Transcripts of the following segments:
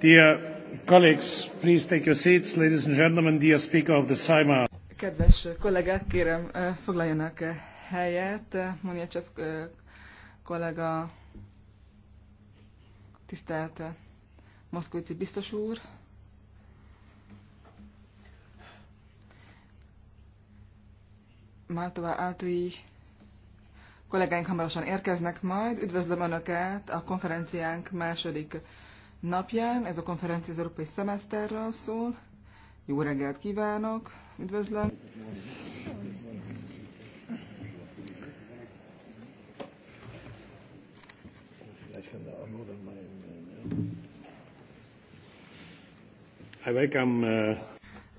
Dear colleagues, please take your seats, ladies and gentlemen, dear speaker of the Kedves kollégák, kérem foglaljanak helyet. mondja csak kollega, tisztelt Moszkvici biztos úr. Máltová Áltui kollégáink hamarosan érkeznek majd. Üdvözlöm Önöket a konferenciánk második napján. Ez a konferencia az európai szemeszterről szól. Jó reggelt kívánok, üdvözlöm! I welcome, uh...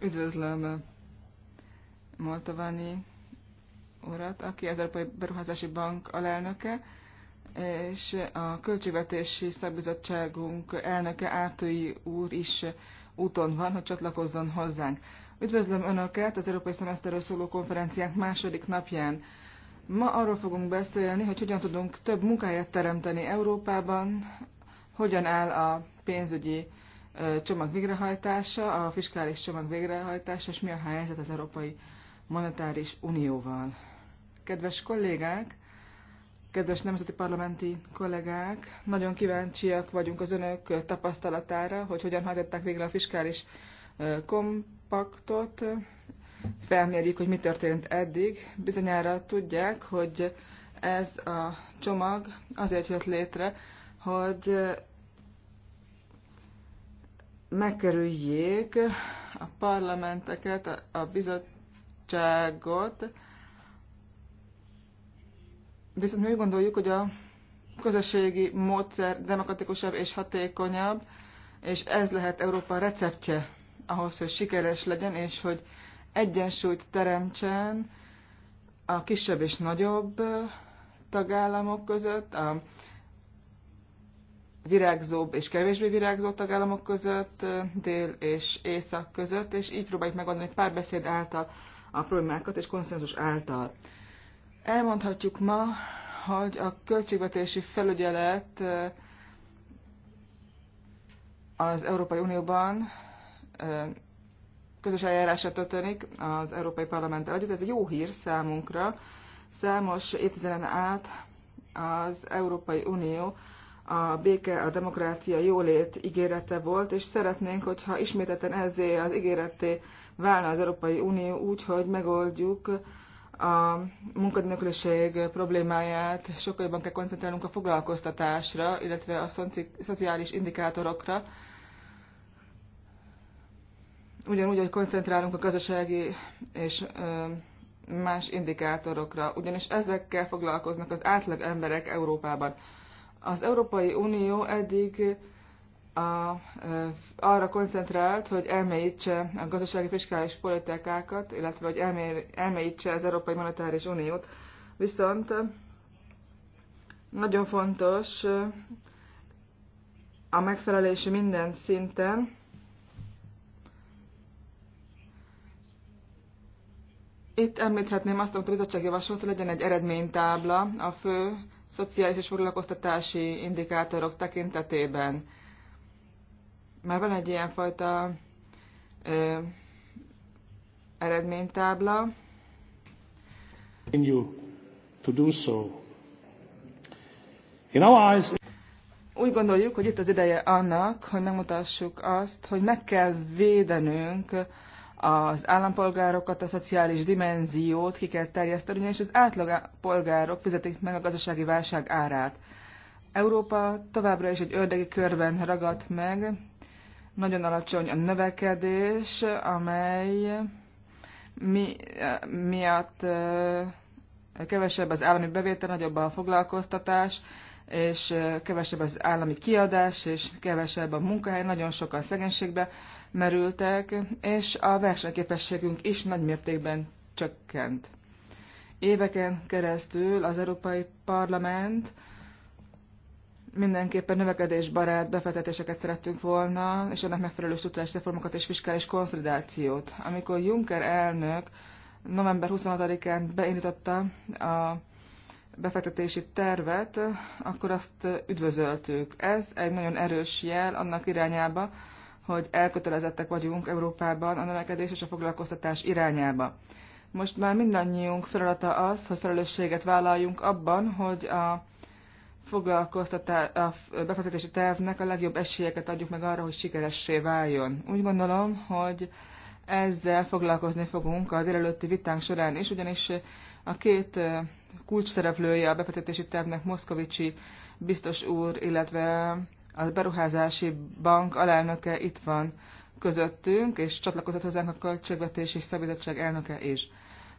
Üdvözlöm uh, Moltovani urat, aki az Európai Beruházási Bank alelnöke és a Költségvetési Szakbizottságunk elnöke Átői úr is úton van, hogy csatlakozzon hozzánk. Üdvözlöm Önöket az Európai Szemeszterről szóló konferenciánk második napján. Ma arról fogunk beszélni, hogy hogyan tudunk több munkáját teremteni Európában, hogyan áll a pénzügyi csomag végrehajtása, a fiskális csomag végrehajtása, és mi a helyzet az Európai Monetáris Unióval. Kedves kollégák, kedves nemzeti parlamenti kollégák, nagyon kíváncsiak vagyunk az önök tapasztalatára, hogy hogyan hajtották végre a fiskális kompaktot. Felmérjük, hogy mi történt eddig. Bizonyára tudják, hogy ez a csomag azért jött létre, hogy megkerüljék a parlamenteket, a bizottságot, Viszont mi úgy gondoljuk, hogy a közösségi módszer demokratikusabb és hatékonyabb, és ez lehet Európa receptje ahhoz, hogy sikeres legyen, és hogy egyensúlyt teremtsen a kisebb és nagyobb tagállamok között, a virágzóbb és kevésbé virágzó tagállamok között, dél és észak között, és így próbáljuk megoldani párbeszéd által a problémákat és konszenzus által. Elmondhatjuk ma, hogy a költségvetési felügyelet az Európai Unióban közös eljárásra történik az Európai Parlamenttel együtt. Ez egy jó hír számunkra. Számos évtizeden át az Európai Unió a béke, a demokrácia, jólét ígérete volt, és szeretnénk, hogyha ismételten ezé az ígéreté válna az Európai Unió úgy, hogy megoldjuk a munkanélküliség problémáját sokkal jobban kell koncentrálnunk a foglalkoztatásra, illetve a szociális indikátorokra, ugyanúgy, hogy koncentrálunk a gazdasági és más indikátorokra, ugyanis ezekkel foglalkoznak az átlag emberek Európában. Az Európai Unió eddig a, arra koncentrált, hogy elmélyítse a gazdasági fiskális politikákat, illetve hogy elmélyítse az Európai Monetáris Uniót. Viszont nagyon fontos a megfelelési minden szinten, Itt említhetném azt, hogy a bizottság javasolt, hogy legyen egy eredménytábla a fő szociális és foglalkoztatási indikátorok tekintetében már van egy ilyenfajta ö, eredménytábla. To do so. In our eyes... Úgy gondoljuk, hogy itt az ideje annak, hogy megmutassuk azt, hogy meg kell védenünk az állampolgárokat, a szociális dimenziót ki kell terjeszteni, és az átlagpolgárok fizetik meg a gazdasági válság árát. Európa továbbra is egy ördegi körben ragadt meg, nagyon alacsony a növekedés, amely mi, miatt kevesebb az állami bevétel, nagyobb a foglalkoztatás, és kevesebb az állami kiadás, és kevesebb a munkahely, nagyon sokan szegénységbe merültek, és a versenyképességünk is nagy mértékben csökkent. Éveken keresztül az Európai Parlament mindenképpen növekedésbarát befektetéseket szerettünk volna, és ennek megfelelő struktúrális reformokat és fiskális konszolidációt. Amikor Juncker elnök november 26-án beindította a befektetési tervet, akkor azt üdvözöltük. Ez egy nagyon erős jel annak irányába, hogy elkötelezettek vagyunk Európában a növekedés és a foglalkoztatás irányába. Most már mindannyiunk feladata az, hogy felelősséget vállaljunk abban, hogy a foglalkoztatá, a befektetési tervnek a legjobb esélyeket adjuk meg arra, hogy sikeressé váljon. Úgy gondolom, hogy ezzel foglalkozni fogunk a délelőtti vitánk során is, ugyanis a két kulcs szereplője a befektetési tervnek Moszkovicsi biztos úr, illetve a beruházási bank alelnöke itt van közöttünk, és csatlakozott hozzánk a Költségvetési szabadság elnöke is,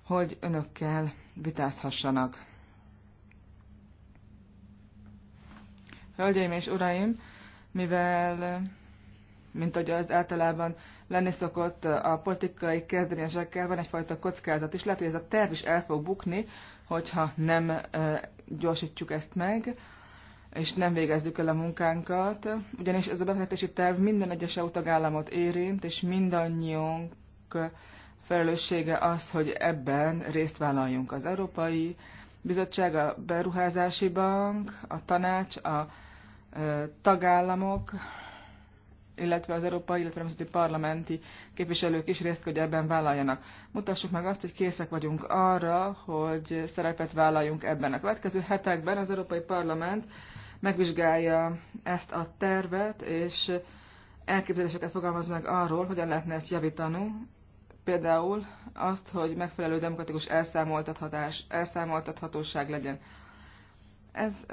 hogy önökkel vitázhassanak. Hölgyeim és uraim, mivel, mint ahogy az általában lenni szokott a politikai kezdeményezésekkel, van egyfajta kockázat is. Lehet, hogy ez a terv is el fog bukni, hogyha nem gyorsítjuk ezt meg, és nem végezzük el a munkánkat, ugyanis ez a befektetési terv minden egyes EU tagállamot érint, és mindannyiunk felelőssége az, hogy ebben részt vállaljunk az európai bizottság, a beruházási bank, a tanács, a tagállamok, illetve az európai, illetve a nemzeti parlamenti képviselők is részt, hogy ebben vállaljanak. Mutassuk meg azt, hogy készek vagyunk arra, hogy szerepet vállaljunk ebben. A következő hetekben az Európai Parlament megvizsgálja ezt a tervet, és elképzeléseket fogalmaz meg arról, hogyan lehetne ezt javítani, például azt, hogy megfelelő demokratikus elszámoltathatás, elszámoltathatóság legyen. Ez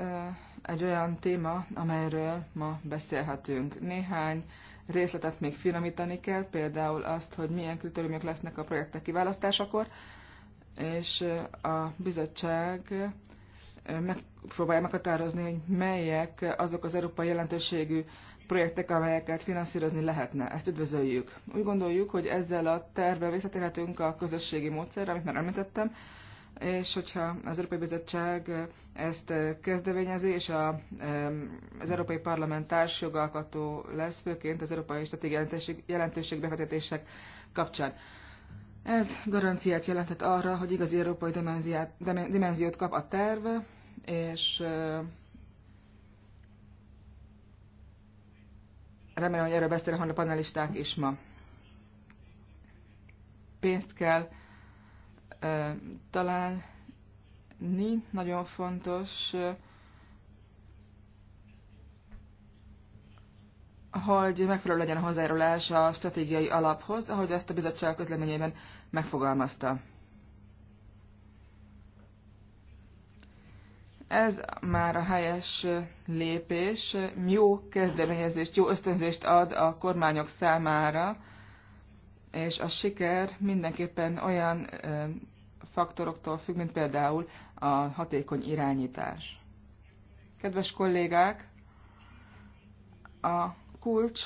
egy olyan téma, amelyről ma beszélhetünk. Néhány részletet még finomítani kell, például azt, hogy milyen kritériumok lesznek a projektek kiválasztásakor, és a bizottság megpróbálja meghatározni, hogy melyek azok az európai jelentőségű projektek, amelyeket finanszírozni lehetne. Ezt üdvözöljük. Úgy gondoljuk, hogy ezzel a tervvel visszatérhetünk a közösségi módszerre, amit már említettem, és hogyha az Európai Bizottság ezt kezdeményezi, és a, az Európai Parlament társjogalkató lesz, főként az Európai Stratégiai jelentőség, jelentőség befektetések kapcsán. Ez garanciát jelentett arra, hogy igazi európai dimenziót kap a terv, és Remélem, hogy erről beszélnek a panelisták is ma. Pénzt kell ö, találni, nagyon fontos, hogy megfelelő legyen a hozzájárulás a stratégiai alaphoz, ahogy ezt a bizottság közleményében megfogalmazta. Ez már a helyes lépés, jó kezdeményezést, jó ösztönzést ad a kormányok számára, és a siker mindenképpen olyan faktoroktól függ, mint például a hatékony irányítás. Kedves kollégák, a kulcs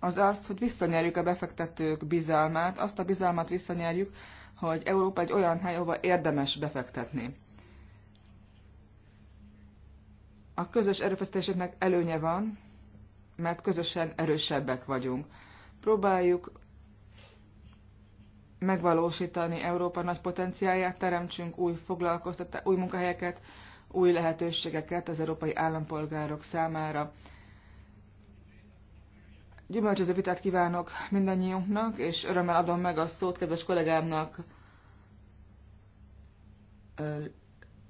az az, hogy visszanyerjük a befektetők bizalmát, azt a bizalmat visszanyerjük, hogy Európa egy olyan hely, ahova érdemes befektetni. A közös erőfeszítéseknek előnye van, mert közösen erősebbek vagyunk. Próbáljuk megvalósítani Európa nagy potenciáját, teremtsünk új foglalkoztatást, új munkahelyeket, új lehetőségeket az európai állampolgárok számára. Gyümölcsöző vitát kívánok mindannyiunknak, és örömmel adom meg a szót kedves kollégámnak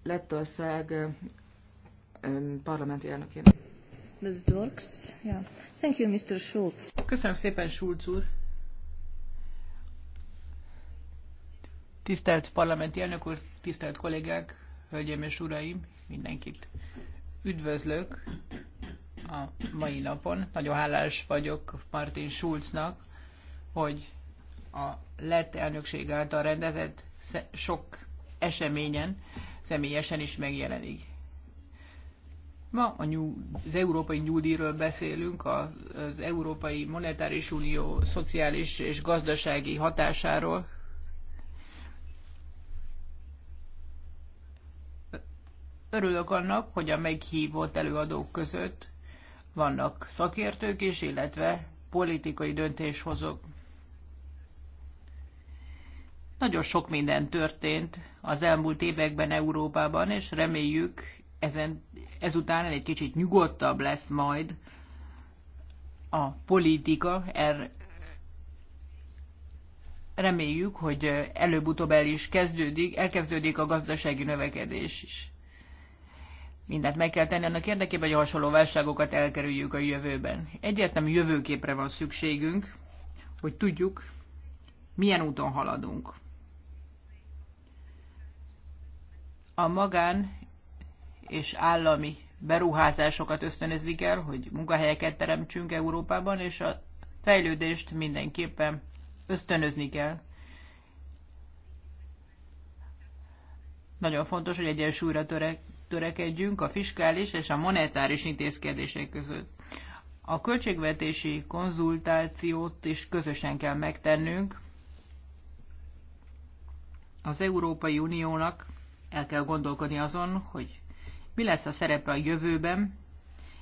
Lettország parlamenti elnökének. This works. Yeah. Thank you, Mr. Schulz. Köszönöm szépen, Schulz úr. Tisztelt parlamenti elnök úr, tisztelt kollégák, hölgyeim és uraim, mindenkit üdvözlök a mai napon. Nagyon hálás vagyok Martin Schulznak, hogy a lett elnökség által rendezett sok eseményen személyesen is megjelenik. Ma a nyú, az Európai New beszélünk, az, az Európai Monetáris Unió szociális és gazdasági hatásáról. Örülök annak, hogy a meghívott előadók között vannak szakértők is, illetve politikai döntéshozók. Nagyon sok minden történt az elmúlt években Európában, és reméljük ezen, ezután egy kicsit nyugodtabb lesz majd a politika. Er, reméljük, hogy előbb-utóbb el is kezdődik, elkezdődik a gazdasági növekedés is. Mindent meg kell tenni annak érdekében, hogy a hasonló válságokat elkerüljük a jövőben. Egyértelmű jövőképre van szükségünk, hogy tudjuk, milyen úton haladunk. A magán és állami beruházásokat ösztönözni kell, hogy munkahelyeket teremtsünk Európában, és a fejlődést mindenképpen ösztönözni kell. Nagyon fontos, hogy egyensúlyra törek, törekedjünk a fiskális és a monetáris intézkedések között. A költségvetési konzultációt is közösen kell megtennünk. Az Európai Uniónak el kell gondolkodni azon, hogy mi lesz a szerepe a jövőben,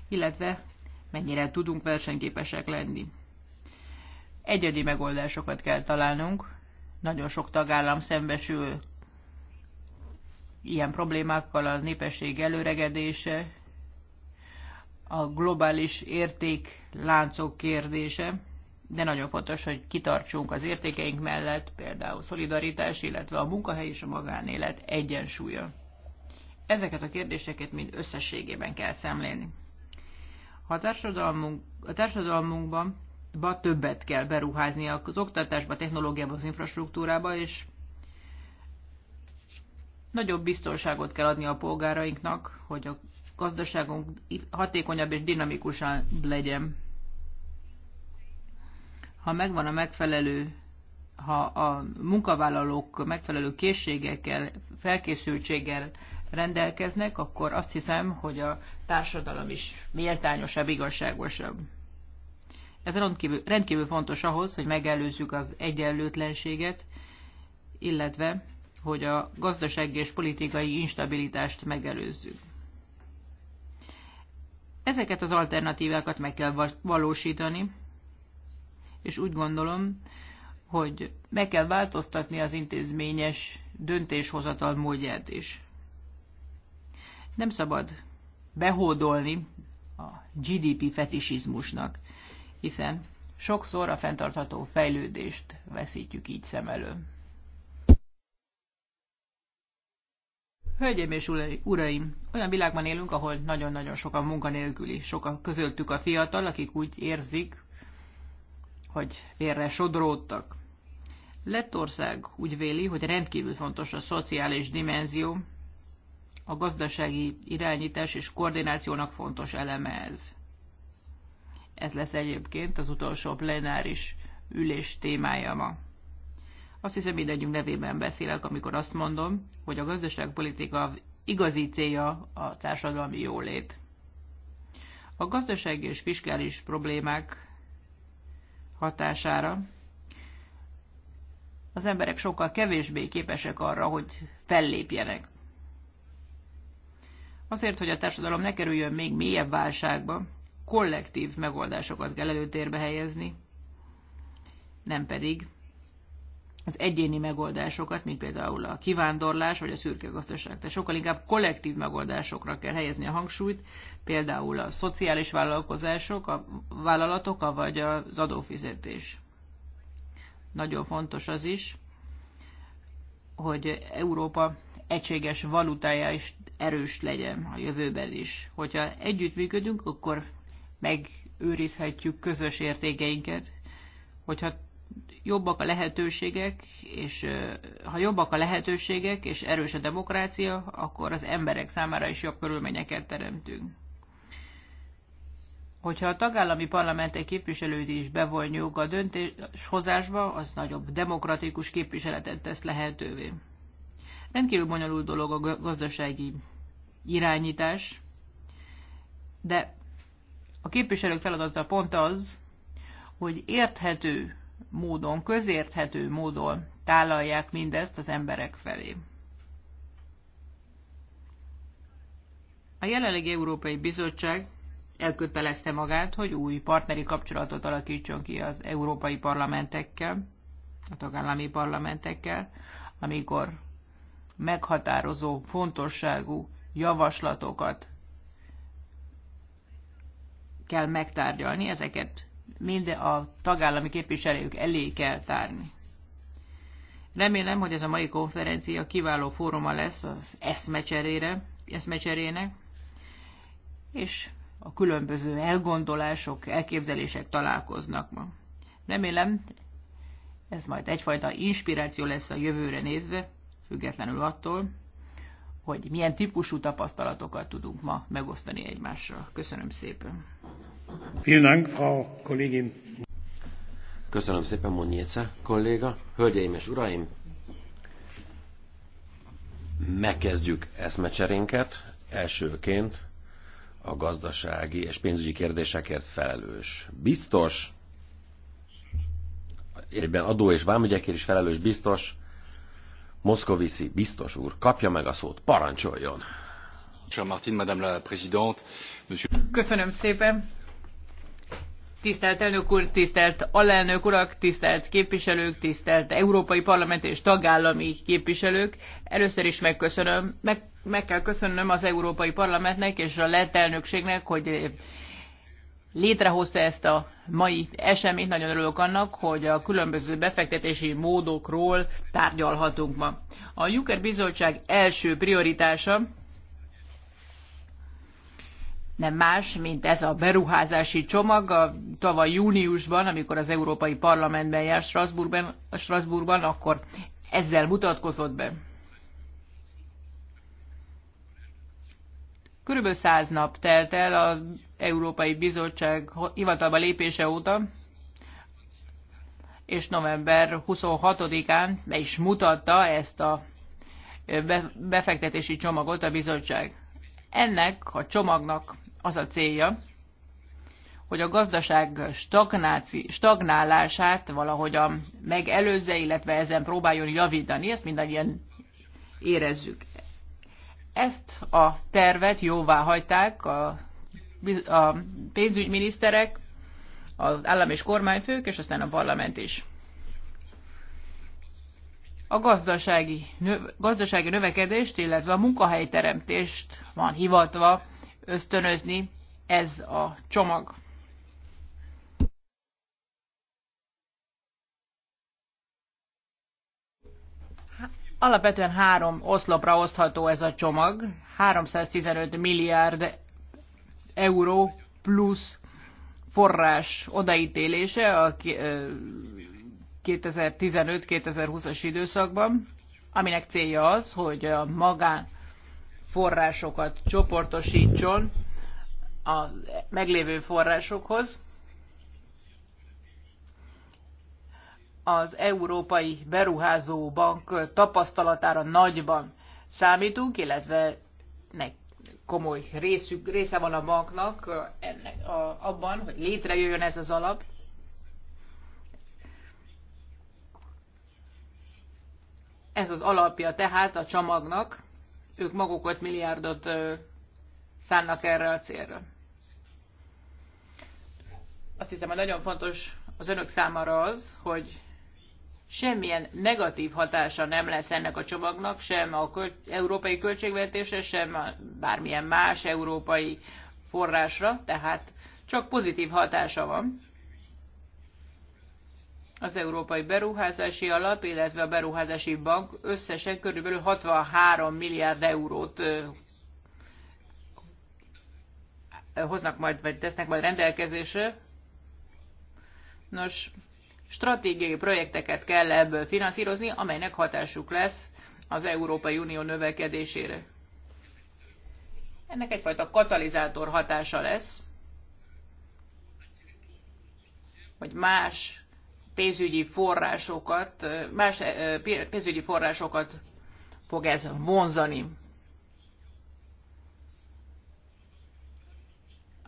illetve mennyire tudunk versenyképesek lenni. Egyedi megoldásokat kell találnunk, nagyon sok tagállam szembesül ilyen problémákkal a népesség előregedése, a globális érték láncok kérdése, de nagyon fontos, hogy kitartsunk az értékeink mellett, például szolidaritás, illetve a munkahely és a magánélet egyensúlya ezeket a kérdéseket mind összességében kell szemlélni. Ha a, társadalmunk, a társadalmunkban ba többet kell beruházni az oktatásba, technológiába, az infrastruktúrába, és nagyobb biztonságot kell adni a polgárainknak, hogy a gazdaságunk hatékonyabb és dinamikusan legyen. Ha megvan a megfelelő, ha a munkavállalók megfelelő készségekkel, felkészültséggel rendelkeznek, akkor azt hiszem, hogy a társadalom is méltányosabb, igazságosabb. Ez rendkívül, rendkívül fontos ahhoz, hogy megelőzzük az egyenlőtlenséget, illetve hogy a gazdasági és politikai instabilitást megelőzzük. Ezeket az alternatívákat meg kell valósítani, és úgy gondolom, hogy meg kell változtatni az intézményes döntéshozatal módját is. Nem szabad behódolni a GDP fetisizmusnak, hiszen sokszor a fenntartható fejlődést veszítjük így szem elől. Hölgyeim és uraim, olyan világban élünk, ahol nagyon-nagyon sokan munkanélküli, sokan közöltük a fiatal, akik úgy érzik, hogy félre sodródtak. Lettország úgy véli, hogy rendkívül fontos a szociális dimenzió, a gazdasági irányítás és koordinációnak fontos eleme ez. Ez lesz egyébként az utolsó plenáris ülés témája ma. Azt hiszem, mindannyiunk nevében beszélek, amikor azt mondom, hogy a gazdaságpolitika igazi célja a társadalmi jólét. A gazdasági és fiskális problémák hatására az emberek sokkal kevésbé képesek arra, hogy fellépjenek. Azért, hogy a társadalom ne kerüljön még mélyebb válságba, kollektív megoldásokat kell előtérbe helyezni, nem pedig az egyéni megoldásokat, mint például a kivándorlás vagy a szürke gazdaság. Tehát sokkal inkább kollektív megoldásokra kell helyezni a hangsúlyt, például a szociális vállalkozások, a vállalatok, vagy az adófizetés. Nagyon fontos az is, hogy Európa egységes valutája is erős legyen a jövőben is. Hogyha együttműködünk, akkor megőrizhetjük közös értékeinket. Hogyha jobbak a lehetőségek, és ha jobbak a lehetőségek, és erős a demokrácia, akkor az emberek számára is jobb körülményeket teremtünk. Hogyha a tagállami parlamentek képviselőt is bevonjuk a döntéshozásba, az nagyobb demokratikus képviseletet tesz lehetővé. Rendkívül bonyolult dolog a gazdasági irányítás, de a képviselők feladata pont az, hogy érthető módon, közérthető módon tálalják mindezt az emberek felé. A jelenlegi Európai Bizottság elkötelezte magát, hogy új partneri kapcsolatot alakítson ki az európai parlamentekkel, a tagállami parlamentekkel, amikor meghatározó, fontosságú javaslatokat kell megtárgyalni, ezeket minden a tagállami képviselők elé kell tárni. Remélem, hogy ez a mai konferencia kiváló fóruma lesz az eszmecserére, eszmecserének, és a különböző elgondolások, elképzelések találkoznak ma. Remélem, ez majd egyfajta inspiráció lesz a jövőre nézve, függetlenül attól, hogy milyen típusú tapasztalatokat tudunk ma megosztani egymással. Köszönöm szépen. Vielen Dank, Frau Kollégin. Köszönöm szépen, Monnyéce kolléga. Hölgyeim és uraim, megkezdjük eszmecserénket. Elsőként a gazdasági és pénzügyi kérdésekért felelős. Biztos, egyben adó és vámügyekért is felelős biztos, Moszkoviszi biztos úr, kapja meg a szót, parancsoljon! Köszönöm szépen! Tisztelt elnök úr, tisztelt alelnök urak, tisztelt képviselők, tisztelt európai parlament és tagállami képviselők. Először is megköszönöm, meg, meg kell köszönnöm az európai parlamentnek és a lett elnökségnek, hogy létrehozta ezt a mai eseményt. Nagyon örülök annak, hogy a különböző befektetési módokról tárgyalhatunk ma. A Juker Bizottság első prioritása nem más, mint ez a beruházási csomag. A tavaly júniusban, amikor az Európai Parlamentben jár Strasbourgban, Strasbourgban akkor ezzel mutatkozott be. Körülbelül száz nap telt el a Európai Bizottság hivatalba lépése óta, és november 26-án be is mutatta ezt a befektetési csomagot a bizottság. Ennek a csomagnak az a célja, hogy a gazdaság stagnálását valahogyan megelőzze, illetve ezen próbáljon javítani, ezt mindannyian érezzük. Ezt a tervet jóvá hagyták a a pénzügyminiszterek, az állam és kormányfők, és aztán a parlament is. A gazdasági, növ, gazdasági növekedést, illetve a munkahelyteremtést van hivatva ösztönözni ez a csomag. Alapvetően három oszlopra osztható ez a csomag. 315 milliárd euró plusz forrás odaítélése a 2015-2020-as időszakban, aminek célja az, hogy a magán forrásokat csoportosítson a meglévő forrásokhoz. Az Európai Beruházó Bank tapasztalatára nagyban számítunk, illetve komoly részük, része van a banknak ennek, a, abban, hogy létrejöjjön ez az alap. Ez az alapja tehát a csomagnak, ők maguk 5 milliárdot szánnak erre a célra. Azt hiszem, hogy nagyon fontos az önök számára az, hogy semmilyen negatív hatása nem lesz ennek a csomagnak, sem a köl- európai költségvetésre, sem a bármilyen más európai forrásra, tehát csak pozitív hatása van. Az Európai Beruházási Alap, illetve a Beruházási Bank összesen körülbelül 63 milliárd eurót hoznak majd, vagy tesznek majd rendelkezésre. Nos, stratégiai projekteket kell ebből finanszírozni, amelynek hatásuk lesz az Európai Unió növekedésére. Ennek egyfajta katalizátor hatása lesz, hogy más pénzügyi forrásokat, más pénzügyi forrásokat fog ez vonzani.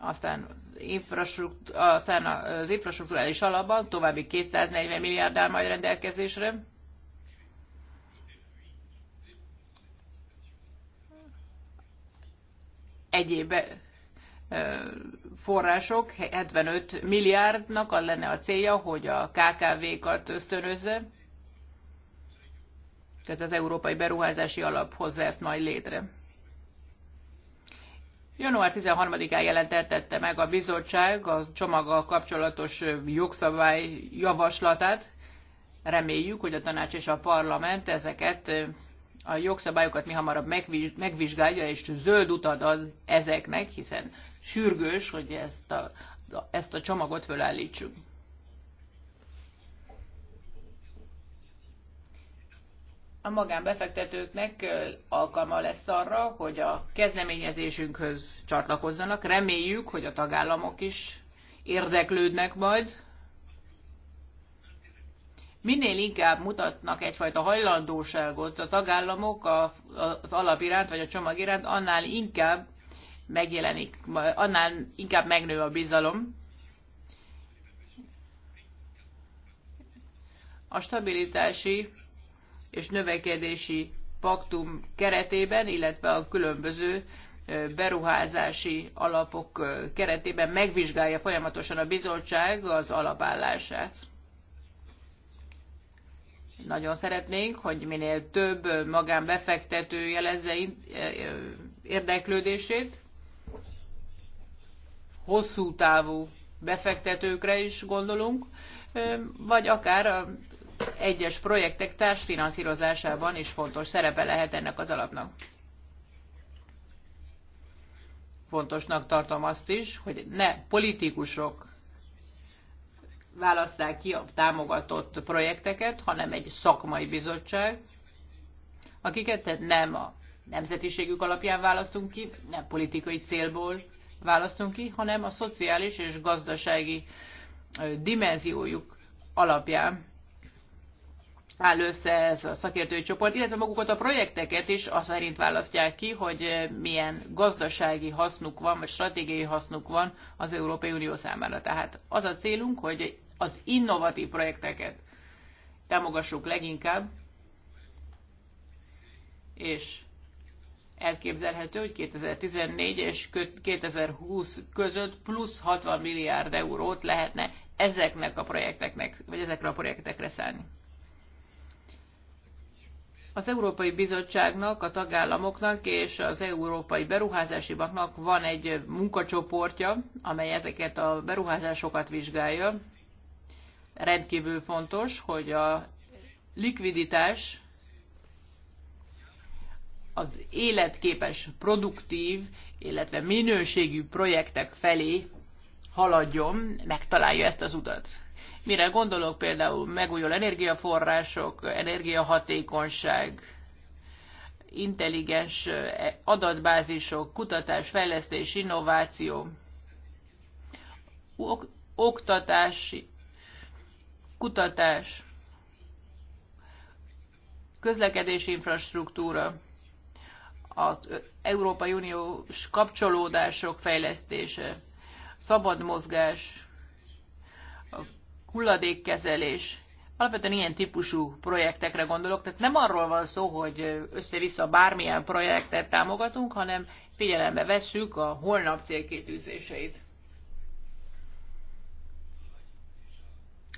Aztán infrastruktúra, aztán az infrastruktúrális alapban további 240 milliárd áll majd rendelkezésre. Egyéb források, 75 milliárdnak az lenne a célja, hogy a KKV-kat ösztönözze. Tehát az Európai Beruházási Alap hozza ezt majd létre. Január 13-án jelentette meg a bizottság a csomaggal kapcsolatos jogszabály javaslatát. Reméljük, hogy a tanács és a parlament ezeket a jogszabályokat mi hamarabb megvizsgálja, és zöld utat ad ezeknek, hiszen sürgős, hogy ezt a, ezt a csomagot fölállítsuk. a magánbefektetőknek alkalma lesz arra, hogy a kezdeményezésünkhöz csatlakozzanak. Reméljük, hogy a tagállamok is érdeklődnek majd. Minél inkább mutatnak egyfajta hajlandóságot a tagállamok az alap iránt vagy a csomag iránt, annál inkább megjelenik, annál inkább megnő a bizalom. A stabilitási és növekedési paktum keretében, illetve a különböző beruházási alapok keretében megvizsgálja folyamatosan a bizottság az alapállását. Nagyon szeretnénk, hogy minél több magánbefektető jelezze érdeklődését. Hosszú távú befektetőkre is gondolunk, vagy akár a egyes projektek társfinanszírozásában is fontos szerepe lehet ennek az alapnak. Fontosnak tartom azt is, hogy ne politikusok választák ki a támogatott projekteket, hanem egy szakmai bizottság, akiket tehát nem a nemzetiségük alapján választunk ki, nem politikai célból választunk ki, hanem a szociális és gazdasági dimenziójuk alapján áll össze ez a szakértői csoport, illetve magukat a projekteket is az szerint választják ki, hogy eh, milyen gazdasági hasznuk van, vagy stratégiai hasznuk van az Európai Unió számára. Tehát az a célunk, hogy az innovatív projekteket támogassuk leginkább, és elképzelhető, hogy 2014 és 2020 között plusz 60 milliárd eurót lehetne ezeknek a projekteknek, vagy ezekre a projektekre szállni. Az Európai Bizottságnak, a tagállamoknak és az Európai Beruházási Banknak van egy munkacsoportja, amely ezeket a beruházásokat vizsgálja. Rendkívül fontos, hogy a likviditás az életképes, produktív, illetve minőségű projektek felé haladjon, megtalálja ezt az utat. Mire gondolok például megújuló energiaforrások, energiahatékonyság, intelligens eh, adatbázisok, kutatás, fejlesztés, innováció, oktatási, kutatás, közlekedési infrastruktúra, az eh, Európai Uniós kapcsolódások fejlesztése, szabad mozgás, hulladékkezelés. Alapvetően ilyen típusú projektekre gondolok, tehát nem arról van szó, hogy össze-vissza bármilyen projektet támogatunk, hanem figyelembe vesszük a holnap célkitűzéseit.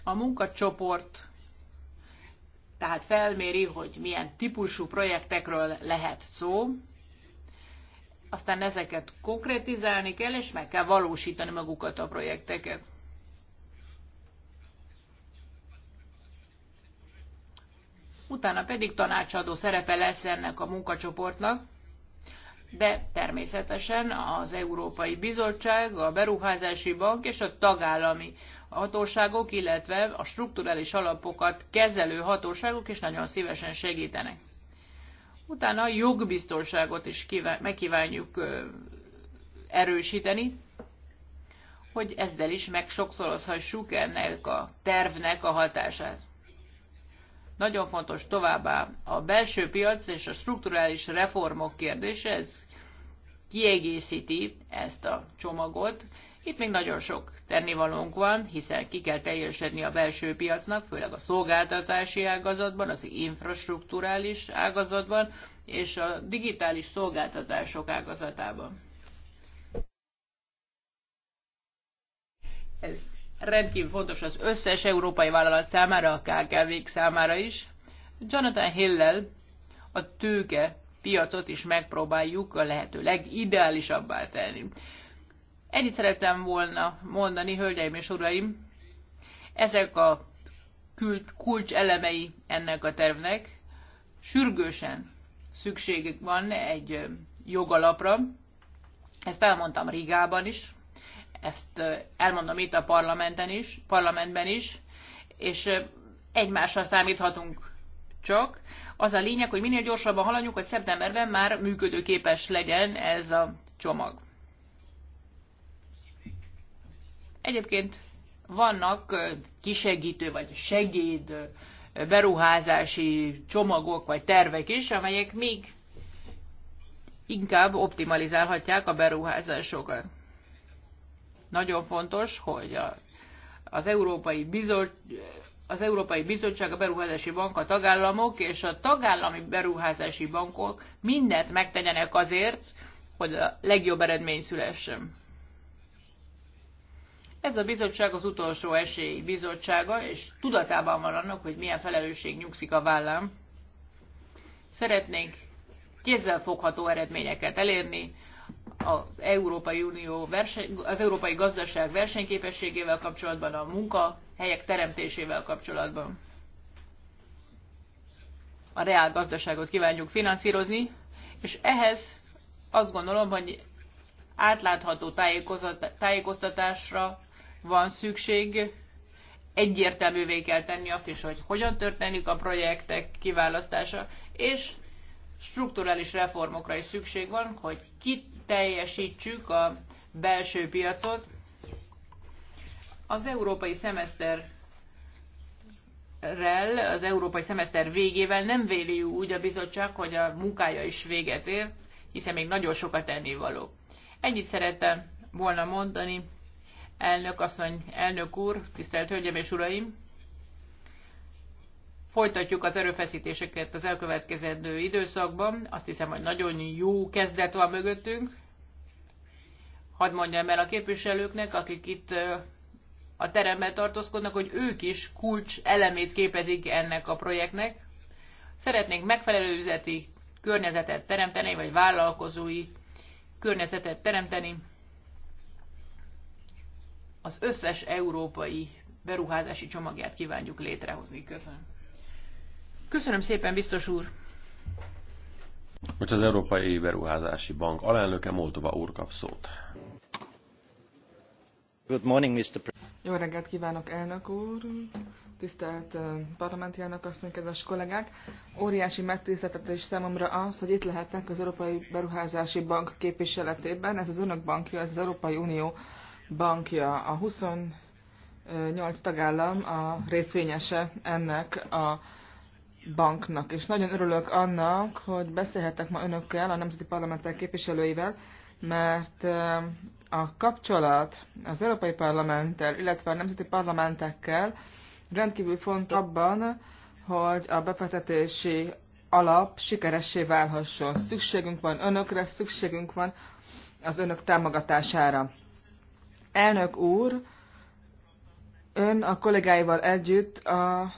A munkacsoport tehát felméri, hogy milyen típusú projektekről lehet szó, aztán ezeket konkrétizálni kell, és meg kell valósítani magukat a projekteket. utána pedig tanácsadó szerepe lesz ennek a munkacsoportnak, de természetesen az Európai Bizottság, a Beruházási Bank és a tagállami hatóságok, illetve a strukturális alapokat kezelő hatóságok is nagyon szívesen segítenek. Utána a jogbiztonságot is kíván, megkívánjuk erősíteni, hogy ezzel is megsokszorozhassuk ennek a tervnek a hatását. Nagyon fontos továbbá a belső piac és a strukturális reformok kérdése, ez kiegészíti ezt a csomagot. Itt még nagyon sok tennivalónk van, hiszen ki kell teljesedni a belső piacnak, főleg a szolgáltatási ágazatban, az infrastruktúrális ágazatban és a digitális szolgáltatások ágazatában. Ez rendkívül fontos az összes európai vállalat számára, a kkv számára is. Jonathan Hillel a tőke piacot is megpróbáljuk a lehető legideálisabbá tenni. Ennyit szerettem volna mondani, hölgyeim és uraim, ezek a kulcs elemei ennek a tervnek. Sürgősen szükségük van egy jogalapra, ezt elmondtam Rigában is, ezt elmondom itt a parlamenten is, parlamentben is, és egymásra számíthatunk csak. Az a lényeg, hogy minél gyorsabban haladjunk, hogy szeptemberben már működőképes legyen ez a csomag. Egyébként vannak kisegítő vagy segéd beruházási csomagok vagy tervek is, amelyek még inkább optimalizálhatják a beruházásokat. Nagyon fontos, hogy a, az Európai Bizottság az Európai Bizottság, a Beruházási Bank, a tagállamok és a tagállami beruházási bankok mindent megtegyenek azért, hogy a legjobb eredmény szülessen. Ez a bizottság az utolsó esély bizottsága, és tudatában van annak, hogy milyen felelősség nyugszik a vállám. Szeretnénk kézzelfogható eredményeket elérni, az Európai Unió verseny, az európai gazdaság versenyképességével kapcsolatban, a munkahelyek teremtésével kapcsolatban. A reál gazdaságot kívánjuk finanszírozni, és ehhez azt gondolom, hogy átlátható tájékoztatásra van szükség, egyértelművé kell tenni azt is, hogy hogyan történik a projektek kiválasztása, és strukturális reformokra is szükség van, hogy kiteljesítsük a belső piacot. Az európai szemeszter rel, az európai szemeszter végével nem véli úgy a bizottság, hogy a munkája is véget ér, hiszen még nagyon sokat ennivaló. Ennyit szerettem volna mondani. Elnök asszony, elnök úr, tisztelt hölgyem és uraim! folytatjuk az erőfeszítéseket az elkövetkezendő időszakban. Azt hiszem, hogy nagyon jó kezdet van mögöttünk. Hadd mondjam el a képviselőknek, akik itt a teremben tartózkodnak, hogy ők is kulcs elemét képezik ennek a projektnek. Szeretnénk megfelelő üzleti környezetet teremteni, vagy vállalkozói környezetet teremteni az összes európai beruházási csomagját kívánjuk létrehozni. Köszönöm. Köszönöm szépen, biztos úr! Most az Európai Beruházási Bank alelnöke Moltova úr kap szót. Good morning, Mr. Jó reggelt kívánok, elnök úr, tisztelt eh, parlamenti elnök asszony, kedves kollégák! Óriási megtiszteltetés számomra az, hogy itt lehetnek az Európai Beruházási Bank képviseletében. Ez az önök bankja, ez az Európai Unió bankja. A 28 tagállam a részvényese ennek a banknak. És nagyon örülök annak, hogy beszélhetek ma önökkel, a nemzeti parlamentek képviselőivel, mert a kapcsolat az Európai Parlamenttel, illetve a nemzeti parlamentekkel rendkívül fontos abban, hogy a befektetési alap sikeressé válhasson. Szükségünk van önökre, szükségünk van az önök támogatására. Elnök úr, ön a kollégáival együtt a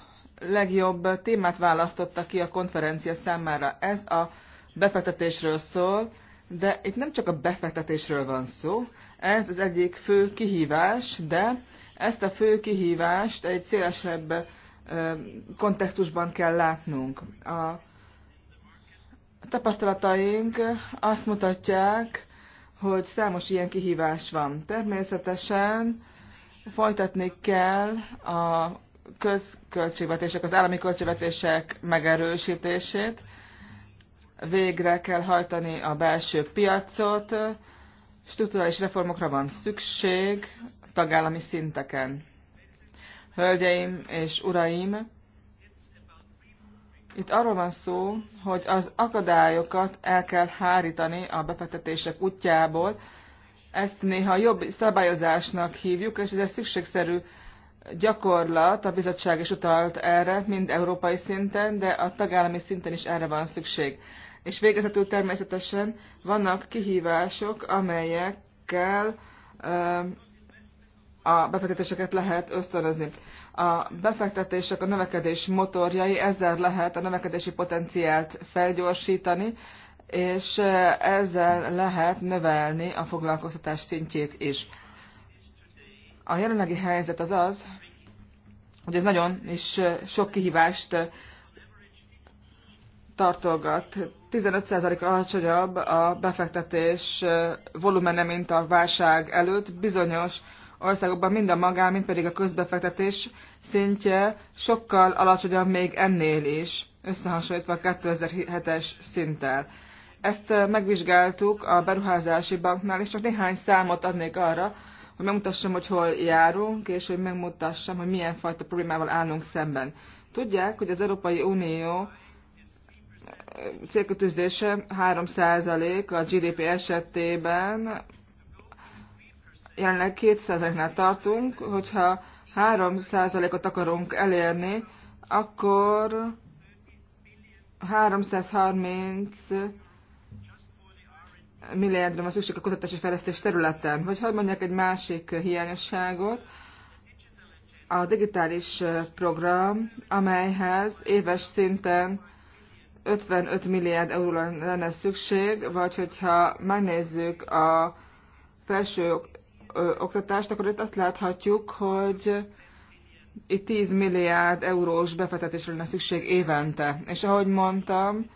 legjobb témát választotta ki a konferencia számára. Ez a befektetésről szól, de itt nem csak a befektetésről van szó, ez az egyik fő kihívás, de ezt a fő kihívást egy szélesebb kontextusban kell látnunk. A tapasztalataink azt mutatják, hogy számos ilyen kihívás van. Természetesen folytatni kell a közköltségvetések, az állami költségvetések megerősítését, végre kell hajtani a belső piacot, strukturális reformokra van szükség tagállami szinteken. Hölgyeim és uraim, itt arról van szó, hogy az akadályokat el kell hárítani a befektetések útjából. Ezt néha jobb szabályozásnak hívjuk, és ez szükségszerű gyakorlat, a bizottság is utalt erre, mind európai szinten, de a tagállami szinten is erre van szükség. És végezetül természetesen vannak kihívások, amelyekkel a befektetéseket lehet ösztönözni. A befektetések a növekedés motorjai, ezzel lehet a növekedési potenciált felgyorsítani, és ezzel lehet növelni a foglalkoztatás szintjét is. A jelenlegi helyzet az az, hogy ez nagyon is sok kihívást tartogat. 15% alacsonyabb a befektetés volumene, mint a válság előtt. Bizonyos országokban mind a magán, mind pedig a közbefektetés szintje sokkal alacsonyabb még ennél is, összehasonlítva a 2007-es szinttel. Ezt megvizsgáltuk a beruházási banknál, és csak néhány számot adnék arra, hogy megmutassam, hogy hol járunk, és hogy megmutassam, hogy milyen fajta problémával állunk szemben. Tudják, hogy az Európai Unió eh, célkötőzése 3% a GDP esetében, jelenleg 2%-nál tartunk, hogyha 3%-ot akarunk elérni, akkor 330 milliárdra van szükség a kutatási fejlesztés területen. Vagy hogy mondjak egy másik hiányosságot, a digitális program, amelyhez éves szinten 55 milliárd euróra lenne szükség, vagy hogyha megnézzük a felső oktatást, akkor itt azt láthatjuk, hogy itt 10 milliárd eurós befektetésre lenne szükség évente. És ahogy mondtam,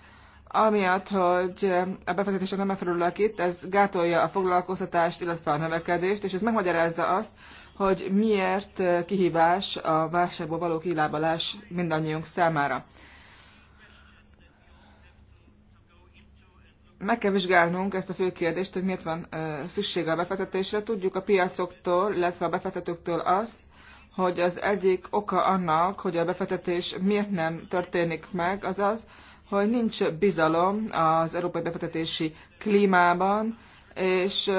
Amiatt, hogy a befektetések nem megfelelőek itt, ez gátolja a foglalkoztatást, illetve a növekedést, és ez megmagyarázza azt, hogy miért kihívás a válságból való kilábalás mindannyiunk számára. meg kell vizsgálnunk ezt a fő kérdést, hogy miért van szüksége a befektetésre. Tudjuk a piacoktól, illetve a befektetőktől azt, hogy az egyik oka annak, hogy a befektetés miért nem történik meg, az az, hogy nincs bizalom az európai befektetési klímában, és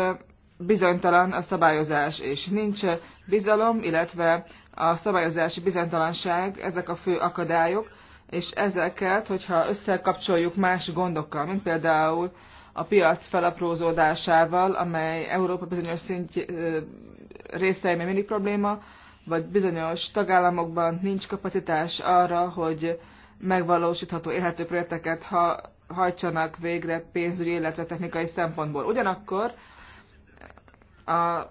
bizonytalan a szabályozás és Nincs bizalom, illetve a szabályozási bizonytalanság, ezek a fő akadályok, és ezeket, hogyha összekapcsoljuk más gondokkal, mint például a piac felaprózódásával, amely Európa bizonyos szint részei még mindig probléma, vagy bizonyos tagállamokban nincs kapacitás arra, hogy megvalósítható élhető projekteket ha, hajtsanak végre pénzügyi, illetve technikai szempontból. Ugyanakkor a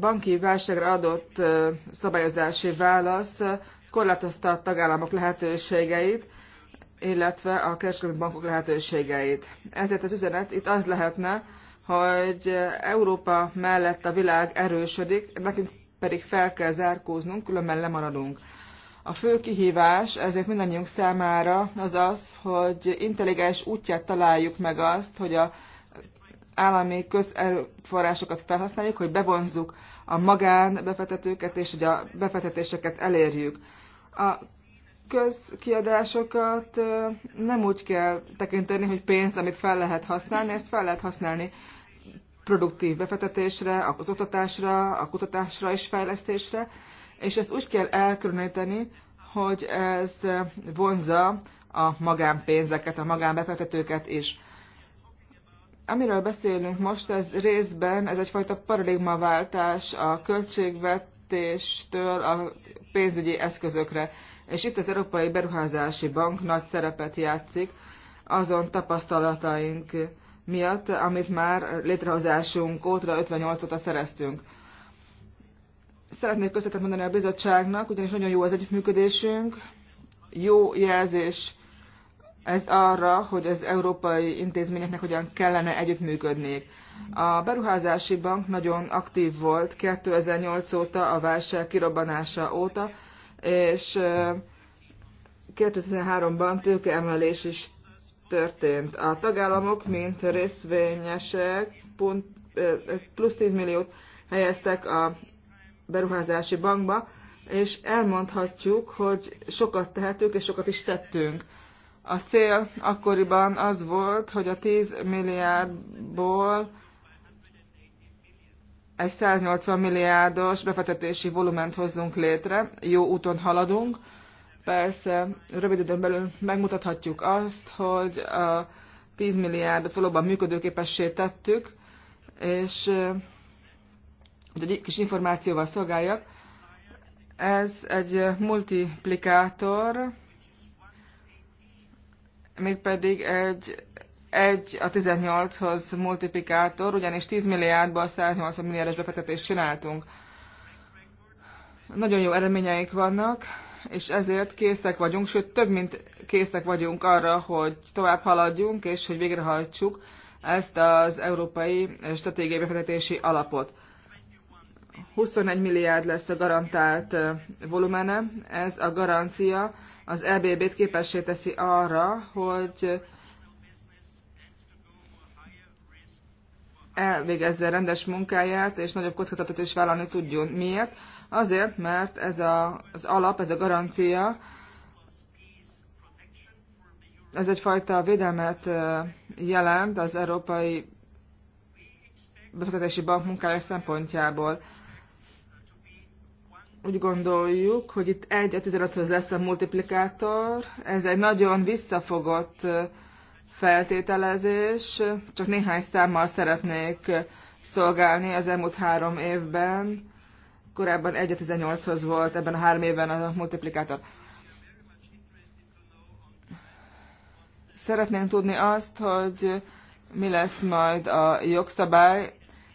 banki válságra adott szabályozási válasz korlátozta a tagállamok lehetőségeit, illetve a kereskedelmi bankok lehetőségeit. Ezért az üzenet itt az lehetne, hogy Európa mellett a világ erősödik, nekünk pedig fel kell zárkóznunk, különben lemaradunk. A fő kihívás ezért mindannyiunk számára az az, hogy intelligens útját találjuk meg azt, hogy a állami közforrásokat felhasználjuk, hogy bevonzzuk a magánbefektetőket, és hogy a befektetéseket elérjük. A közkiadásokat nem úgy kell tekinteni, hogy pénz, amit fel lehet használni, ezt fel lehet használni produktív befektetésre, az oktatásra, a kutatásra és fejlesztésre, és ezt úgy kell elkülöníteni, hogy ez vonza a magánpénzeket, a magánbefektetőket is. Amiről beszélünk most, ez részben ez egyfajta paradigmaváltás a költségvetéstől a pénzügyi eszközökre. És itt az Európai Beruházási Bank nagy szerepet játszik azon tapasztalataink miatt, amit már létrehozásunk óta 58 óta szereztünk. Szeretnék köszönetet mondani a bizottságnak, ugyanis nagyon jó az együttműködésünk. Jó jelzés ez arra, hogy az európai intézményeknek hogyan kellene együttműködniük. A beruházási bank nagyon aktív volt 2008 óta, a válság kirobbanása óta, és 2013-ban tőkeemelés is történt. A tagállamok, mint részvényesek, pont, plusz 10 milliót helyeztek a beruházási bankba, és elmondhatjuk, hogy sokat tehetünk, és sokat is tettünk. A cél akkoriban az volt, hogy a 10 milliárdból egy 180 milliárdos befektetési volument hozzunk létre, jó úton haladunk. Persze rövid időn belül megmutathatjuk azt, hogy a 10 milliárdot valóban működőképessé tettük, és hogy egy kis információval szolgáljak. Ez egy multiplikátor, mégpedig egy 1 a 18-hoz multiplikátor, ugyanis 10 milliárdból 180 milliárdos befektetést csináltunk. Nagyon jó eredményeik vannak, és ezért készek vagyunk, sőt több mint készek vagyunk arra, hogy tovább haladjunk, és hogy végrehajtsuk ezt az Európai Stratégiai Befektetési Alapot. 21 milliárd lesz a garantált volumene. Ez a garancia az EBB-t képessé teszi arra, hogy elvégezze rendes munkáját, és nagyobb kockázatot is vállalni tudjon. Miért? Azért, mert ez a, az alap, ez a garancia, ez egyfajta védelmet jelent az Európai Befektetési Bank munkája szempontjából úgy gondoljuk, hogy itt 1 15-höz lesz a multiplikátor. Ez egy nagyon visszafogott feltételezés. Csak néhány számmal szeretnék szolgálni az elmúlt három évben. Korábban 1 18-hoz volt ebben a három évben a multiplikátor. Szeretnénk tudni azt, hogy mi lesz majd a jogszabály,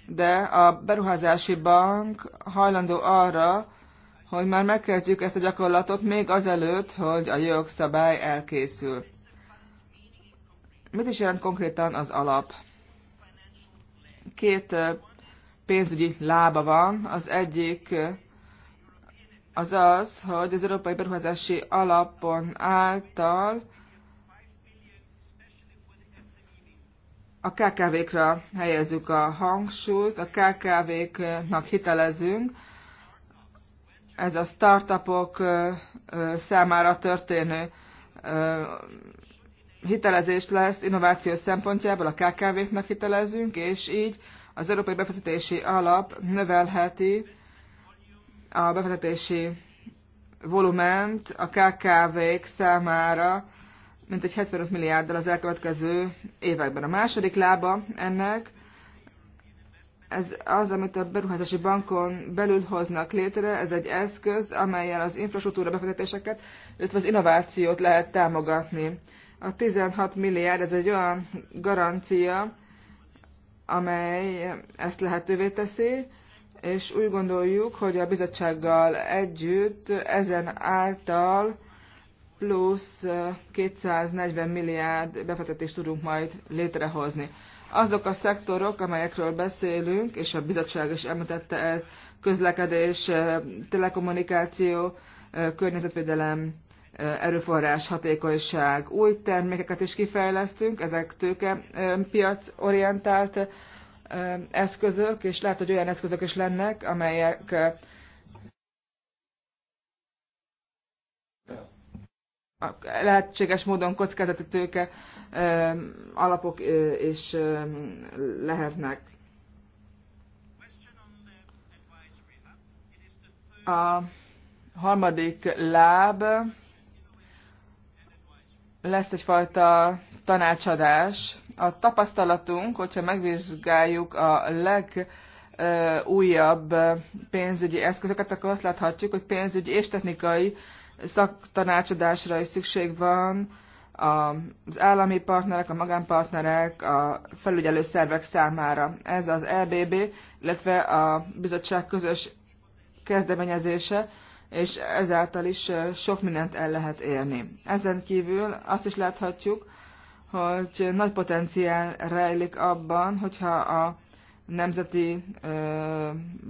de a beruházási bank hajlandó arra, hogy már megkezdjük ezt a gyakorlatot még azelőtt, hogy a jogszabály elkészül. Mit is jelent konkrétan az alap? Két pénzügyi lába van. Az egyik az az, hogy az Európai Beruházási Alapon által a KKV-kra helyezzük a hangsúlyt, a KKV-knak hitelezünk, ez a startupok számára történő hitelezés lesz innováció szempontjából, a KKV-knak hitelezünk, és így az Európai Befektetési Alap növelheti a befektetési volument a KKV-k számára mintegy 75 milliárddal az elkövetkező években. A második lába ennek ez az, amit a beruházási bankon belül hoznak létre, ez egy eszköz, amelyel az infrastruktúra befektetéseket, illetve az innovációt lehet támogatni. A 16 milliárd, ez egy olyan garancia, amely ezt lehetővé teszi, és úgy gondoljuk, hogy a bizottsággal együtt ezen által plusz 240 milliárd befektetést tudunk majd létrehozni. Azok a szektorok, amelyekről beszélünk, és a bizottság is említette ez, közlekedés, telekommunikáció, környezetvédelem, erőforrás hatékonyság. Új termékeket is kifejlesztünk, ezek tőke piacorientált eszközök, és lehet, hogy olyan eszközök is lennek, amelyek lehetséges módon kockázati tőke alapok is lehetnek. A harmadik láb lesz egyfajta tanácsadás. A tapasztalatunk, hogyha megvizsgáljuk a legújabb pénzügyi eszközöket, akkor azt láthatjuk, hogy pénzügyi és technikai szaktanácsadásra is szükség van, az állami partnerek, a magánpartnerek, a felügyelő szervek számára. Ez az EBB, illetve a bizottság közös kezdeményezése, és ezáltal is sok mindent el lehet érni. Ezen kívül azt is láthatjuk, hogy nagy potenciál rejlik abban, hogyha a nemzeti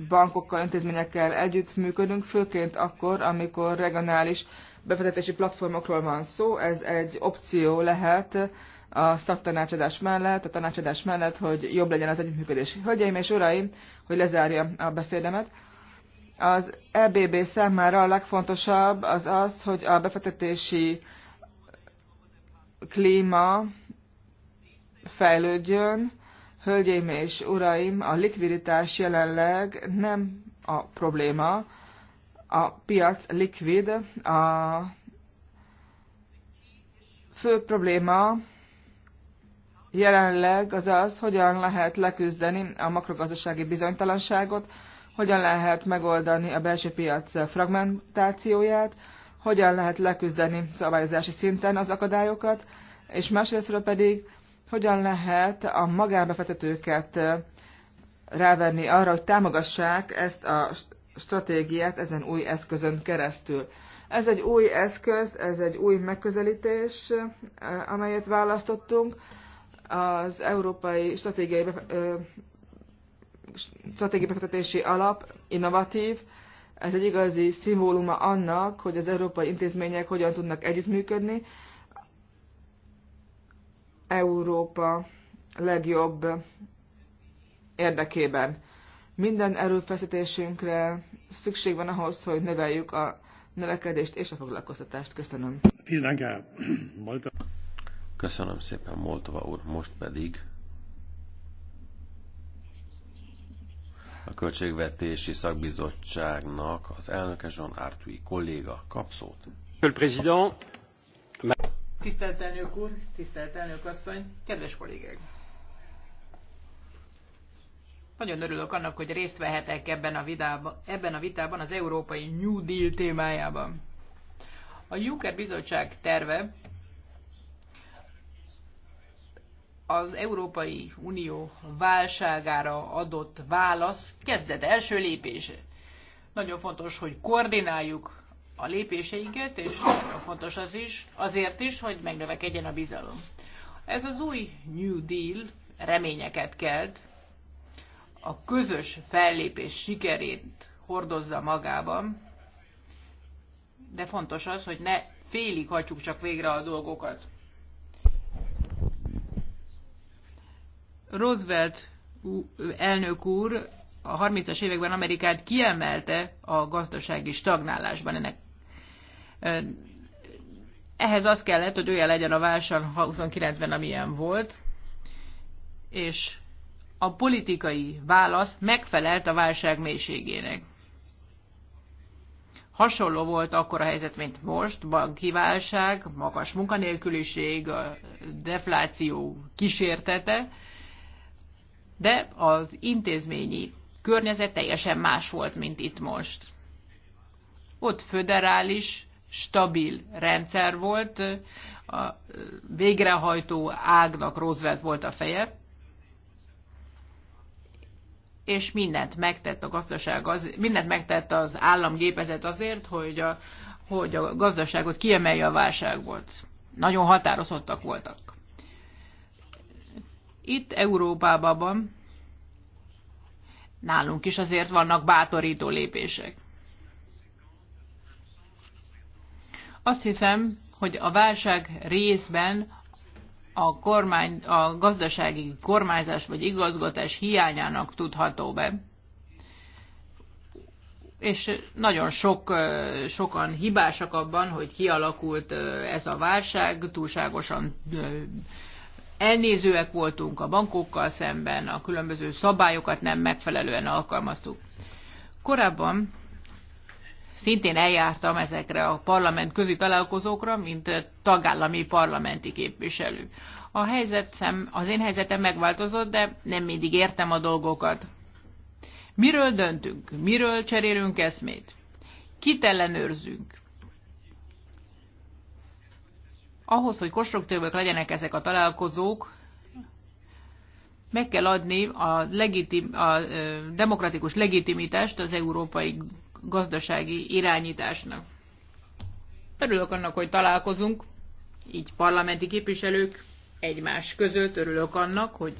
bankokkal, intézményekkel együttműködünk, főként akkor, amikor regionális befektetési platformokról van szó. Ez egy opció lehet a szaktanácsadás mellett, a tanácsadás mellett, hogy jobb legyen az együttműködés. Hölgyeim és uraim, hogy lezárja a beszédemet, az EBB számára a legfontosabb az az, hogy a befektetési klíma fejlődjön, Hölgyeim és uraim, a likviditás jelenleg nem a probléma. A piac likvid. A fő probléma jelenleg az az, hogyan lehet leküzdeni a makrogazdasági bizonytalanságot, hogyan lehet megoldani a belső piac fragmentációját, hogyan lehet leküzdeni szabályozási szinten az akadályokat, és másrésztről pedig hogyan lehet a magánbefektetőket rávenni arra, hogy támogassák ezt a stratégiát ezen új eszközön keresztül. Ez egy új eszköz, ez egy új megközelítés, amelyet választottunk. Az Európai Stratégiai, Stratégiai Befektetési Alap innovatív, ez egy igazi szimbóluma annak, hogy az európai intézmények hogyan tudnak együttműködni, Európa legjobb érdekében. Minden erőfeszítésünkre szükség van ahhoz, hogy növeljük a növekedést és a foglalkoztatást. Köszönöm. Köszönöm szépen, Moltova úr. Most pedig a Költségvetési Szakbizottságnak az elnöke Jean Artui kolléga kap szót. Monsieur le Président, Tisztelt elnök úr, tisztelt elnök asszony, kedves kollégák! Nagyon örülök annak, hogy részt vehetek ebben a, vidába, ebben a vitában az európai New Deal témájában. A Juncker Bizottság terve az Európai Unió válságára adott válasz kezdet első lépése. Nagyon fontos, hogy koordináljuk a lépéseinket, és nagyon fontos az is, azért is, hogy megnövekedjen a bizalom. Ez az új New Deal reményeket kelt, a közös fellépés sikerét hordozza magában, de fontos az, hogy ne félig hagyjuk csak végre a dolgokat. Roosevelt elnök úr a 30-as években Amerikát kiemelte a gazdasági stagnálásban. Ennek ehhez az kellett, hogy olyan legyen a válság 29-ben, amilyen volt, és a politikai válasz megfelelt a válság mélységének. Hasonló volt akkor a helyzet, mint most, banki válság, magas munkanélküliség, a defláció kísértete, de az intézményi környezet teljesen más volt, mint itt most. Ott föderális stabil rendszer volt, a végrehajtó ágnak Roosevelt volt a feje, és mindent megtett a gazdaság, az, mindent megtett az államgépezet azért, hogy a, hogy a gazdaságot kiemelje a válságból. Nagyon határozottak voltak. Itt Európában nálunk is azért vannak bátorító lépések. Azt hiszem, hogy a válság részben a, kormány, a gazdasági kormányzás vagy igazgatás hiányának tudható be. És nagyon sok, sokan hibásak abban, hogy kialakult ez a válság, túlságosan elnézőek voltunk a bankokkal szemben, a különböző szabályokat nem megfelelően alkalmaztuk. Korábban szintén eljártam ezekre a parlament közi találkozókra, mint tagállami parlamenti képviselő. A helyzet szem, az én helyzetem megváltozott, de nem mindig értem a dolgokat. Miről döntünk? Miről cserélünk eszmét? Kit ellenőrzünk? Ahhoz, hogy konstruktívak legyenek ezek a találkozók, meg kell adni a, legitim, a demokratikus legitimitást az európai gazdasági irányításnak. Örülök annak, hogy találkozunk, így parlamenti képviselők egymás között, örülök annak, hogy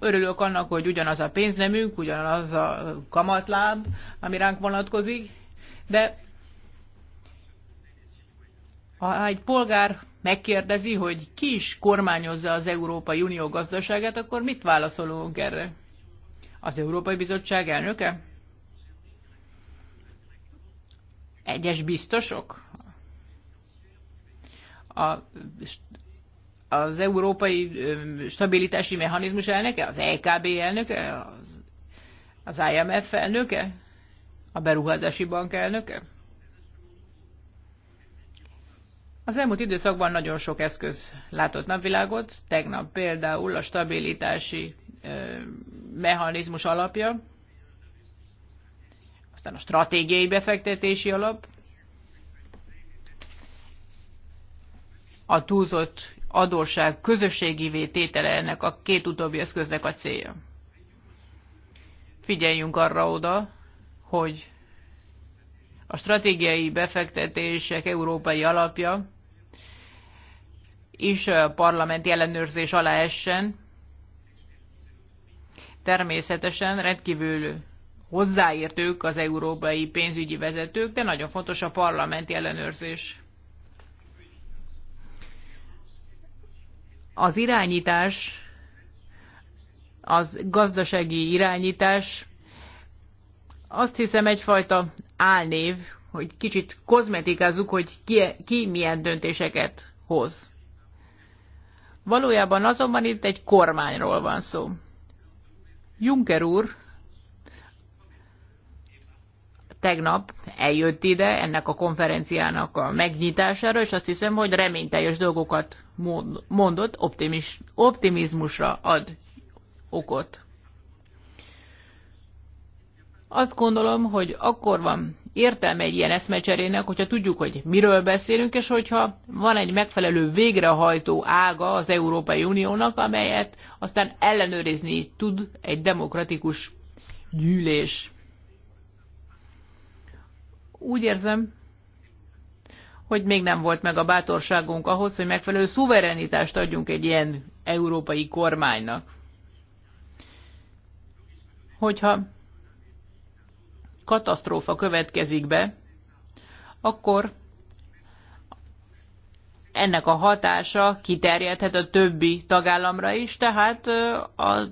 örülök annak, hogy ugyanaz a pénznemünk, ugyanaz a kamatláb, ami ránk vonatkozik, de ha egy polgár megkérdezi, hogy ki is kormányozza az Európai Unió gazdaságát, akkor mit válaszolunk erre? Az Európai Bizottság elnöke? egyes biztosok? A, az európai stabilitási mechanizmus elnöke? Az EKB elnöke? Az, az IMF elnöke? A beruházási bank elnöke? Az elmúlt időszakban nagyon sok eszköz látott napvilágot, tegnap például a stabilitási mechanizmus alapja, aztán a stratégiai befektetési alap, a túlzott adósság közösségivé tétele ennek a két utóbbi eszköznek a célja. Figyeljünk arra oda, hogy a stratégiai befektetések európai alapja is parlamenti ellenőrzés alá essen. Természetesen rendkívül hozzáértők az európai pénzügyi vezetők, de nagyon fontos a parlamenti ellenőrzés. Az irányítás, az gazdasági irányítás, azt hiszem egyfajta álnév, hogy kicsit kozmetikázzuk, hogy ki, ki milyen döntéseket hoz. Valójában azonban itt egy kormányról van szó. Juncker úr tegnap eljött ide ennek a konferenciának a megnyitására, és azt hiszem, hogy reményteljes dolgokat mondott, optimis, optimizmusra ad okot. Azt gondolom, hogy akkor van értelme egy ilyen eszmecserének, hogyha tudjuk, hogy miről beszélünk, és hogyha van egy megfelelő végrehajtó ága az Európai Uniónak, amelyet aztán ellenőrizni tud egy demokratikus gyűlés. Úgy érzem, hogy még nem volt meg a bátorságunk ahhoz, hogy megfelelő szuverenitást adjunk egy ilyen európai kormánynak. Hogyha katasztrófa következik be, akkor ennek a hatása kiterjedhet a többi tagállamra is, tehát a,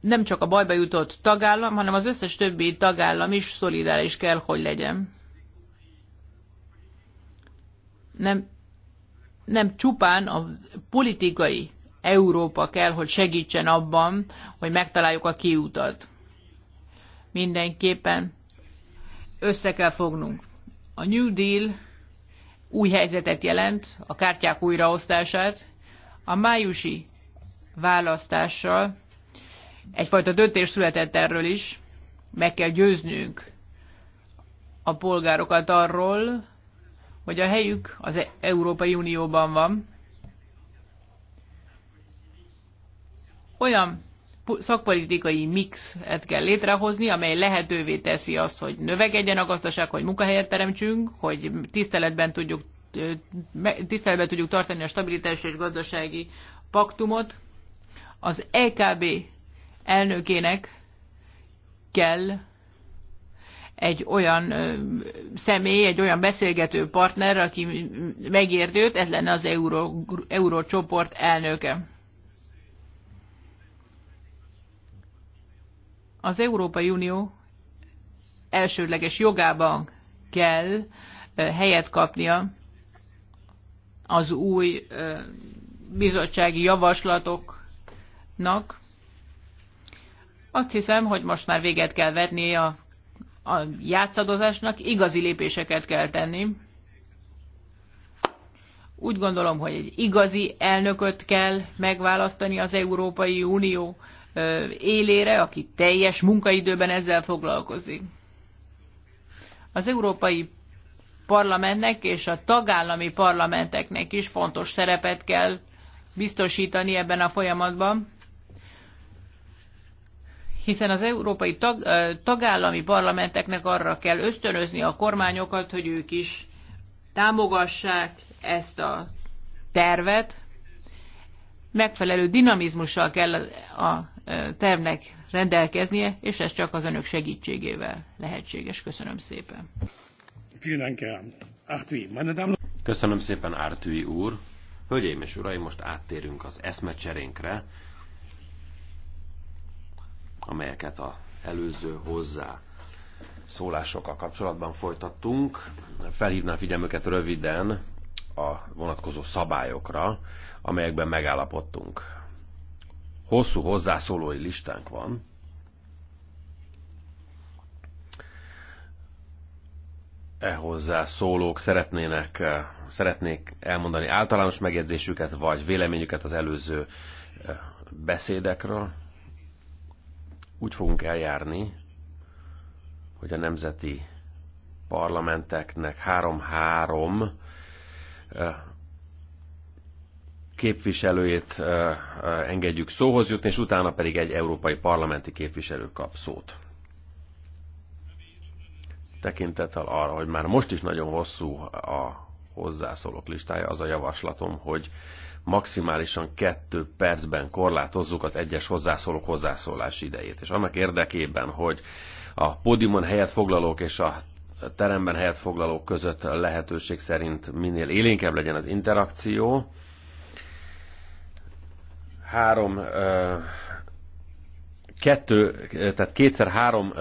nem csak a bajba jutott tagállam, hanem az összes többi tagállam is szolidális kell, hogy legyen nem, nem csupán a politikai Európa kell, hogy segítsen abban, hogy megtaláljuk a kiutat. Mindenképpen össze kell fognunk. A New Deal új helyzetet jelent, a kártyák újraosztását. A májusi választással egyfajta döntés született erről is. Meg kell győznünk a polgárokat arról, hogy a helyük az Európai Unióban van. Olyan szakpolitikai mixet kell létrehozni, amely lehetővé teszi azt, hogy növekedjen a gazdaság, hogy munkahelyet teremtsünk, hogy tiszteletben tudjuk, tiszteletben tudjuk tartani a stabilitás és gazdasági paktumot. Az EKB elnökének kell egy olyan személy, egy olyan beszélgető partner, aki megértőt, ez lenne az Euró, Eurócsoport elnöke. Az Európai Unió elsődleges jogában kell helyet kapnia az új bizottsági javaslatoknak. Azt hiszem, hogy most már véget kell vetni a a játszadozásnak igazi lépéseket kell tenni. Úgy gondolom, hogy egy igazi elnököt kell megválasztani az Európai Unió élére, aki teljes munkaidőben ezzel foglalkozik. Az Európai Parlamentnek és a tagállami parlamenteknek is fontos szerepet kell biztosítani ebben a folyamatban hiszen az európai tag, tagállami parlamenteknek arra kell ösztönözni a kormányokat, hogy ők is támogassák ezt a tervet. Megfelelő dinamizmussal kell a tervnek rendelkeznie, és ez csak az önök segítségével lehetséges. Köszönöm szépen. Köszönöm szépen, Ártői úr. Hölgyeim és uraim, most áttérünk az eszmecserénkre amelyeket a előző hozzá szólásokkal kapcsolatban folytattunk. Felhívnám figyelmüket röviden a vonatkozó szabályokra, amelyekben megállapodtunk. Hosszú hozzászólói listánk van. E hozzászólók szeretnének, szeretnék elmondani általános megjegyzésüket, vagy véleményüket az előző beszédekről, úgy fogunk eljárni, hogy a nemzeti parlamenteknek három-három képviselőjét engedjük szóhoz jutni, és utána pedig egy európai parlamenti képviselő kap szót. Tekintettel arra, hogy már most is nagyon hosszú a hozzászólók listája, az a javaslatom, hogy maximálisan kettő percben korlátozzuk az egyes hozzászólók hozzászólás idejét. És annak érdekében, hogy a podiumon helyet foglalók és a teremben helyet foglalók között lehetőség szerint minél élénkebb legyen az interakció, három ö, kettő, tehát kétszer-három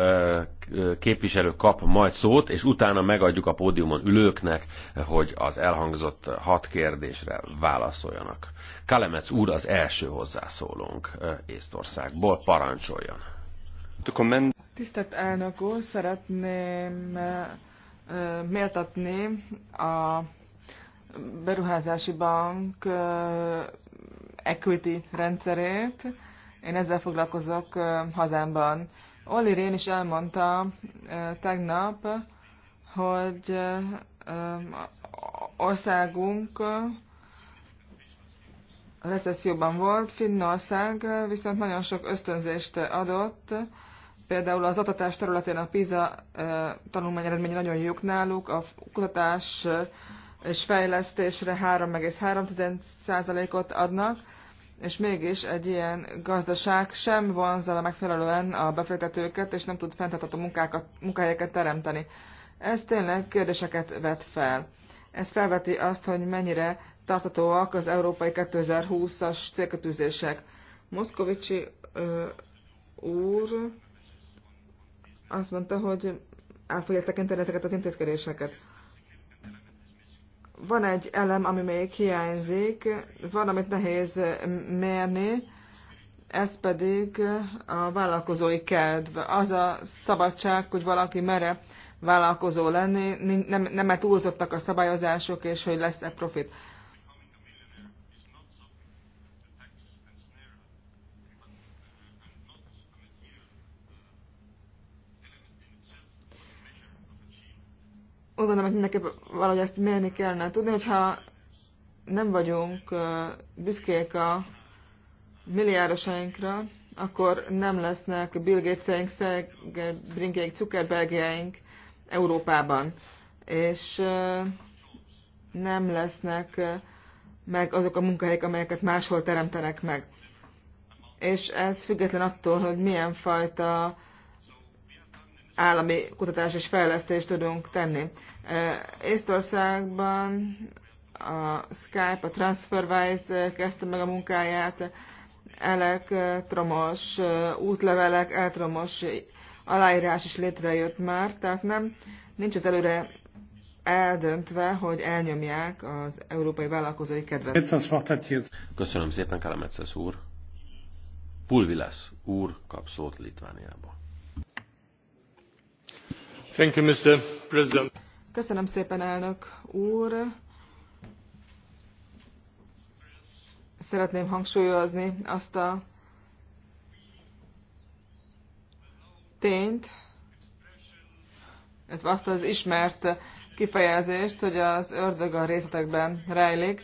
képviselő kap majd szót, és utána megadjuk a pódiumon ülőknek, hogy az elhangzott hat kérdésre válaszoljanak. Kalemec úr az első hozzászólónk Észtországból, parancsoljon. Tisztelt elnök úr, szeretném méltatni a beruházási bank equity rendszerét, én ezzel foglalkozok hazámban. Olli Rén is elmondta tegnap, hogy országunk recesszióban volt, Finnország viszont nagyon sok ösztönzést adott, például az atatás területén a PISA tanulmány eredménye nagyon jók náluk, a kutatás és fejlesztésre 3,3%-ot adnak, és mégis egy ilyen gazdaság sem van, le megfelelően a befektetőket, és nem tud fenntartható munkákat, munkahelyeket teremteni. Ez tényleg kérdéseket vet fel. Ez felveti azt, hogy mennyire tartatóak az európai 2020-as célkötűzések. Moszkovicsi ö, úr azt mondta, hogy át fogják tekinteni ezeket az intézkedéseket van egy elem, ami még hiányzik, van, amit nehéz mérni, ez pedig a vállalkozói kedv. Az a szabadság, hogy valaki mere vállalkozó lenni, nem, nem túlzottak a szabályozások, és hogy lesz-e profit. úgy gondolom, hogy mindenképp valahogy ezt mérni kellene tudni, hogyha nem vagyunk büszkék a milliárdosainkra, akkor nem lesznek Bill Gates-eink, Brinkeink, Zuckerbergjeink Európában. És nem lesznek meg azok a munkahelyek, amelyeket máshol teremtenek meg. És ez független attól, hogy milyen fajta uh, állami kutatás és fejlesztést tudunk tenni. Észtországban a Skype, a TransferWise kezdte meg a munkáját, elektromos útlevelek, elektromos aláírás is létrejött már, tehát nem, nincs az előre eldöntve, hogy elnyomják az európai vállalkozói kedvet. Köszönöm szépen, Kalametszesz úr. Pulvilász úr kap szót Litvániában. Köszönöm szépen, elnök úr. Szeretném hangsúlyozni azt a tényt, illetve azt az ismert kifejezést, hogy az ördög a részletekben rejlik.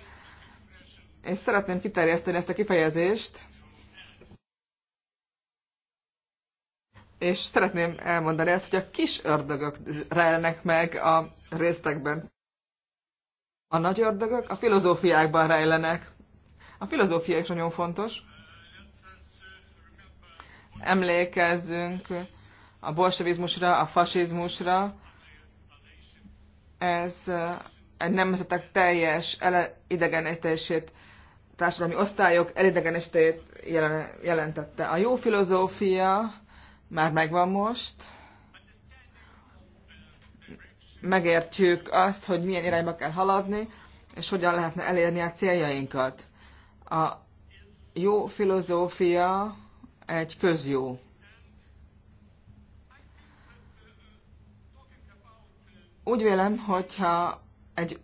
És szeretném kiterjeszteni ezt a kifejezést és szeretném elmondani ezt, hogy a kis ördögök rejlenek meg a résztekben. A nagy ördögök a filozófiákban rejlenek. A filozófia is nagyon fontos. Emlékezzünk a bolsevizmusra, a fasizmusra. Ez egy nemzetek teljes idegenítését, társadalmi osztályok elidegenítését jelentette. A jó filozófia már megvan most. Megértjük azt, hogy milyen irányba kell haladni, és hogyan lehetne elérni a céljainkat. A jó filozófia egy közjó. Úgy vélem, hogyha egy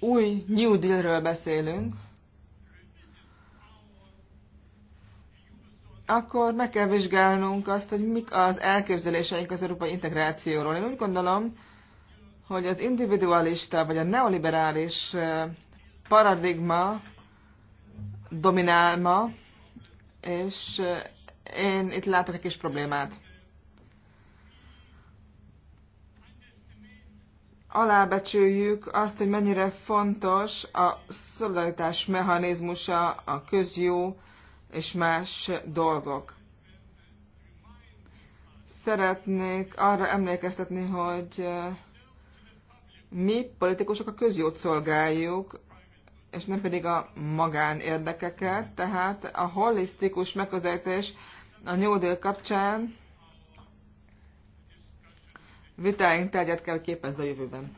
új New Deal-ről beszélünk, akkor meg kell vizsgálnunk azt, hogy mik az elképzeléseink az európai integrációról. Én úgy gondolom, hogy az individualista vagy a neoliberális paradigma dominál ma, és én itt látok egy kis problémát. Alábecsüljük azt, hogy mennyire fontos a szolidaritás mechanizmusa, a közjó, és más dolgok. Szeretnék arra emlékeztetni, hogy eh, mi politikusok a közjót szolgáljuk, és nem pedig a magánérdekeket, tehát a holisztikus megközelítés a New kapcsán vitáink tegyet kell, hogy képezze a jövőben.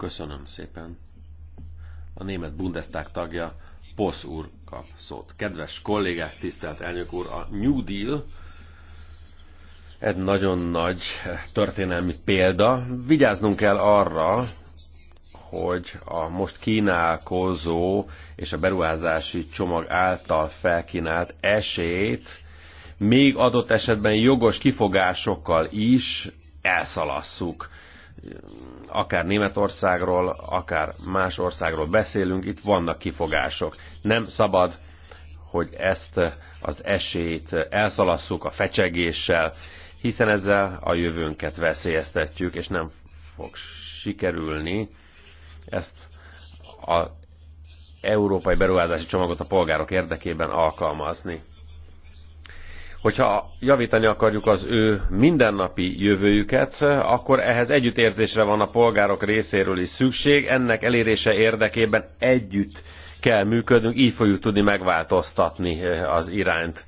Köszönöm szépen. A német Bundestag tagja Bosz úr kap szót. Kedves kollégák, tisztelt elnök úr, a New Deal egy nagyon nagy történelmi példa. Vigyáznunk kell arra, hogy a most kínálkozó és a beruházási csomag által felkínált esélyt még adott esetben jogos kifogásokkal is elszalasszuk akár Németországról, akár más országról beszélünk, itt vannak kifogások. Nem szabad, hogy ezt az esélyt elszalasszuk a fecsegéssel, hiszen ezzel a jövőnket veszélyeztetjük, és nem fog sikerülni ezt az európai beruházási csomagot a polgárok érdekében alkalmazni hogyha javítani akarjuk az ő mindennapi jövőjüket, akkor ehhez együttérzésre van a polgárok részéről is szükség, ennek elérése érdekében együtt kell működnünk, így fogjuk tudni megváltoztatni eh, az irányt.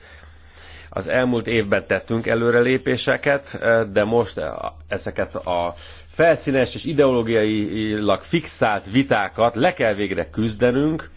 Az elmúlt évben tettünk előrelépéseket, eh, de most eh, ezeket a felszínes és ideológiailag fixált vitákat le kell végre küzdenünk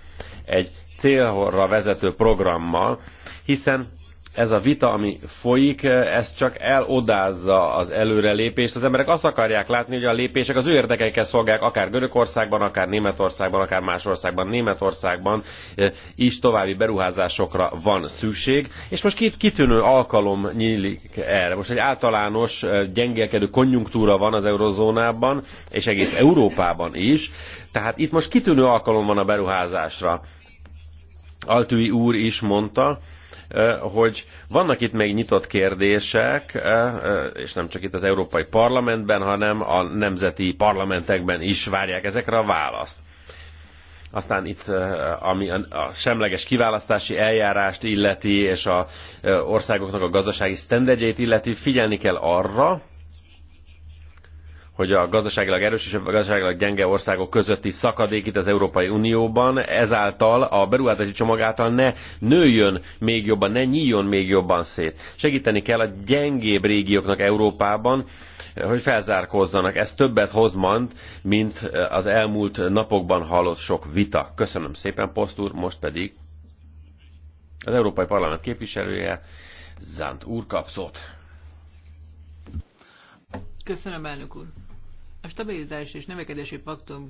egy célra vezető programmal, hiszen ez a vita, ami folyik, ez csak elodázza az előrelépést. Az emberek azt akarják látni, hogy a lépések az ő érdekeikkel szolgálják, akár Görögországban, akár Németországban, akár más országban. Németországban eh, is további beruházásokra van szükség. És most két kitűnő alkalom nyílik erre. Most egy általános eh, gyengélkedő konjunktúra van az eurozónában, és egész Európában is. Tehát itt most kitűnő alkalom van a beruházásra. Altui úr is mondta, Eh, hogy vannak itt még nyitott kérdések, eh, eh, és nem csak itt az Európai Parlamentben, hanem a nemzeti parlamentekben is várják ezekre a választ. Aztán itt, ami a semleges kiválasztási eljárást illeti, és a országoknak a gazdasági sztenderdjeit illeti, figyelni kell arra, hogy a gazdaságilag erős és a gazdaságilag gyenge országok közötti szakadék itt az Európai Unióban ezáltal a beruházási csomag által ne nőjön még jobban, ne nyíljon még jobban szét. Segíteni kell a gyengébb régióknak Európában, hogy felzárkózzanak. Ez többet hoz mand, mint az elmúlt napokban hallott sok vita. Köszönöm szépen, posztúr, most pedig az Európai Parlament képviselője, Zánt úr kapszót. Köszönöm, elnök úr. A stabilitás és növekedési paktum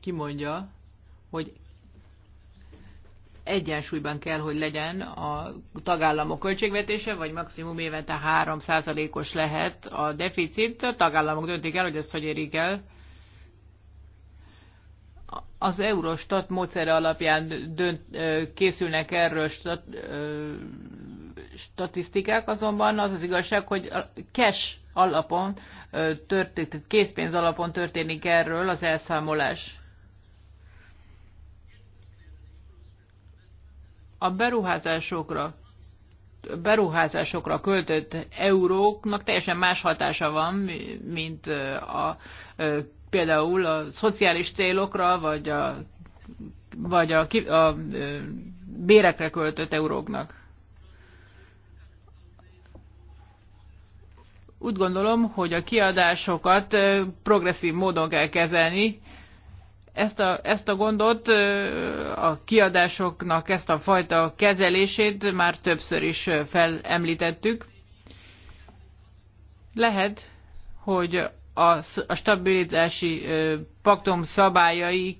kimondja, hogy egyensúlyban kell, hogy legyen a tagállamok költségvetése, vagy maximum évente 3%-os lehet a deficit. A tagállamok döntik el, hogy ezt hogy érik el. Az Eurostat módszere alapján dönt, készülnek erről stat, statisztikák, azonban az az igazság, hogy cash alapon történt, készpénz alapon történik erről az elszámolás. A beruházásokra beruházásokra költött euróknak teljesen más hatása van, mint a, például a szociális célokra, vagy a, vagy a, a bérekre költött euróknak. Úgy gondolom, hogy a kiadásokat progresszív módon kell kezelni. Ezt a, ezt a gondot, a kiadásoknak ezt a fajta kezelését már többször is felemlítettük. Lehet, hogy a, a stabilitási paktum szabályai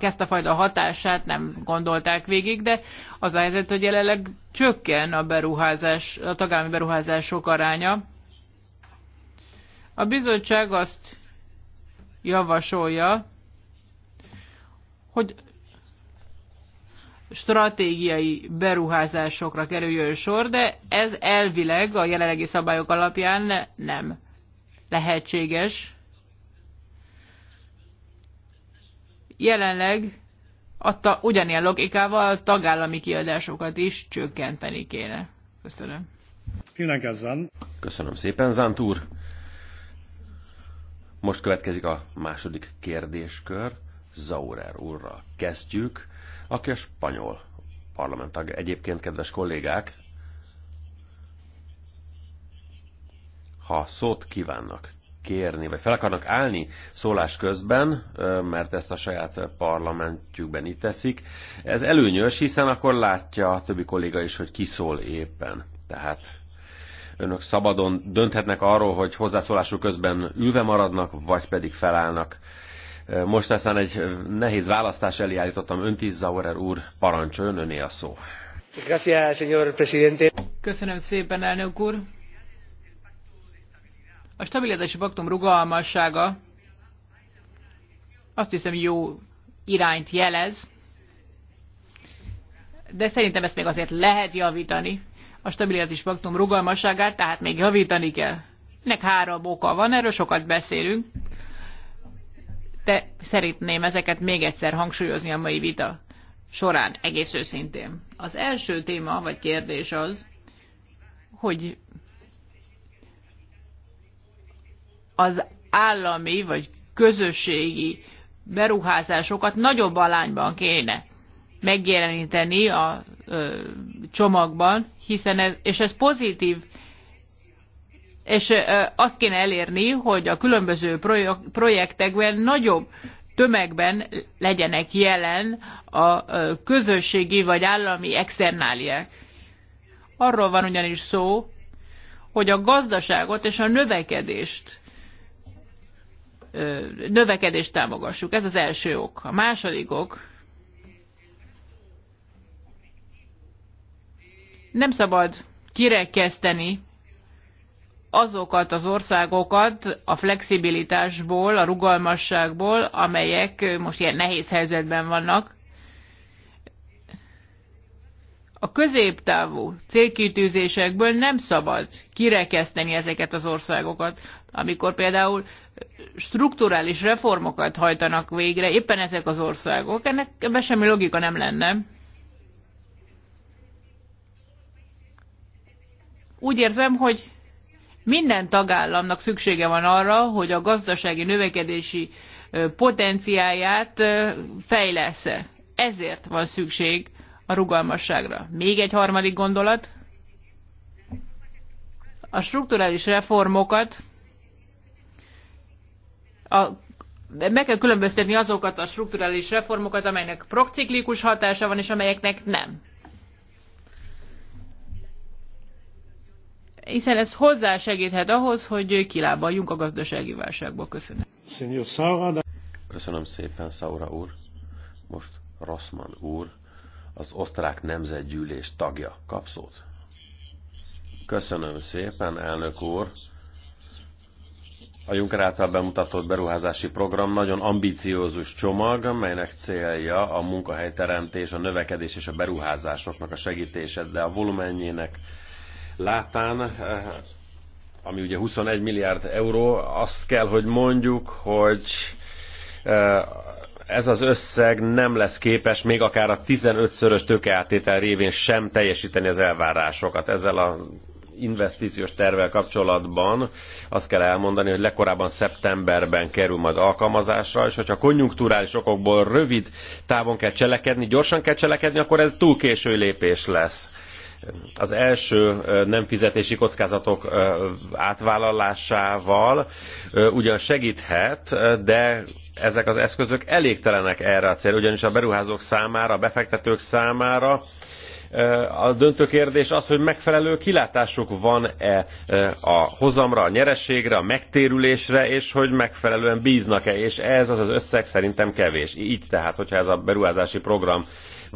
ezt a fajta hatását nem gondolták végig, de az a helyzet, hogy jelenleg csökken a beruházás, a tagállami beruházások aránya. A bizottság azt javasolja, hogy stratégiai beruházásokra kerüljön sor, de ez elvileg a jelenlegi szabályok alapján nem lehetséges. Jelenleg adta ugyanilyen logikával tagállami kiadásokat is csökkenteni kéne. Köszönöm. Köszönöm szépen, Zánt úr. Most következik a második kérdéskör. Zaurer úrra kezdjük, aki a spanyol parlamenttag. Egyébként, kedves kollégák, ha szót kívánnak kérni, vagy fel akarnak állni szólás közben, mert ezt a saját parlamentjükben itt teszik. Ez előnyös, hiszen akkor látja a többi kolléga is, hogy ki szól éppen. Tehát önök szabadon dönthetnek arról, hogy hozzászólásuk közben ülve maradnak, vagy pedig felállnak. Most aztán egy nehéz választás elé állítottam önt is, Zaurer úr, parancsoljon, öné a szó. Köszönöm szépen, elnök úr. A stabilitási paktum rugalmassága azt hiszem jó irányt jelez, de szerintem ezt még azért lehet javítani a stabilizációs paktum rugalmasságát, tehát még javítani kell. Ennek három oka van, erről sokat beszélünk, de szeretném ezeket még egyszer hangsúlyozni a mai vita során, egész őszintén. Az első téma vagy kérdés az, hogy az állami vagy közösségi beruházásokat nagyobb alányban kéne megjeleníteni a ö, csomagban hiszen ez, és ez pozitív, és azt kéne elérni, hogy a különböző projektekben nagyobb tömegben legyenek jelen a közösségi vagy állami externáliák. Arról van ugyanis szó, hogy a gazdaságot és a növekedést növekedést támogassuk. Ez az első ok. A második ok, Nem szabad kirekeszteni azokat az országokat a flexibilitásból, a rugalmasságból, amelyek most ilyen nehéz helyzetben vannak. A középtávú célkitűzésekből nem szabad kirekeszteni ezeket az országokat. Amikor például strukturális reformokat hajtanak végre éppen ezek az országok, ennek ebben semmi logika nem lenne. úgy érzem, hogy minden tagállamnak szüksége van arra, hogy a gazdasági növekedési potenciáját fejlesze. Ezért van szükség a rugalmasságra. Még egy harmadik gondolat. A strukturális reformokat a, meg kell különböztetni azokat a strukturális reformokat, amelynek prociklikus hatása van, és amelyeknek nem. hiszen ez hozzásegíthet ahhoz, hogy kilábaljunk a gazdasági válságból. Köszönöm. Köszönöm szépen, Saura úr. Most Rossmann úr, az osztrák nemzetgyűlés tagja kap szót. Köszönöm szépen, elnök úr. A Juncker által bemutatott beruházási program nagyon ambiciózus csomag, melynek célja a munkahelyteremtés, a növekedés és a beruházásoknak a segítése, de a volumenjének látán, eh, ami ugye 21 milliárd euró, azt kell, hogy mondjuk, hogy eh, ez az összeg nem lesz képes még akár a 15-szörös tőkeáttétel révén sem teljesíteni az elvárásokat. Ezzel a investíciós tervel kapcsolatban azt kell elmondani, hogy legkorábban szeptemberben kerül majd alkalmazásra, és hogyha konjunkturális okokból rövid távon kell cselekedni, gyorsan kell cselekedni, akkor ez túl késő lépés lesz az első nem fizetési kockázatok átvállalásával ugyan segíthet, de ezek az eszközök elégtelenek erre a cél, ugyanis a beruházók számára, a befektetők számára a döntő kérdés az, hogy megfelelő kilátásuk van-e a hozamra, a nyereségre, a megtérülésre, és hogy megfelelően bíznak-e, és ez az az összeg szerintem kevés. Így tehát, hogyha ez a beruházási program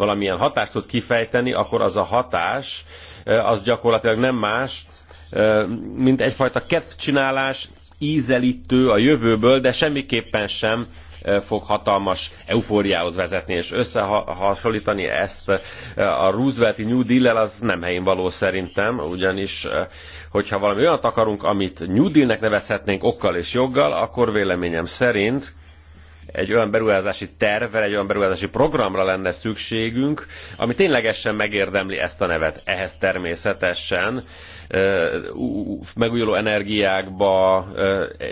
valamilyen hatást tud kifejteni, akkor az a hatás az gyakorlatilag nem más, mint egyfajta kettcsinálás, ízelítő a jövőből, de semmiképpen sem fog hatalmas eufóriához vezetni, és összehasonlítani ezt a Roosevelti New Deal-lel az nem helyén való szerintem, ugyanis hogyha valami olyan akarunk, amit New Deal-nek nevezhetnénk okkal és joggal, akkor véleményem szerint egy olyan beruházási tervre, egy olyan beruházási programra lenne szükségünk, ami ténylegesen megérdemli ezt a nevet. Ehhez természetesen megújuló energiákba,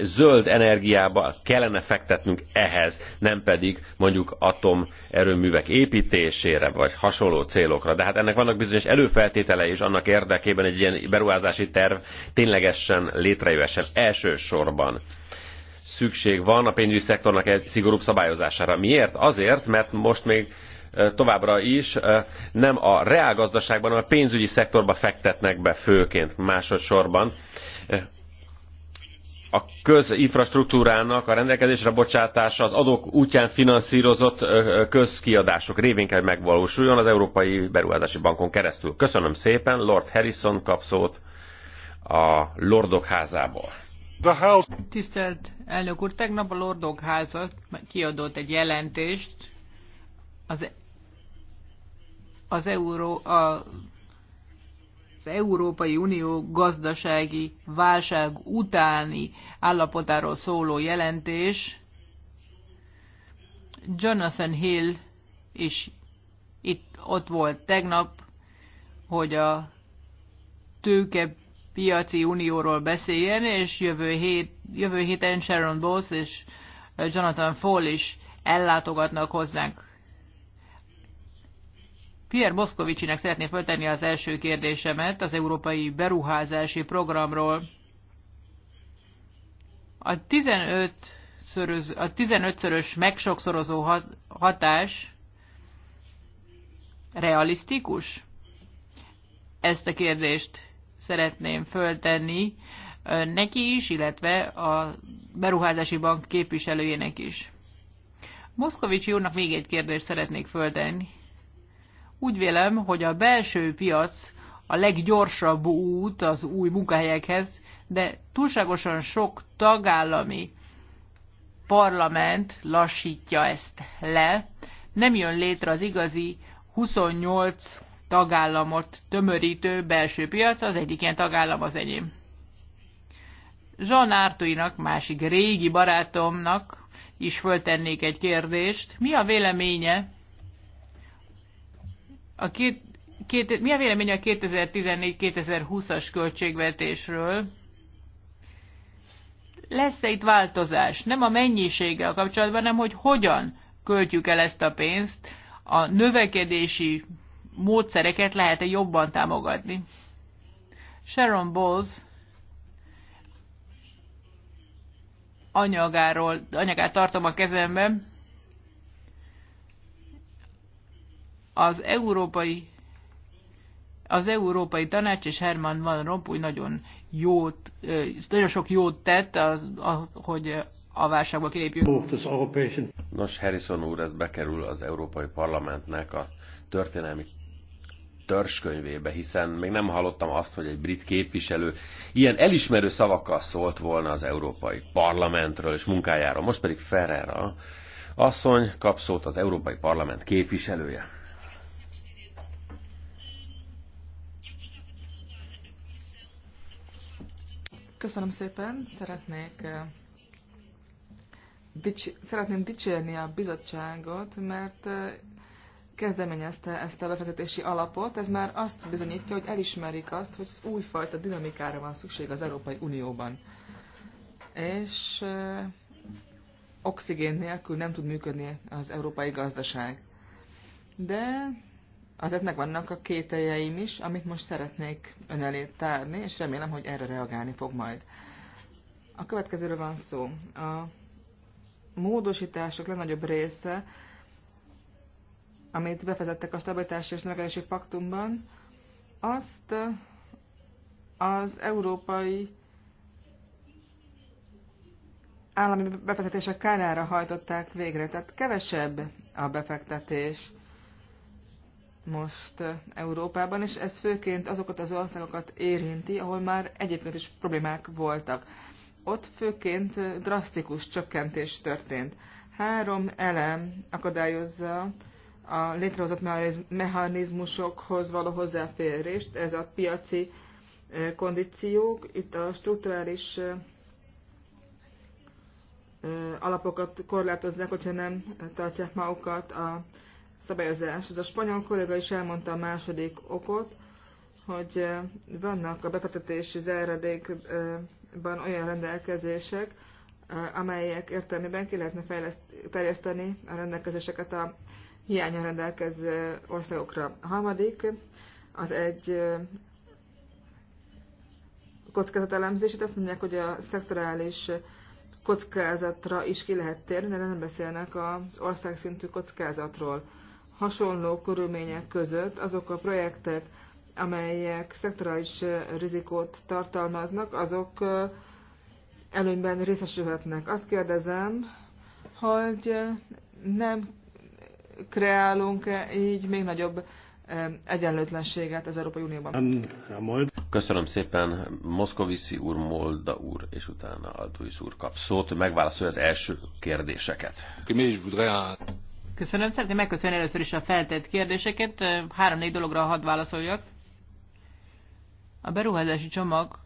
zöld energiába kellene fektetnünk ehhez, nem pedig mondjuk atomerőművek építésére, vagy hasonló célokra. De hát ennek vannak bizonyos előfeltétele is annak érdekében, egy ilyen beruházási terv ténylegesen létrejöhessen elsősorban szükség van a pénzügyi szektornak egy szigorúbb szabályozására. Miért? Azért, mert most még továbbra is nem a reálgazdaságban, hanem a pénzügyi szektorba fektetnek be főként másodszorban. A közinfrastruktúrának a rendelkezésre bocsátása az adók útján finanszírozott közkiadások révén kell megvalósuljon az Európai Beruházási Bankon keresztül. Köszönöm szépen, Lord Harrison kap szót a Lordok házából. The House. Tisztelt elnök úr, tegnap a Lordok háza kiadott egy jelentést az, e- az, Euró, a, az Európai Unió gazdasági válság utáni állapotáról szóló jelentés. Jonathan Hill is itt ott volt tegnap, hogy a tőke piaci unióról beszéljen, és jövő, hét, jövő héten Sharon Bowles és Jonathan Fall is ellátogatnak hozzánk. Pierre Moszkovicsinek szeretné föltenni az első kérdésemet az Európai Beruházási Programról. A 15 szöröz, a 15-szörös megsokszorozó hatás realisztikus? Ezt a kérdést szeretném föltenni neki is, illetve a beruházási bank képviselőjének is. Moszkovics úrnak még egy kérdést szeretnék föltenni. Úgy vélem, hogy a belső piac a leggyorsabb út az új munkahelyekhez, de túlságosan sok tagállami parlament lassítja ezt le. Nem jön létre az igazi 28 tagállamot tömörítő belső piac, az egyik ilyen tagállam az enyém. Jean Artuinak, másik régi barátomnak is föltennék egy kérdést. Mi a véleménye a két, két, mi a véleménye a 2014-2020-as költségvetésről? Lesz-e itt változás? Nem a mennyiséggel kapcsolatban, hanem hogy hogyan költjük el ezt a pénzt. A növekedési módszereket lehet-e jobban támogatni. Sharon Bowles anyagáról, anyagát tartom a kezemben. Az európai az Európai Tanács és Herman Van Rompuy nagyon jót, nagyon sok jót tett, az, az, hogy a válságba kilépjünk. Nos, Harrison úr, ez bekerül az Európai Parlamentnek a történelmi törskönyvébe, hiszen még nem hallottam azt, hogy egy brit képviselő ilyen elismerő szavakkal szólt volna az Európai Parlamentről és munkájáról. Most pedig Ferrera asszony kap szót az Európai Parlament képviselője. Köszönöm szépen, szeretnék eh, dics- szeretném dicsérni a bizottságot, mert eh, kezdeményezte ezt a befektetési alapot, ez már azt bizonyítja, hogy elismerik azt, hogy az újfajta dinamikára van szükség az Európai Unióban. És e, oxigén nélkül nem tud működni az európai gazdaság. De azért megvannak a kételjeim is, amit most szeretnék ön elé tárni, és remélem, hogy erre reagálni fog majd. A következőről van szó. A módosítások legnagyobb része amit befezettek a stabilitási és növekedési paktumban, azt az európai állami befektetések kárára hajtották végre, tehát kevesebb a befektetés most Európában, és ez főként azokat az országokat érinti, ahol már egyébként is problémák voltak. Ott főként drasztikus csökkentés történt. Három elem akadályozza a létrehozott mechanizmusokhoz való hozzáférést, ez a piaci kondíciók, itt a strukturális alapokat korlátoznak, hogyha nem tartják magukat a szabályozás. Ez a spanyol kolléga is elmondta a második okot, hogy vannak a befektetési záradékban olyan rendelkezések, amelyek értelmében ki lehetne fejleszteni, terjeszteni a rendelkezéseket a hiányan rendelkező országokra. A harmadik az egy kockázatelemzés. Itt azt mondják, hogy a szektorális kockázatra is ki lehet térni, de nem beszélnek az országszintű kockázatról. Hasonló körülmények között azok a projektek, amelyek szektorális rizikót tartalmaznak, azok előnyben részesülhetnek. Azt kérdezem, hogy nem kreálunk így még nagyobb egyenlőtlenséget az Európai Unióban. Köszönöm szépen. Moszkoviszi úr, Molda úr, és utána Altuis úr kap szót, hogy megválaszolja az első kérdéseket. Köszönöm, szeretném megköszönni először is a feltett kérdéseket. Három-négy dologra hadd válaszoljak. A beruházási csomag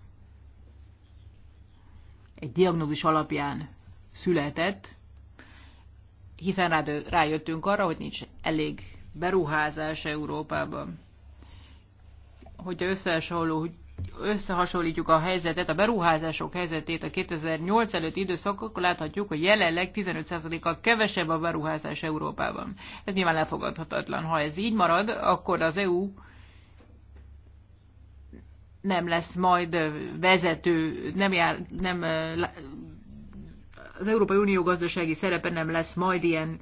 egy diagnózis alapján született, hiszen rájöttünk arra, hogy nincs elég beruházás Európában. Hogyha összehasonlítjuk a helyzetet, a beruházások helyzetét a 2008 előtti időszak, akkor láthatjuk, hogy jelenleg 15%-kal kevesebb a beruházás Európában. Ez nyilván elfogadhatatlan. Ha ez így marad, akkor az EU nem lesz majd vezető, nem, jár, nem az Európai Unió gazdasági szerepe nem lesz majd ilyen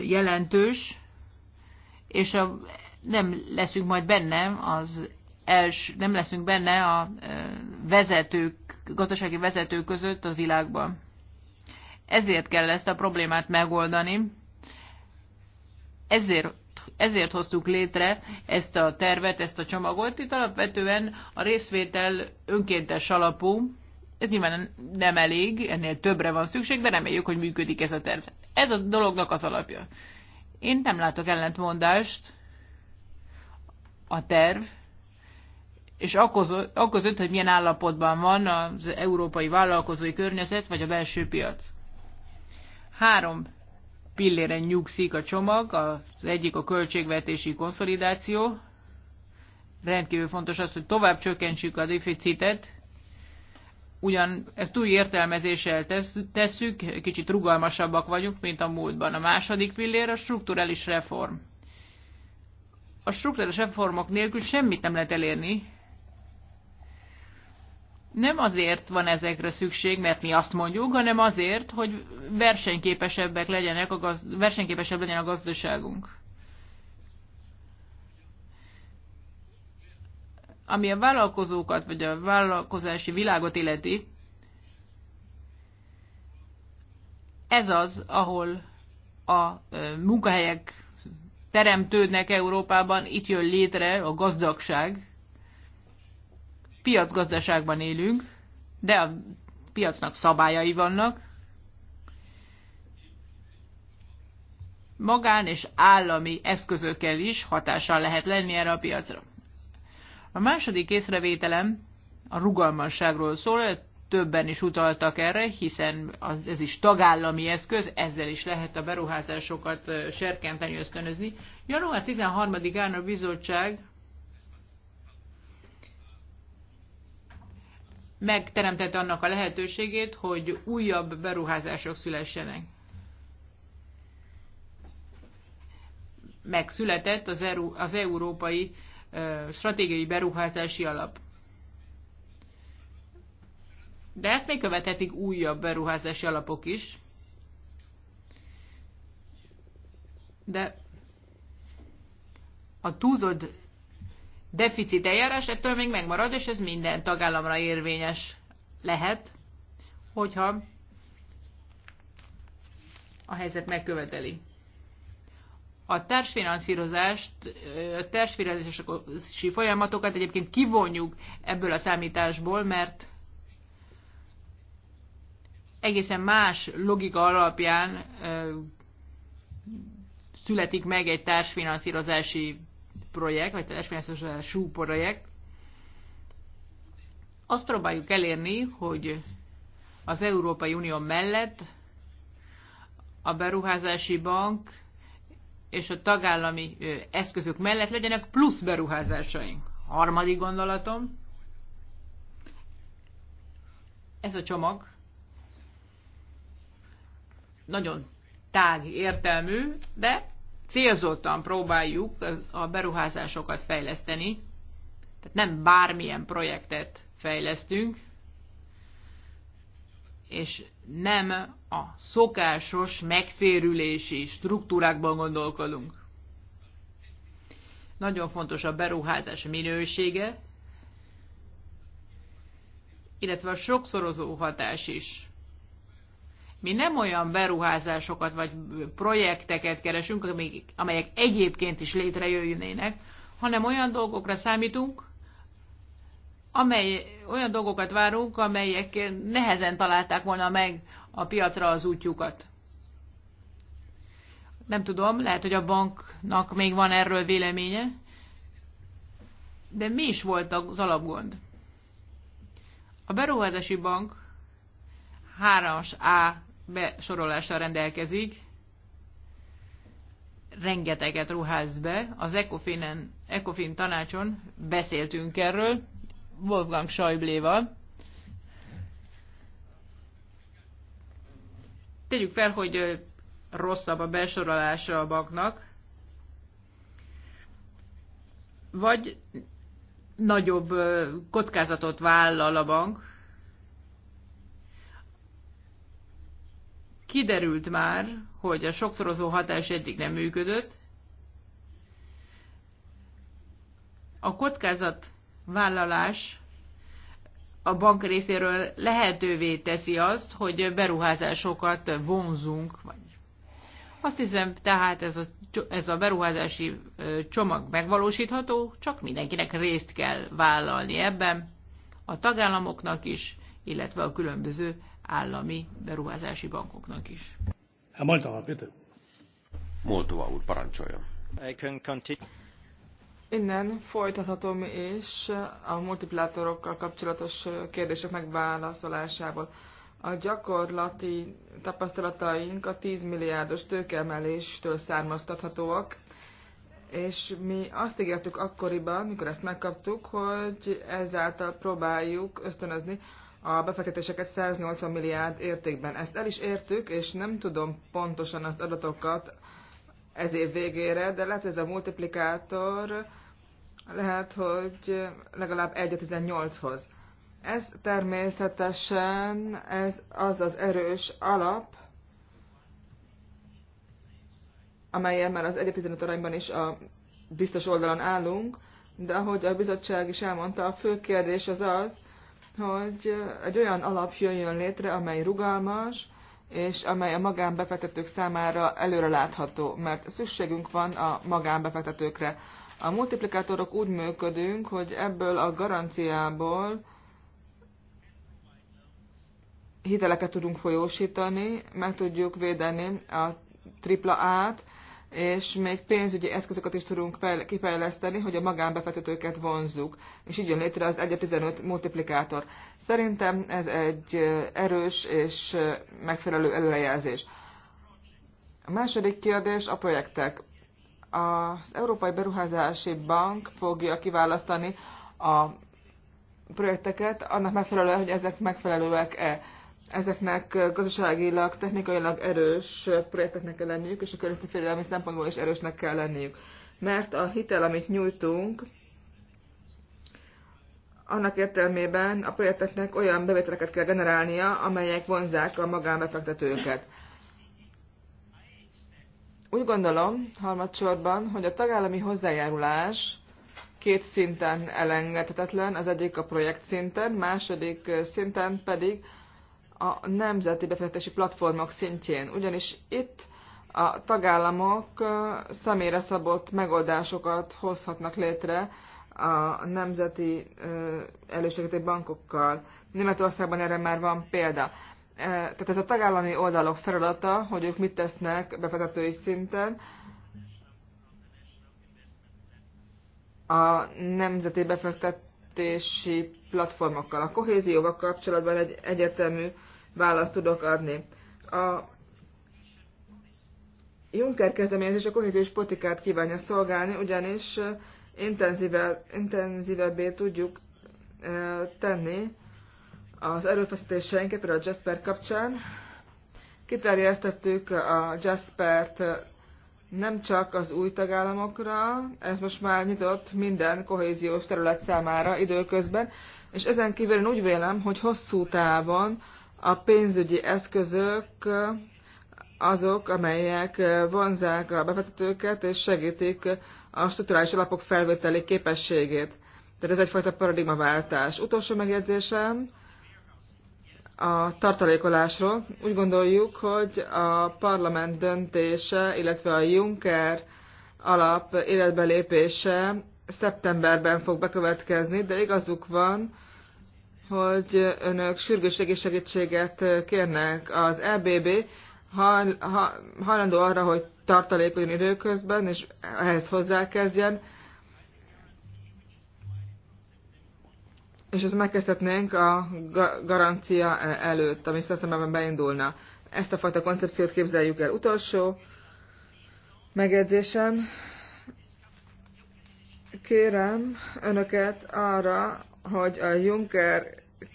jelentős, és a, nem leszünk majd benne az els, nem leszünk benne a vezetők, gazdasági vezetők között a világban. Ezért kell ezt a problémát megoldani, ezért ezért hoztuk létre ezt a tervet, ezt a csomagot. Itt alapvetően a részvétel önkéntes alapú, ez nyilván nem elég, ennél többre van szükség, de reméljük, hogy működik ez a terv. Ez a dolognak az alapja. Én nem látok ellentmondást a terv, és akközött, hogy milyen állapotban van az európai vállalkozói környezet, vagy a belső piac. Három pillére nyugszik a csomag, az egyik a költségvetési konszolidáció, rendkívül fontos az, hogy tovább csökkentsük a deficitet, ugyan ezt új értelmezéssel tesszük, kicsit rugalmasabbak vagyunk, mint a múltban. A második pillér a strukturális reform. A strukturális reformok nélkül semmit nem lehet elérni. Nem azért van ezekre szükség, mert mi azt mondjuk, hanem azért, hogy versenyképesebbek legyenek a gazd- versenyképesebb legyen a gazdaságunk. Ami a vállalkozókat, vagy a vállalkozási világot illeti, ez az, ahol a munkahelyek teremtődnek Európában, itt jön létre a gazdagság. Piacgazdaságban élünk, de a piacnak szabályai vannak. Magán és állami eszközökkel is hatással lehet lenni erre a piacra. A második észrevételem a rugalmasságról szól, többen is utaltak erre, hiszen az, ez is tagállami eszköz, ezzel is lehet a beruházásokat serkenteni, ösztönözni. Január 13-án a bizottság megteremtette annak a lehetőségét, hogy újabb beruházások szülessenek. Megszületett az, Euró- az európai stratégiai beruházási alap. De ezt még követhetik újabb beruházási alapok is. De a túlzott deficit eljárás ettől még megmarad, és ez minden tagállamra érvényes lehet, hogyha a helyzet megköveteli a társfinanszírozást, a társfinanszírozási folyamatokat egyébként kivonjuk ebből a számításból, mert egészen más logika alapján születik meg egy társfinanszírozási projekt, vagy társfinanszírozású projekt. Azt próbáljuk elérni, hogy az Európai Unió mellett a beruházási bank és a tagállami eszközök mellett legyenek plusz beruházásaink. Harmadik gondolatom, ez a csomag nagyon tág értelmű, de célzottan próbáljuk a beruházásokat fejleszteni. Tehát nem bármilyen projektet fejlesztünk, és nem a szokásos megtérülési struktúrákban gondolkodunk. Nagyon fontos a beruházás minősége, illetve a sokszorozó hatás is. Mi nem olyan beruházásokat vagy projekteket keresünk, amelyek, egyébként is létrejönnének, hanem olyan dolgokra számítunk, amely, olyan dolgokat várunk, amelyek nehezen találták volna meg a piacra az útjukat. Nem tudom, lehet, hogy a banknak még van erről véleménye, de mi is volt az alapgond? A beruházási bank 3-as A besorolással rendelkezik, rengeteget ruház be. Az Ecofin, tanácson beszéltünk erről, Wolfgang Schäubléval, Tegyük fel, hogy rosszabb a besorolása a banknak, vagy nagyobb kockázatot vállal a bank. Kiderült már, hogy a sokszorozó hatás eddig nem működött. A kockázat vállalás a bank részéről lehetővé teszi azt, hogy beruházásokat vonzunk. Vagy. Azt hiszem, tehát ez a, ez a beruházási csomag megvalósítható, csak mindenkinek részt kell vállalni ebben, a tagállamoknak is, illetve a különböző állami beruházási bankoknak is. Moldova, Moldova úr, parancsoljon. Innen folytathatom is a multiplátorokkal kapcsolatos kérdések megválaszolásából. A gyakorlati tapasztalataink a 10 milliárdos tőkeemeléstől származtathatóak, és mi azt ígértük akkoriban, mikor ezt megkaptuk, hogy ezáltal próbáljuk ösztönözni a befektetéseket 180 milliárd értékben. Ezt el is értük, és nem tudom pontosan az adatokat ez év végére, de lehet, hogy ez a multiplikátor lehet, hogy legalább 1-18-hoz. Ez természetesen ez az az erős alap, amelyen már az 1-15 arányban is a biztos oldalon állunk, de ahogy a bizottság is elmondta, a fő kérdés az az, hogy egy olyan alap jöjjön létre, amely rugalmas, és amely a magánbefektetők számára előre látható, mert szükségünk van a magánbefektetőkre. A multiplikátorok úgy működünk, hogy ebből a garanciából hiteleket tudunk folyósítani, meg tudjuk védeni a tripla át, és még pénzügyi eszközöket is tudunk kifejleszteni, hogy a magánbefektetőket vonzzuk, és így jön létre az 1-15 multiplikátor. Szerintem ez egy erős és megfelelő előrejelzés. A második kérdés a projektek. Az Európai Beruházási Bank fogja kiválasztani a projekteket, annak megfelelően, hogy ezek megfelelőek-e. Ezeknek gazdaságilag, technikailag erős projekteknek kell lenniük, és a környezetvédelmi szempontból is erősnek kell lenniük. Mert a hitel, amit nyújtunk, annak értelmében a projekteknek olyan bevételeket kell generálnia, amelyek vonzák a magánbefektetőket. Úgy gondolom, harmadsorban, hogy a tagállami hozzájárulás két szinten elengedhetetlen, az egyik a projekt szinten, második szinten pedig a nemzeti befektetési platformok szintjén. Ugyanis itt a tagállamok személyre szabott megoldásokat hozhatnak létre a nemzeti elősegítő bankokkal. Németországban erre már van példa. E, tehát ez a tagállami oldalok feladata, hogy ők mit tesznek befektetői szinten, a nemzeti befektetési platformokkal. A kohézióval kapcsolatban egy egyetemű választ tudok adni. A Juncker kezdeményezés a kohéziós politikát kívánja szolgálni, ugyanis intenzívebbé tudjuk e, tenni az erőfeszítéseinket, például a Jasper kapcsán. Kiterjesztettük a Jaspert nem csak az új tagállamokra, ez most már nyitott minden kohéziós terület számára időközben, és ezen kívül én úgy vélem, hogy hosszú távon a pénzügyi eszközök azok, amelyek vonzák a befektetőket és segítik a strukturális alapok felvételi képességét. Tehát ez egyfajta paradigmaváltás. Utolsó megjegyzésem, a tartalékolásról. Úgy gondoljuk, hogy a parlament döntése, illetve a Juncker alap életbe lépése szeptemberben fog bekövetkezni, de igazuk van, hogy önök sürgőségi segítséget kérnek. Az EBB hajlandó arra, hogy tartalékoljon időközben, és ehhez hozzákezdjen, és ezt megkezdhetnénk a garancia előtt, ami szeptemberben beindulna. Ezt a fajta koncepciót képzeljük el. Utolsó megjegyzésem. Kérem önöket arra, hogy a Juncker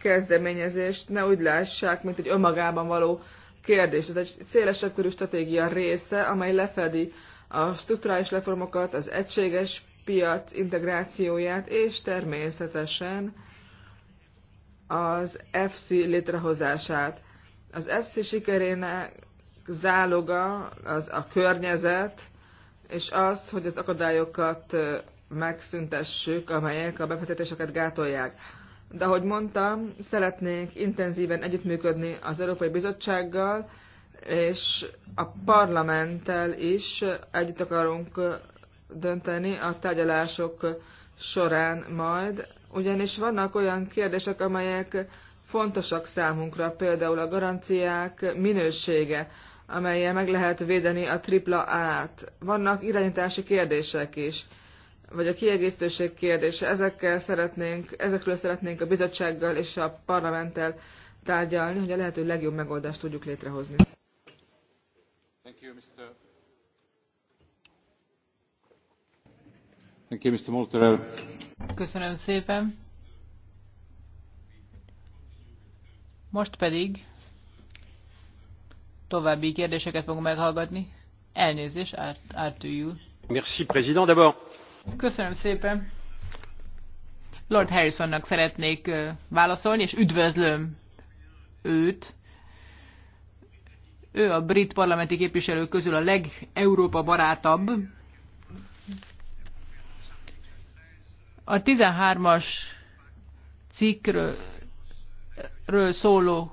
kezdeményezést ne úgy lássák, mint egy önmagában való kérdés. Ez egy szélesebb körű stratégia része, amely lefedi a strukturális reformokat, az egységes piac integrációját, és természetesen az FC létrehozását. Az FC sikerének záloga az a környezet, és az, hogy az akadályokat megszüntessük, amelyek a befektetéseket gátolják. De ahogy mondtam, szeretnék intenzíven együttműködni az Európai Bizottsággal, és a parlamenttel is együtt akarunk dönteni a tárgyalások során majd ugyanis vannak olyan kérdések, amelyek fontosak számunkra, például a garanciák minősége, amelyel meg lehet védeni a tripla át. Vannak irányítási kérdések is, vagy a kiegészítőség kérdése. Ezekkel szeretnénk, ezekről szeretnénk a bizottsággal és a parlamenttel tárgyalni, hogy a lehető legjobb megoldást tudjuk létrehozni. Thank you, Mr. Thank you, Mr. Molterer. Köszönöm szépen. Most pedig további kérdéseket fogunk meghallgatni. Elnézés, Arthur Merci, président, d'abord. Köszönöm szépen. Lord Harrisonnak szeretnék válaszolni, és üdvözlöm őt. Ő a brit parlamenti képviselők közül a legeurópa barátabb, A 13-as cikkről szóló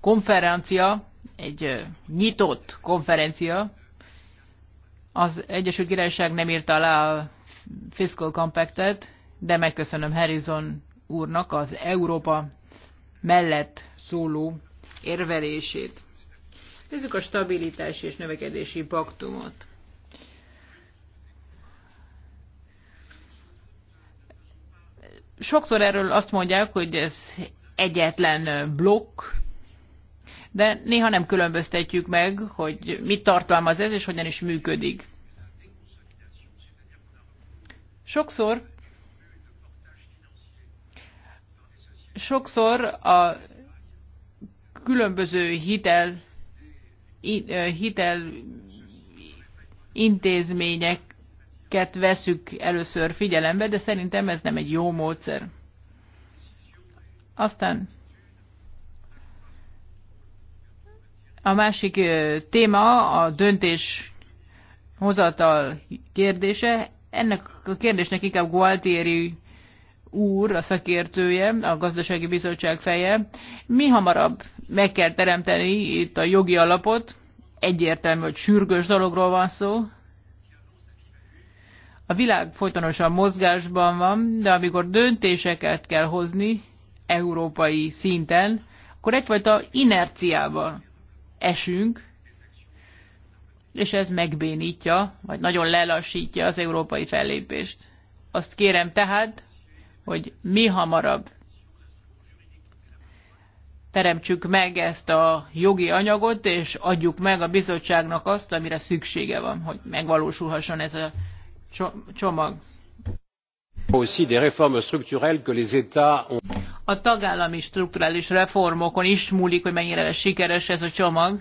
konferencia, egy nyitott konferencia, az Egyesült Királyság nem írta alá a Fiscal Compact-et, de megköszönöm Harrison úrnak az Európa mellett szóló érvelését. Nézzük a stabilitási és növekedési paktumot. sokszor erről azt mondják, hogy ez egyetlen blokk, de néha nem különböztetjük meg, hogy mit tartalmaz ez, és hogyan is működik. Sokszor sokszor a különböző hitel, hitel intézmények ket veszük először figyelembe, de szerintem ez nem egy jó módszer. Aztán a másik téma a döntés hozatal kérdése. Ennek a kérdésnek inkább Gualtieri úr, a szakértője, a gazdasági bizottság feje. Mi hamarabb meg kell teremteni itt a jogi alapot, egyértelmű, hogy sürgős dologról van szó, a világ folytonosan mozgásban van, de amikor döntéseket kell hozni európai szinten, akkor egyfajta inerciában esünk, és ez megbénítja, vagy nagyon lelassítja az európai fellépést. Azt kérem tehát, hogy mi hamarabb teremtsük meg ezt a jogi anyagot, és adjuk meg a bizottságnak azt, amire szüksége van, hogy megvalósulhasson ez a csomag. A tagállami strukturális reformokon is múlik, hogy mennyire lesz sikeres ez a csomag.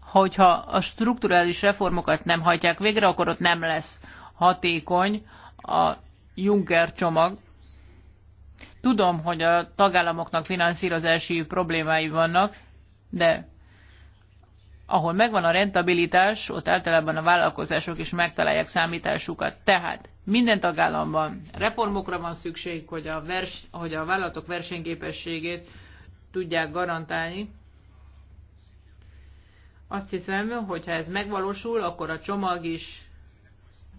Hogyha a strukturális reformokat nem hajtják végre, akkor ott nem lesz hatékony a Juncker csomag. Tudom, hogy a tagállamoknak finanszírozási problémái vannak, de ahol megvan a rentabilitás, ott általában a vállalkozások is megtalálják számításukat. Tehát minden tagállamban reformokra van szükség, hogy a, vers, hogy a vállalatok versenyképességét tudják garantálni. Azt hiszem, hogy ha ez megvalósul, akkor a csomag is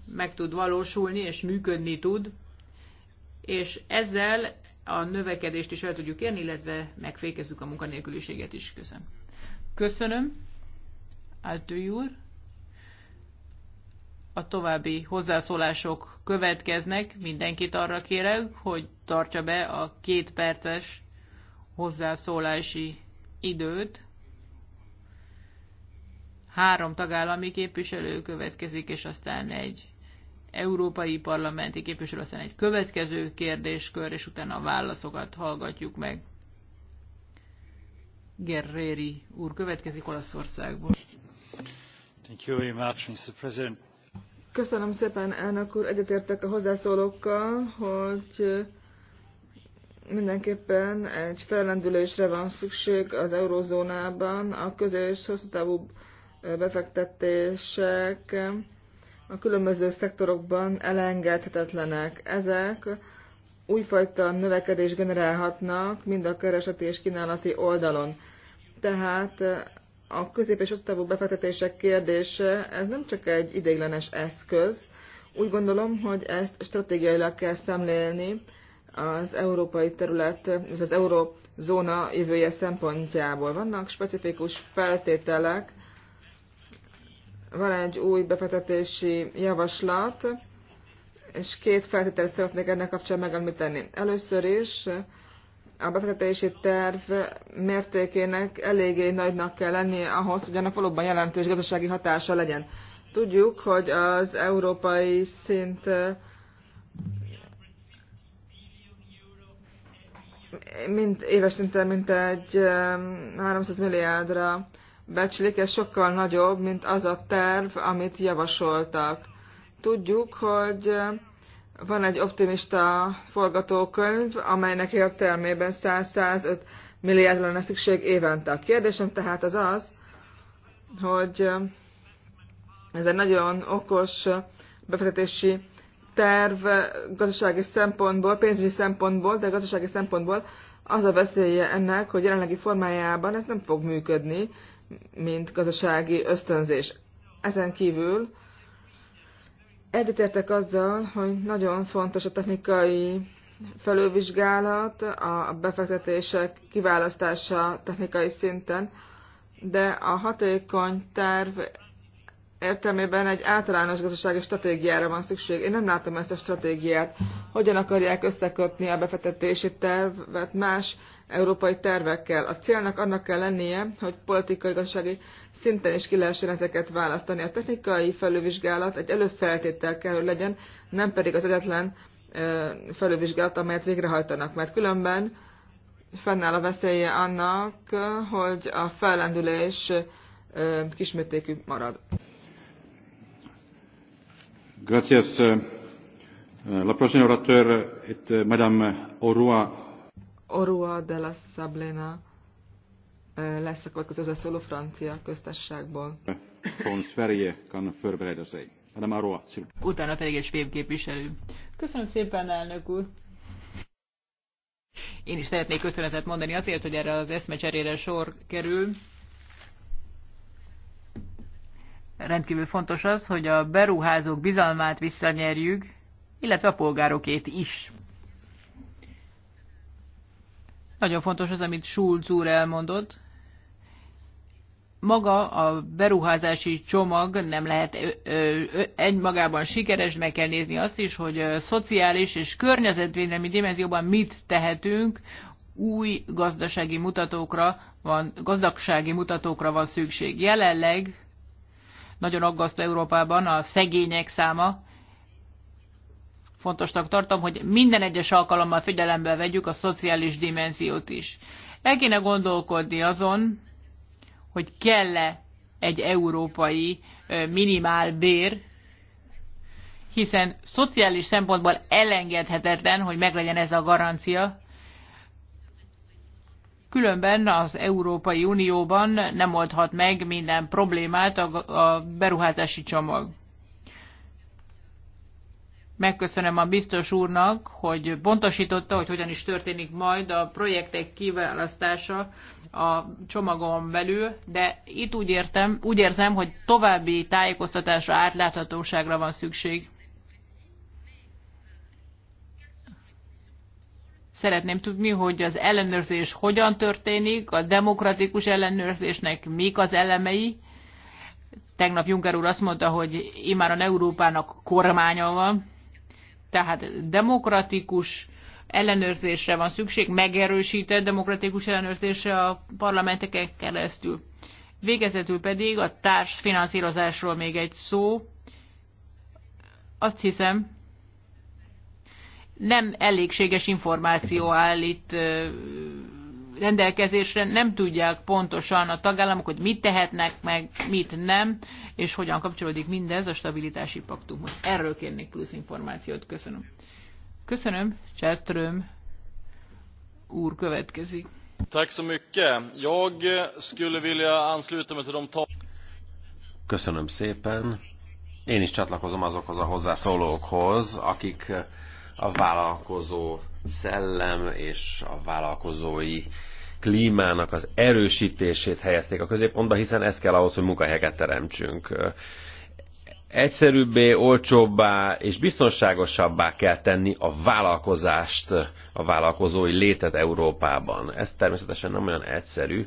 meg tud valósulni és működni tud, és ezzel a növekedést is el tudjuk érni, illetve megfékezzük a munkanélküliséget is. Köszönöm. Köszönöm. Áltői úr. A további hozzászólások következnek. Mindenkit arra kérek, hogy tartsa be a két perces hozzászólási időt. Három tagállami képviselő következik, és aztán egy európai parlamenti képviselő, aztán egy következő kérdéskör, és utána a válaszokat hallgatjuk meg. Gerréri úr következik Olaszországból. Köszönöm szépen, elnök úr. Egyetértek a hozzászólókkal, hogy mindenképpen egy fellendülésre van szükség az eurozónában. A köz- és hosszú távú befektetések a különböző szektorokban elengedhetetlenek. Ezek újfajta növekedés generálhatnak mind a kereseti és kínálati oldalon. Tehát a közép- és osztávú befektetések kérdése, ez nem csak egy ideiglenes eszköz. Úgy gondolom, hogy ezt stratégiailag kell szemlélni az európai terület, az eurozóna jövője szempontjából. Vannak specifikus feltételek, van egy új befektetési javaslat, és két feltételt szeretnék ennek kapcsán megemlíteni. Először is a befektetési terv mértékének eléggé nagynak kell lennie ahhoz, hogy annak valóban jelentős gazdasági hatása legyen. Tudjuk, hogy az európai szint eh, mint éves szinten egy 300 eh, milliárdra becslik, ez sokkal nagyobb, mint az a terv, amit javasoltak. Tudjuk, hogy eh, van egy optimista forgatókönyv, amelynek értelmében 105 milliárd lenne szükség évente. A kérdésem tehát az az, hogy ez egy nagyon okos befektetési terv gazdasági szempontból, pénzügyi szempontból, de gazdasági szempontból az a veszélye ennek, hogy jelenlegi formájában ez nem fog működni, mint gazdasági ösztönzés. Ezen kívül Egyetértek azzal, hogy nagyon fontos a technikai felővizsgálat, a befektetések kiválasztása technikai szinten, de a hatékony terv értelmében egy általános gazdasági stratégiára van szükség. Én nem látom ezt a stratégiát. Hogyan akarják összekötni a befektetési tervet más európai tervekkel. A célnak annak kell lennie, hogy politikai-gazdasági szinten is ki lehessen ezeket választani. A technikai felülvizsgálat egy előfeltétel kell, hogy legyen, nem pedig az egyetlen felülvizsgálat, amelyet végrehajtanak, mert különben fennáll a veszélye annak, hogy a fellendülés kismértékű marad. Gracias. La prochaine orateur est Madame Aurora Orua de la Sablena lesz a következő hozzászóló francia köztességből. Von Sverige kan förbereda sig. Hanem Arua. Utána pedig egy svéd képviselő. Köszönöm szépen, elnök úr. Én is szeretnék köszönetet mondani azért, hogy erre az eszmecserére sor kerül. Rendkívül fontos az, hogy a beruházók bizalmát visszanyerjük, illetve a polgárokét is. Nagyon fontos az, amit Schulz úr elmondott. Maga a beruházási csomag nem lehet egymagában sikeres, meg kell nézni azt is, hogy szociális és környezetvédelmi dimenzióban mit tehetünk, új gazdasági mutatókra van, gazdagsági mutatókra van szükség. Jelenleg nagyon aggaszt Európában a szegények száma, fontosnak tartom, hogy minden egyes alkalommal figyelembe vegyük a szociális dimenziót is. El kéne gondolkodni azon, hogy kell-e egy európai minimál bér, hiszen szociális szempontból elengedhetetlen, hogy meglegyen ez a garancia. Különben az Európai Unióban nem oldhat meg minden problémát a beruházási csomag. Megköszönöm a biztos úrnak, hogy pontosította, hogy hogyan is történik majd a projektek kiválasztása a csomagon belül, de itt úgy, értem, úgy érzem, hogy további tájékoztatásra, átláthatóságra van szükség. Szeretném tudni, hogy az ellenőrzés hogyan történik, a demokratikus ellenőrzésnek mik az elemei. Tegnap Juncker úr azt mondta, hogy imáron Európának kormánya van tehát demokratikus ellenőrzésre van szükség, megerősített demokratikus ellenőrzésre a parlamenteken keresztül. Végezetül pedig a társfinanszírozásról még egy szó. Azt hiszem, nem elégséges információ áll itt rendelkezésre, nem tudják pontosan a tagállamok, hogy mit tehetnek meg, mit nem, és hogyan kapcsolódik mindez a stabilitási paktumhoz. Erről kérnék plusz információt. Köszönöm. Köszönöm. Császtröm úr következik. Tack så mycket. Jag skulle vilja ansluta mig till de Köszönöm szépen. Én is csatlakozom azokhoz a hozzászólókhoz, akik a vállalkozó szellem és a vállalkozói klímának az erősítését helyezték a középpontba, hiszen ez kell ahhoz, hogy munkahelyeket teremtsünk. Egyszerűbbé, olcsóbbá és biztonságosabbá kell tenni a vállalkozást, a vállalkozói létet Európában. Ez természetesen nem olyan egyszerű,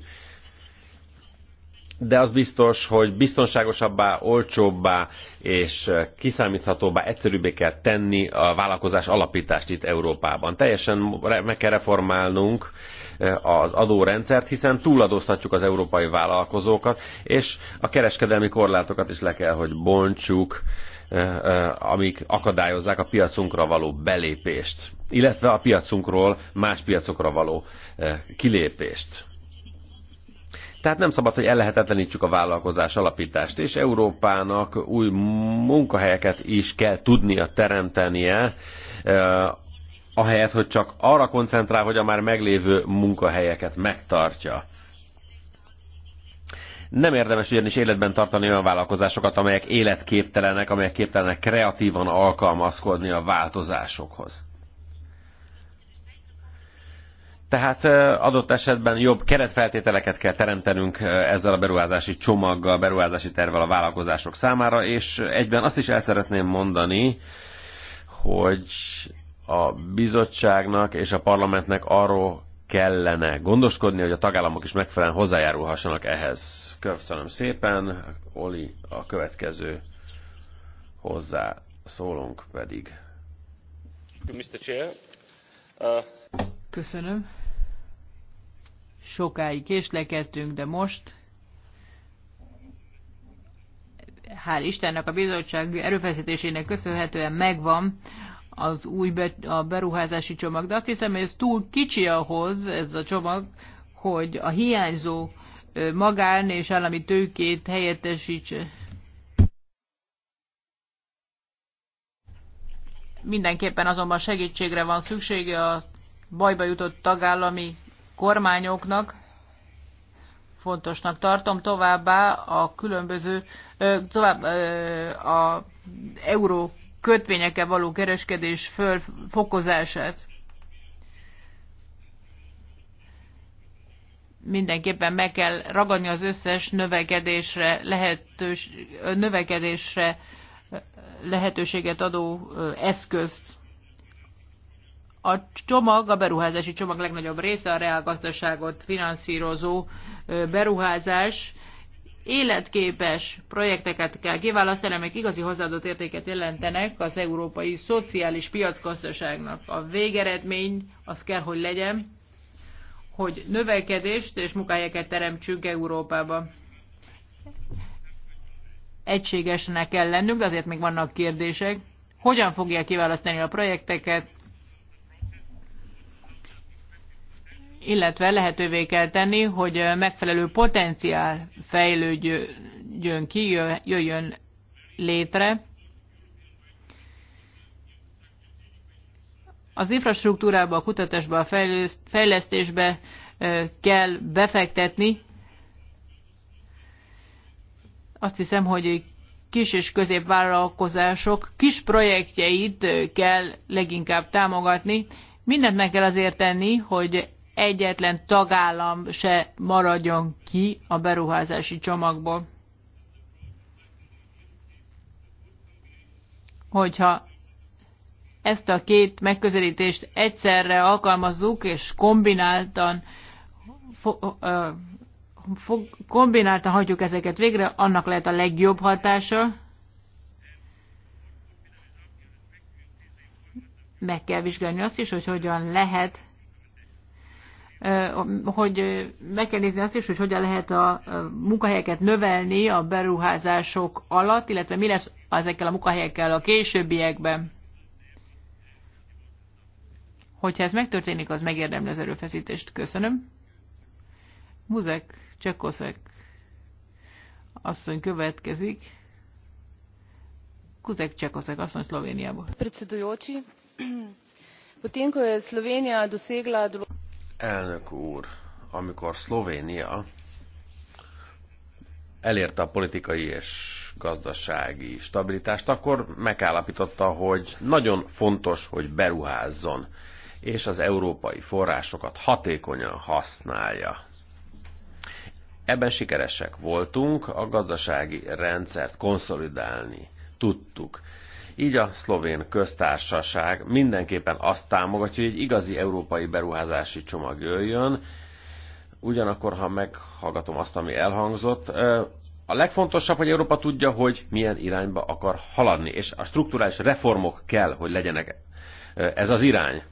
de az biztos, hogy biztonságosabbá, olcsóbbá és kiszámíthatóbbá, egyszerűbbé kell tenni a vállalkozás alapítást itt Európában. Teljesen meg kell reformálnunk eh, az adórendszert, hiszen túladóztatjuk az európai vállalkozókat, és a kereskedelmi korlátokat is le kell, hogy bontsuk, eh, eh, amik akadályozzák a piacunkra való belépést, illetve a piacunkról más piacokra való kilépést tehát nem szabad, hogy ellehetetlenítsük a vállalkozás alapítást, és Európának új munkahelyeket is kell tudnia teremtenie, eh, ahelyett, hogy csak arra koncentrál, hogy a már meglévő munkahelyeket megtartja. Nem érdemes ugyanis életben tartani olyan vállalkozásokat, amelyek életképtelenek, amelyek képtelenek kreatívan alkalmazkodni a változásokhoz. Tehát adott esetben jobb keretfeltételeket kell teremtenünk ezzel a beruházási csomaggal, beruházási tervvel a vállalkozások számára, és egyben azt is el szeretném mondani, hogy a bizottságnak és a parlamentnek arról kellene gondoskodni, hogy a tagállamok is megfelelően hozzájárulhassanak ehhez. Köszönöm szépen, Oli, a következő hozzá szólunk pedig. Mr. Chair, uh... Köszönöm. Sokáig késlekedtünk, de most hál' Istennek a bizottság erőfeszítésének köszönhetően megvan az új be, a beruházási csomag, de azt hiszem, hogy ez túl kicsi ahhoz, ez a csomag, hogy a hiányzó magán és állami tőkét helyettesítse. Mindenképpen azonban segítségre van szüksége a bajba jutott tagállami kormányoknak, fontosnak tartom, továbbá a különböző, tovább a euró kötvényekkel való kereskedés fölfokozását. Mindenképpen meg kell ragadni az összes növekedésre, lehetős, növekedésre lehetőséget adó eszközt. A csomag, a beruházási csomag legnagyobb része a reálgazdaságot finanszírozó beruházás. Életképes projekteket kell kiválasztani, amelyek igazi hozzáadott értéket jelentenek az európai szociális piacgazdaságnak. A végeredmény az kell, hogy legyen, hogy növekedést és munkahelyeket teremtsünk Európába egységesnek kell lennünk, azért még vannak kérdések. Hogyan fogják kiválasztani a projekteket? illetve lehetővé kell tenni, hogy megfelelő potenciál fejlődjön ki, jöjjön létre. Az infrastruktúrába, a kutatásba, a fejlesztésbe kell befektetni. Azt hiszem, hogy kis és középvállalkozások kis projektjeit kell leginkább támogatni. Mindent meg kell azért tenni, hogy egyetlen tagállam se maradjon ki a beruházási csomagból. Hogyha ezt a két megközelítést egyszerre alkalmazzuk, és kombináltan, fo, ö, fo, kombináltan hagyjuk ezeket végre, annak lehet a legjobb hatása. Meg kell vizsgálni azt is, hogy hogyan lehet hogy meg kell nézni azt is, hogy hogyan lehet a munkahelyeket növelni a beruházások alatt, illetve mi lesz ezekkel a munkahelyekkel a későbbiekben. Hogyha ez megtörténik, az megérdemli az erőfeszítést. Köszönöm. Muzek, Csekoszek asszony következik. Kuzek Csekoszek asszony Szlovéniából. Predsedujoči, potem, hogy Szlovénia dosegla Elnök úr, amikor Szlovénia elérte a politikai és gazdasági stabilitást, akkor megállapította, hogy nagyon fontos, hogy beruházzon, és az európai forrásokat hatékonyan használja. Ebben sikeresek voltunk, a gazdasági rendszert konszolidálni tudtuk. Így a szlovén köztársaság mindenképpen azt támogatja, hogy egy igazi európai beruházási csomag jöjjön. Ugyanakkor, ha meghallgatom azt, ami elhangzott, a legfontosabb, hogy Európa tudja, hogy milyen irányba akar haladni, és a strukturális reformok kell, hogy legyenek ez az irány.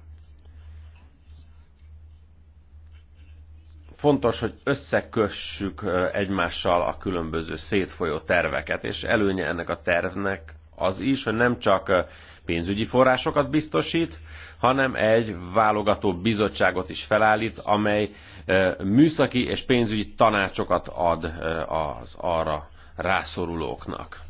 Fontos, hogy összekössük egymással a különböző szétfolyó terveket, és előnye ennek a tervnek az is, hogy nem csak pénzügyi forrásokat biztosít, hanem egy válogató bizottságot is felállít, amely műszaki és pénzügyi tanácsokat ad az arra rászorulóknak.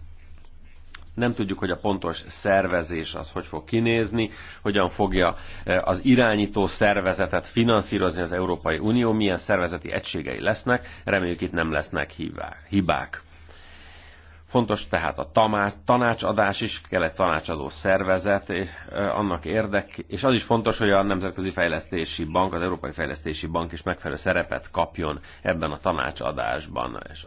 Nem tudjuk, hogy a pontos szervezés az hogy fog kinézni, hogyan fogja az irányító szervezetet finanszírozni az Európai Unió, milyen szervezeti egységei lesznek, reméljük itt nem lesznek hibák. Fontos tehát a tanács, tanácsadás is, kell egy tanácsadó szervezet, és, eh, annak érdek, és az is fontos, hogy a Nemzetközi Fejlesztési Bank, az Európai Fejlesztési Bank is megfelelő szerepet kapjon ebben a tanácsadásban. És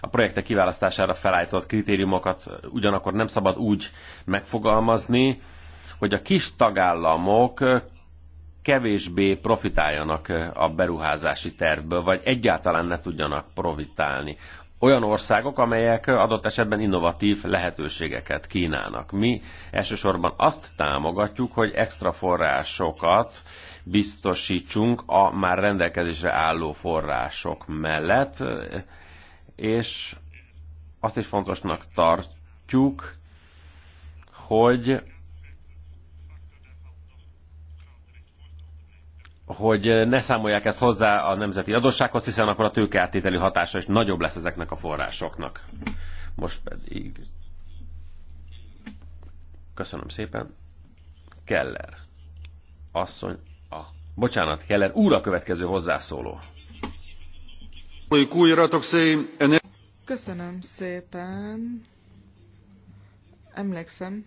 a projektek kiválasztására felállított kritériumokat eh, ugyanakkor nem szabad úgy megfogalmazni, hogy a kis tagállamok eh, kevésbé profitáljanak a beruházási tervből, vagy egyáltalán ne tudjanak profitálni olyan országok, amelyek adott esetben innovatív lehetőségeket kínálnak. Mi elsősorban azt támogatjuk, hogy extra forrásokat biztosítsunk a már rendelkezésre álló források mellett, és azt is fontosnak tartjuk, hogy hogy eh, ne számolják ezt hozzá a nemzeti adóssághoz, hiszen akkor a tőkeáttételi hatása is nagyobb lesz ezeknek a forrásoknak. Most pedig... Köszönöm szépen. Keller. Asszony... A... Bocsánat, Keller úr a következő hozzászóló. Köszönöm szépen. Emlékszem,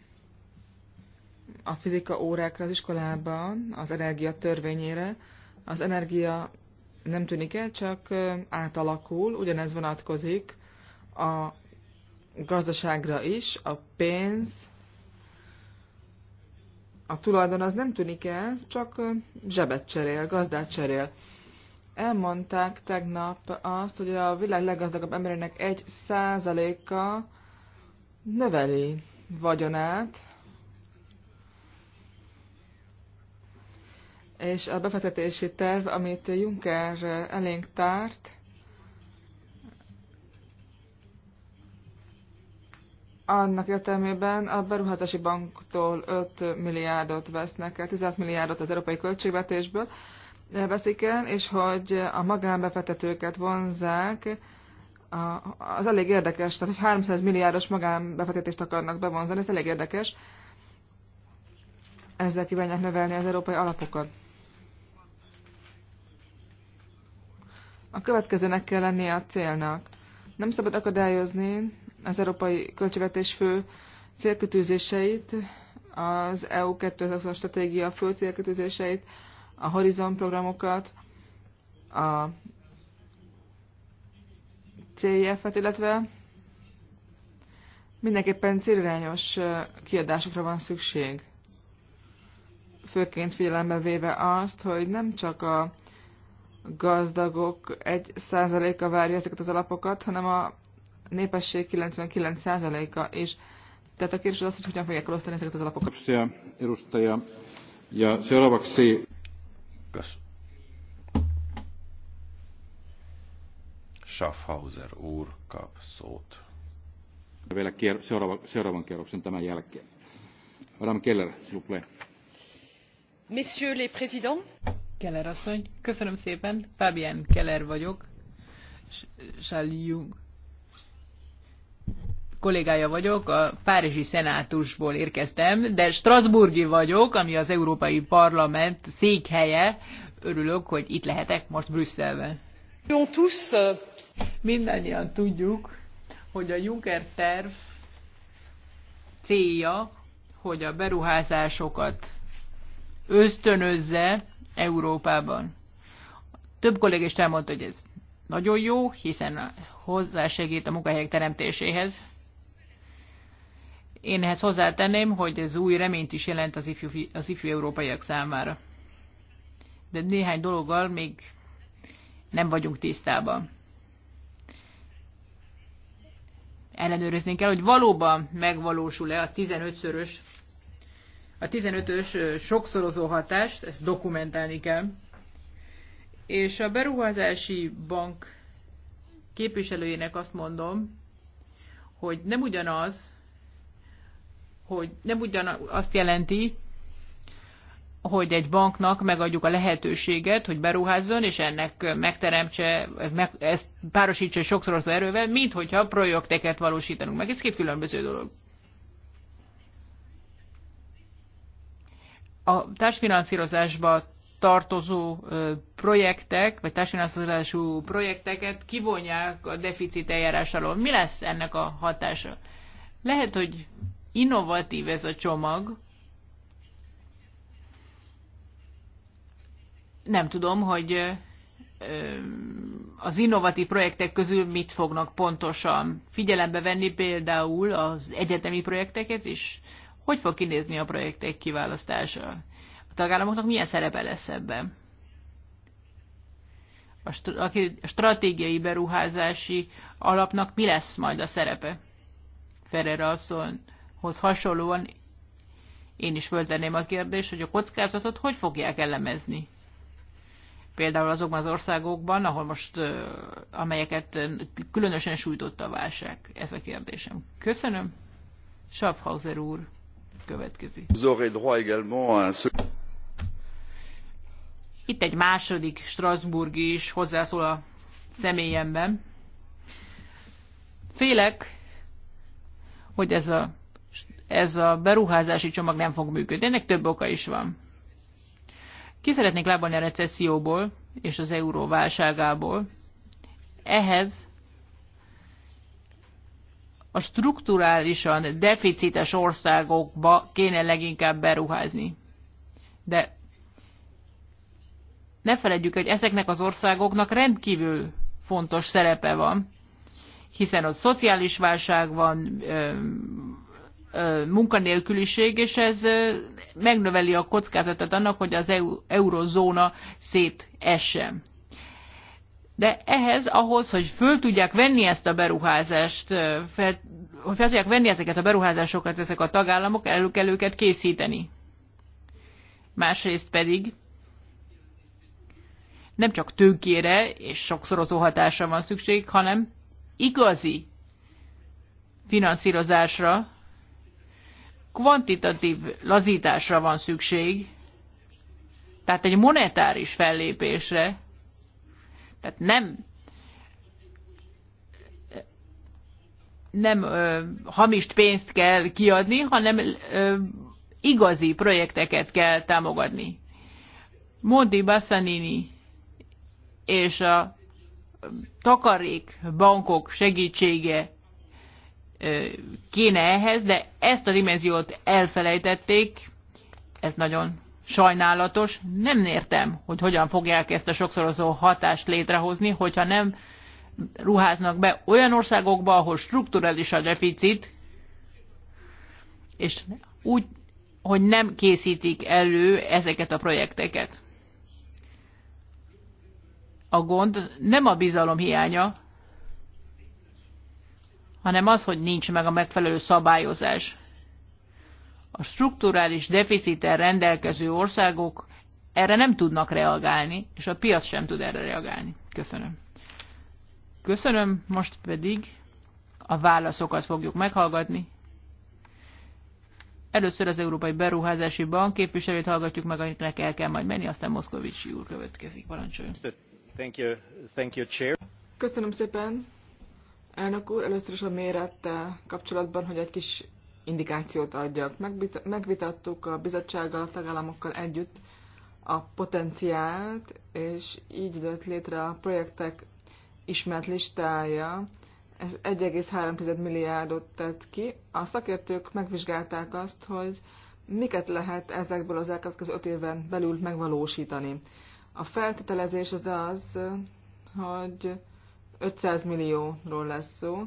a fizika órákra az iskolában, az energia törvényére. Az energia nem tűnik el, csak átalakul, ugyanez vonatkozik a gazdaságra is, a pénz, a tulajdon az nem tűnik el, csak zsebet cserél, gazdát cserél. Elmondták tegnap azt, hogy a világ leggazdagabb emberének egy százaléka növeli vagyonát, és a befektetési terv, amit Juncker elénk tárt, annak értelmében a beruházási banktól 5 milliárdot vesznek el, 16 milliárdot az európai költségvetésből veszik el, és hogy a magánbefektetőket vonzák, az elég érdekes, tehát hogy 300 milliárdos magánbefektetést akarnak bevonzani, ez elég érdekes. Ezzel kívánják növelni az európai alapokat. A következőnek kell lennie a célnak. Nem szabad akadályozni az európai költségvetés fő célkötőzéseit, az EU 2020 stratégia fő célkötőzéseit, a Horizon programokat, a CIF-et, e illetve mindenképpen célirányos kiadásokra van szükség. Főként figyelembe véve azt, hogy nem csak a gazdagok egy a várja ezeket az alapokat, hanem a népesség 99%-a is. Tehát a kérdés az, hogy hogyan fogják elosztani ezeket az alapokat. Edustaja. Ja seuraavaksi... Schaffhauser úr kap szót. Vielä kier- seuraava, seuraavan kierroksen tämän jälkeen. Madame Keller, s'il vous plaît. Messieurs les présidents. Keller asszony, köszönöm szépen, Fabian Keller vagyok, Saljung kollégája vagyok, a Párizsi Szenátusból érkeztem, de Strasburgi vagyok, ami az Európai Parlament székhelye. Örülök, hogy itt lehetek most Brüsszelben. Mindannyian tudjuk, hogy a Juncker terv célja, hogy a beruházásokat ösztönözze, Európában. Több kollég is elmondta, hogy ez nagyon jó, hiszen hozzásegít a munkahelyek teremtéséhez. Én ehhez hozzátenném, hogy ez új reményt is jelent az ifjú, az ifjú európaiak számára. De néhány dologgal még nem vagyunk tisztában. Ellenőrizni kell, hogy valóban megvalósul-e a 15-szörös a 15-ös sokszorozó hatást, ezt dokumentálni kell. És a beruházási bank képviselőjének azt mondom, hogy nem ugyanaz, hogy nem ugyanaz, azt jelenti, hogy egy banknak megadjuk a lehetőséget, hogy beruházzon, és ennek megteremtse, meg, ezt párosítsa sokszor az erővel, mint hogyha projekteket valósítanunk meg. Ez két különböző dolog. a társfinanszírozásba tartozó projektek, vagy társfinanszírozású projekteket kivonják a deficit eljárás alól. Mi lesz ennek a hatása? Lehet, hogy innovatív ez a csomag. Nem tudom, hogy az innovatív projektek közül mit fognak pontosan figyelembe venni, például az egyetemi projekteket is. Hogy fog kinézni a projektek kiválasztása? A tagállamoknak milyen szerepe lesz ebben? A stratégiai beruházási alapnak mi lesz majd a szerepe? Ferrer asszonyhoz hasonlóan én is föltenném a kérdést, hogy a kockázatot hogy fogják elemezni? Például azokban az országokban, ahol most, amelyeket különösen sújtotta a válság. Ez a kérdésem. Köszönöm. Schaffhauser úr következik. Itt egy második strasbourgi is hozzászól a személyemben. Félek, hogy ez a, ez a beruházási csomag nem fog működni. Ennek több oka is van. Ki szeretnék lábalni a recesszióból és az euró válságából. Ehhez a strukturálisan deficites országokba kéne leginkább beruházni. De ne feledjük, hogy ezeknek az országoknak rendkívül fontos szerepe van, hiszen ott szociális válság van, munkanélküliség, és ez megnöveli a kockázatot annak, hogy az eurozóna szétessen de ehhez, ahhoz, hogy föl tudják venni ezt a beruházást, fel, hogy fel tudják venni ezeket a beruházásokat ezek a tagállamok, elő kell őket készíteni. Másrészt pedig nem csak tőkére és sokszorozó hatásra van szükség, hanem igazi finanszírozásra, kvantitatív lazításra van szükség, tehát egy monetáris fellépésre, tehát nem nem ö, hamist pénzt kell kiadni, hanem ö, igazi projekteket kell támogatni. Monti Bassanini és a takarék bankok segítsége kéne ehhez, de ezt a dimenziót elfelejtették, ez nagyon sajnálatos. Nem értem, hogy hogyan fogják ezt a sokszorozó hatást létrehozni, hogyha nem ruháznak be olyan országokba, ahol strukturális a deficit, és úgy, hogy nem készítik elő ezeket a projekteket. A gond nem a bizalom hiánya, hanem az, hogy nincs meg a megfelelő szabályozás a strukturális deficiten rendelkező országok erre nem tudnak reagálni, és a piac sem tud erre reagálni. Köszönöm. Köszönöm, most pedig a válaszokat fogjuk meghallgatni. Először az Európai Beruházási Bank képviselőt hallgatjuk meg, akinek el kell majd menni, aztán Moszkovicsi úr következik. Parancsoljon. Thank you, thank you, chair. Köszönöm szépen, elnök úr. Először is a mérettel kapcsolatban, hogy egy kis indikációt adjak. Megvitattuk a bizottsággal, a tagállamokkal együtt a potenciált, és így jött létre a projektek ismert listája. Ez 1,3 milliárdot tett ki. A szakértők megvizsgálták azt, hogy miket lehet ezekből az elkövetkező öt éven belül megvalósítani. A feltételezés az az, hogy 500 millióról lesz szó,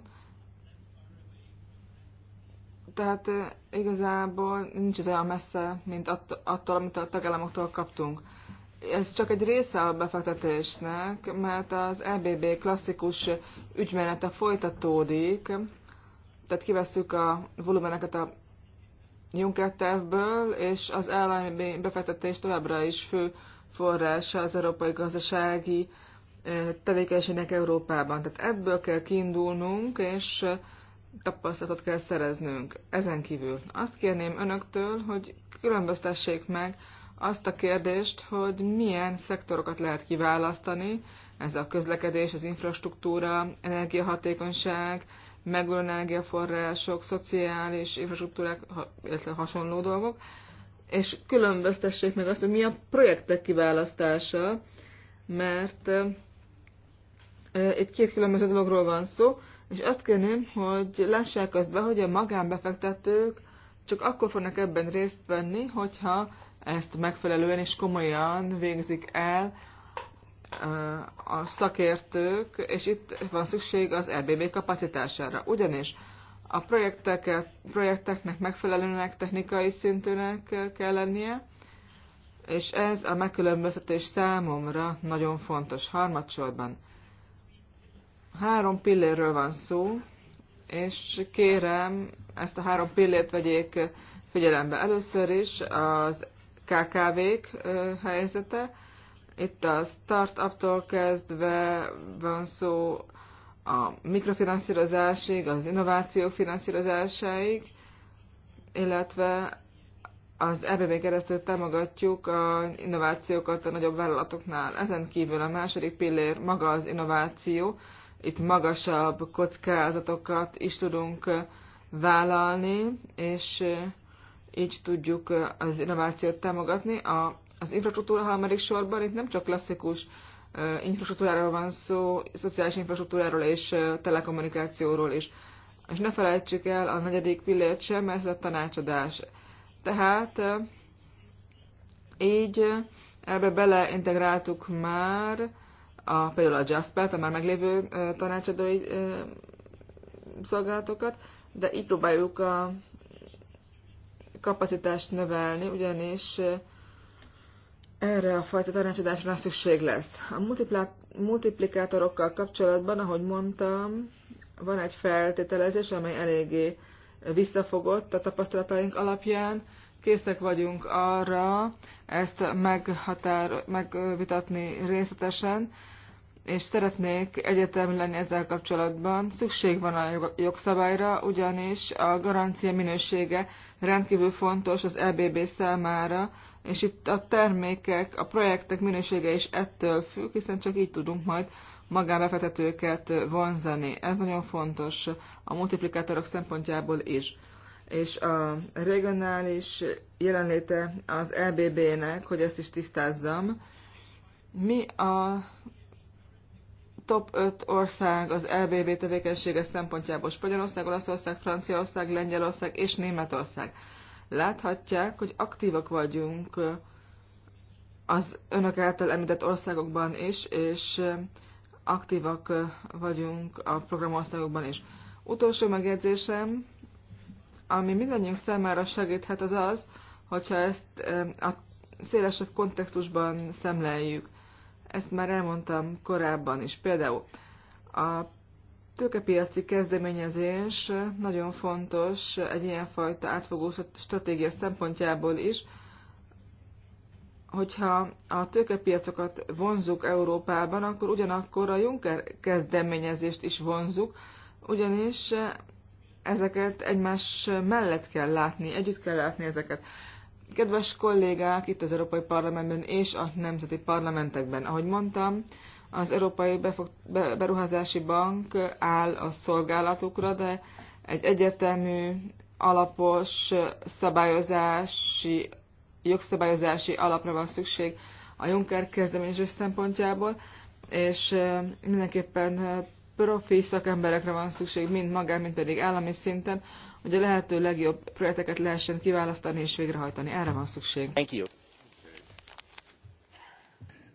tehát igazából nincs ez olyan messze, mint attól, amit a tagállamoktól kaptunk. Ez csak egy része a befektetésnek, mert az EBB klasszikus ügymenete folytatódik, tehát kivesszük a volumeneket a Juncker tervből, és az állami e befektetés továbbra is fő forrása az európai gazdasági tevékenységnek Európában. Tehát ebből kell kiindulnunk, és tapasztalatot kell szereznünk. Ezen kívül azt kérném önöktől, hogy különböztessék meg azt a kérdést, hogy milyen szektorokat lehet kiválasztani, ez a közlekedés, az infrastruktúra, energiahatékonyság, megújuló energiaforrások, szociális infrastruktúrák, illetve hasonló dolgok, és különböztessék meg azt, hogy mi a projektek kiválasztása, mert itt két különböző dologról van szó, és azt kérném, hogy lássák azt be, hogy a magánbefektetők csak akkor fognak ebben részt venni, hogyha ezt megfelelően és komolyan végzik el eh, a szakértők, és itt van szükség az RBB kapacitására. Ugyanis a projekteknek megfelelőnek, technikai szintűnek kell lennie, és ez a megkülönböztetés számomra nagyon fontos harmadsorban. Három pillérről van szó, és kérem, ezt a három pillért vegyék figyelembe. Először is az KKV-k helyzete. Itt a startuptól kezdve van szó a mikrofinanszírozásig, az innováció finanszírozásáig, illetve az EBB keresztül támogatjuk a innovációkat a nagyobb vállalatoknál. Ezen kívül a második pillér maga az innováció, itt magasabb kockázatokat is tudunk vállalni, és így tudjuk az innovációt támogatni. A, az infrastruktúra harmadik sorban itt nem csak klasszikus infrastruktúráról van szó, szociális infrastruktúráról és telekommunikációról is. És ne felejtsük el a negyedik pillért sem, ez a tanácsadás. Tehát így ebbe beleintegráltuk már a, például a Jaspert, a már meglévő tanácsadói szolgálatokat, de így próbáljuk a kapacitást növelni, ugyanis erre a fajta tanácsadásra szükség lesz. A multiplikátorokkal kapcsolatban, ahogy mondtam, van egy feltételezés, amely eléggé visszafogott a tapasztalataink alapján. Készek vagyunk arra ezt meghatár, megvitatni részletesen, és szeretnék egyetem lenni ezzel kapcsolatban. Szükség van a jogszabályra, ugyanis a garancia minősége rendkívül fontos az EBB számára, és itt a termékek, a projektek minősége is ettől függ, hiszen csak így tudunk majd magánbefektetőket vonzani. Ez nagyon fontos a multiplikátorok szempontjából is. És a regionális jelenléte az EBB-nek, hogy ezt is tisztázzam, mi a top 5 ország az LBB tevékenysége szempontjából Spanyolország, Olaszország, Franciaország, Lengyelország és Németország. Láthatják, hogy aktívak vagyunk az önök által említett országokban is, és aktívak vagyunk a programországokban is. Utolsó megjegyzésem, ami mindannyiunk számára segíthet, az az, hogyha ezt a szélesebb kontextusban szemleljük – ezt már elmondtam korábban is. Például a tőkepiaci kezdeményezés nagyon fontos egy ilyenfajta átfogó stratégia szempontjából is, hogyha a tőkepiacokat vonzuk Európában, akkor ugyanakkor a Juncker kezdeményezést is vonzuk, ugyanis ezeket egymás mellett kell látni, együtt kell látni ezeket. Kedves kollégák, itt az Európai Parlamentben és a nemzeti parlamentekben, ahogy mondtam, az Európai Beruházási Bank áll a szolgálatukra, de egy egyetemű, alapos szabályozási, jogszabályozási alapra van szükség a Juncker kezdeményezés szempontjából, és mindenképpen profi szakemberekre van szükség, mind magán, mind pedig állami szinten, hogy a lehető legjobb projekteket lehessen kiválasztani és végrehajtani. Erre van szükség. Thank you.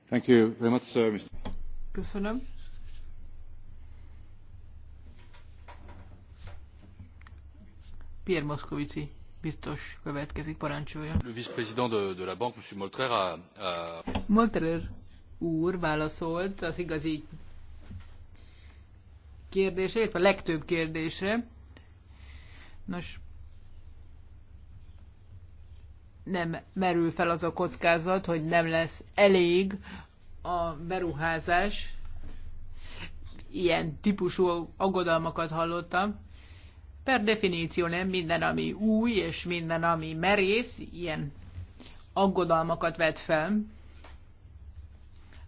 Thank you very much, sir. Köszönöm. Pierre Moscovici biztos következik, parancsolja. Le vice-président de, de la banque, Monsieur Moltrer, a, a... Moltrer úr válaszolt az igazi kérdésre, illetve a legtöbb kérdésre. Nos, nem merül fel az a kockázat, hogy nem lesz elég a beruházás. Ilyen típusú aggodalmakat hallottam. Per definíció nem minden, ami új, és minden, ami merész, ilyen aggodalmakat vet fel.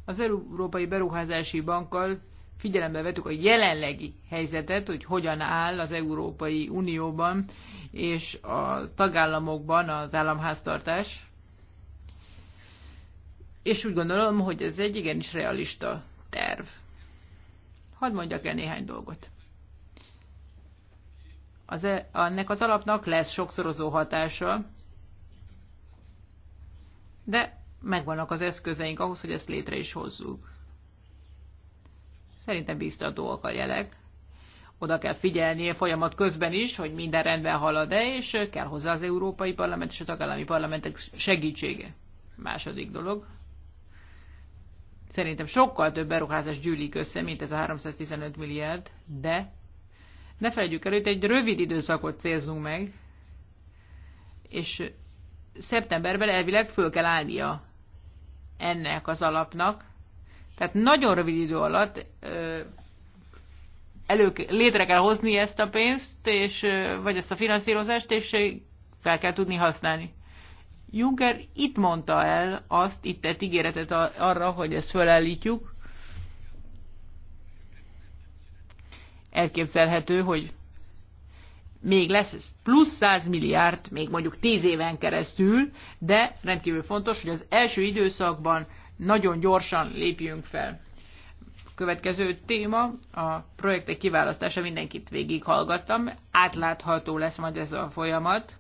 Az Európai Beruházási Bankkal figyelembe vettük a jelenlegi helyzetet, hogy hogyan áll az Európai Unióban és a tagállamokban az államháztartás. És úgy gondolom, hogy ez egy igenis realista terv. Hadd mondjak el néhány dolgot. Az, e- ennek az alapnak lesz sokszorozó hatása, de megvannak az eszközeink ahhoz, hogy ezt létre is hozzuk. Szerintem biztatóak a jelek. Oda kell figyelni a folyamat közben is, hogy minden rendben halad-e, és kell hozzá az Európai Parlament és a tagállami parlamentek segítsége. Második dolog. Szerintem sokkal több beruházás gyűlik össze, mint ez a 315 milliárd, de ne felejtjük el, hogy egy rövid időszakot célzunk meg, és szeptemberben elvileg föl kell állnia ennek az alapnak, tehát nagyon rövid idő alatt elő, létre kell hozni ezt a pénzt, és, vagy ezt a finanszírozást, és fel kell tudni használni. Juncker itt mondta el azt, itt tett ígéretet arra, hogy ezt felállítjuk. Elképzelhető, hogy még lesz plusz 100 milliárd, még mondjuk 10 éven keresztül, de rendkívül fontos, hogy az első időszakban nagyon gyorsan lépjünk fel. következő téma a projektek kiválasztása, mindenkit végighallgattam. Átlátható lesz majd ez a folyamat,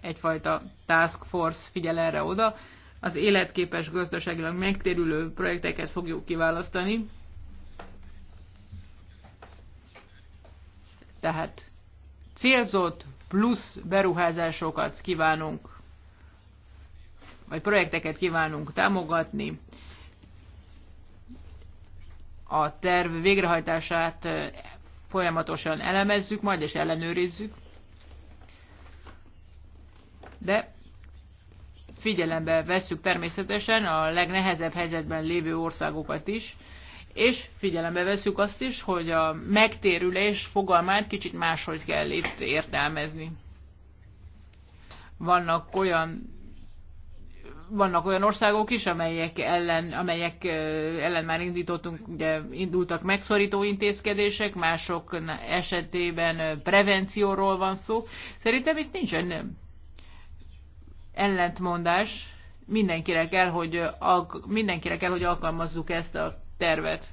egyfajta task force figyel erre oda. Az életképes gazdaságilag megtérülő projekteket fogjuk kiválasztani. Tehát célzott plusz beruházásokat kívánunk vagy projekteket kívánunk támogatni. A terv végrehajtását folyamatosan elemezzük, majd és ellenőrizzük. De figyelembe vesszük természetesen a legnehezebb helyzetben lévő országokat is, és figyelembe vesszük azt is, hogy a megtérülés fogalmát kicsit máshogy kell itt értelmezni. Vannak olyan vannak olyan országok is, amelyek ellen, amelyek ellen már indítottunk, ugye indultak megszorító intézkedések, mások esetében prevencióról van szó. Szerintem itt nincsen ellentmondás. Mindenkire kell, hogy, mindenkire kell, hogy alkalmazzuk ezt a tervet.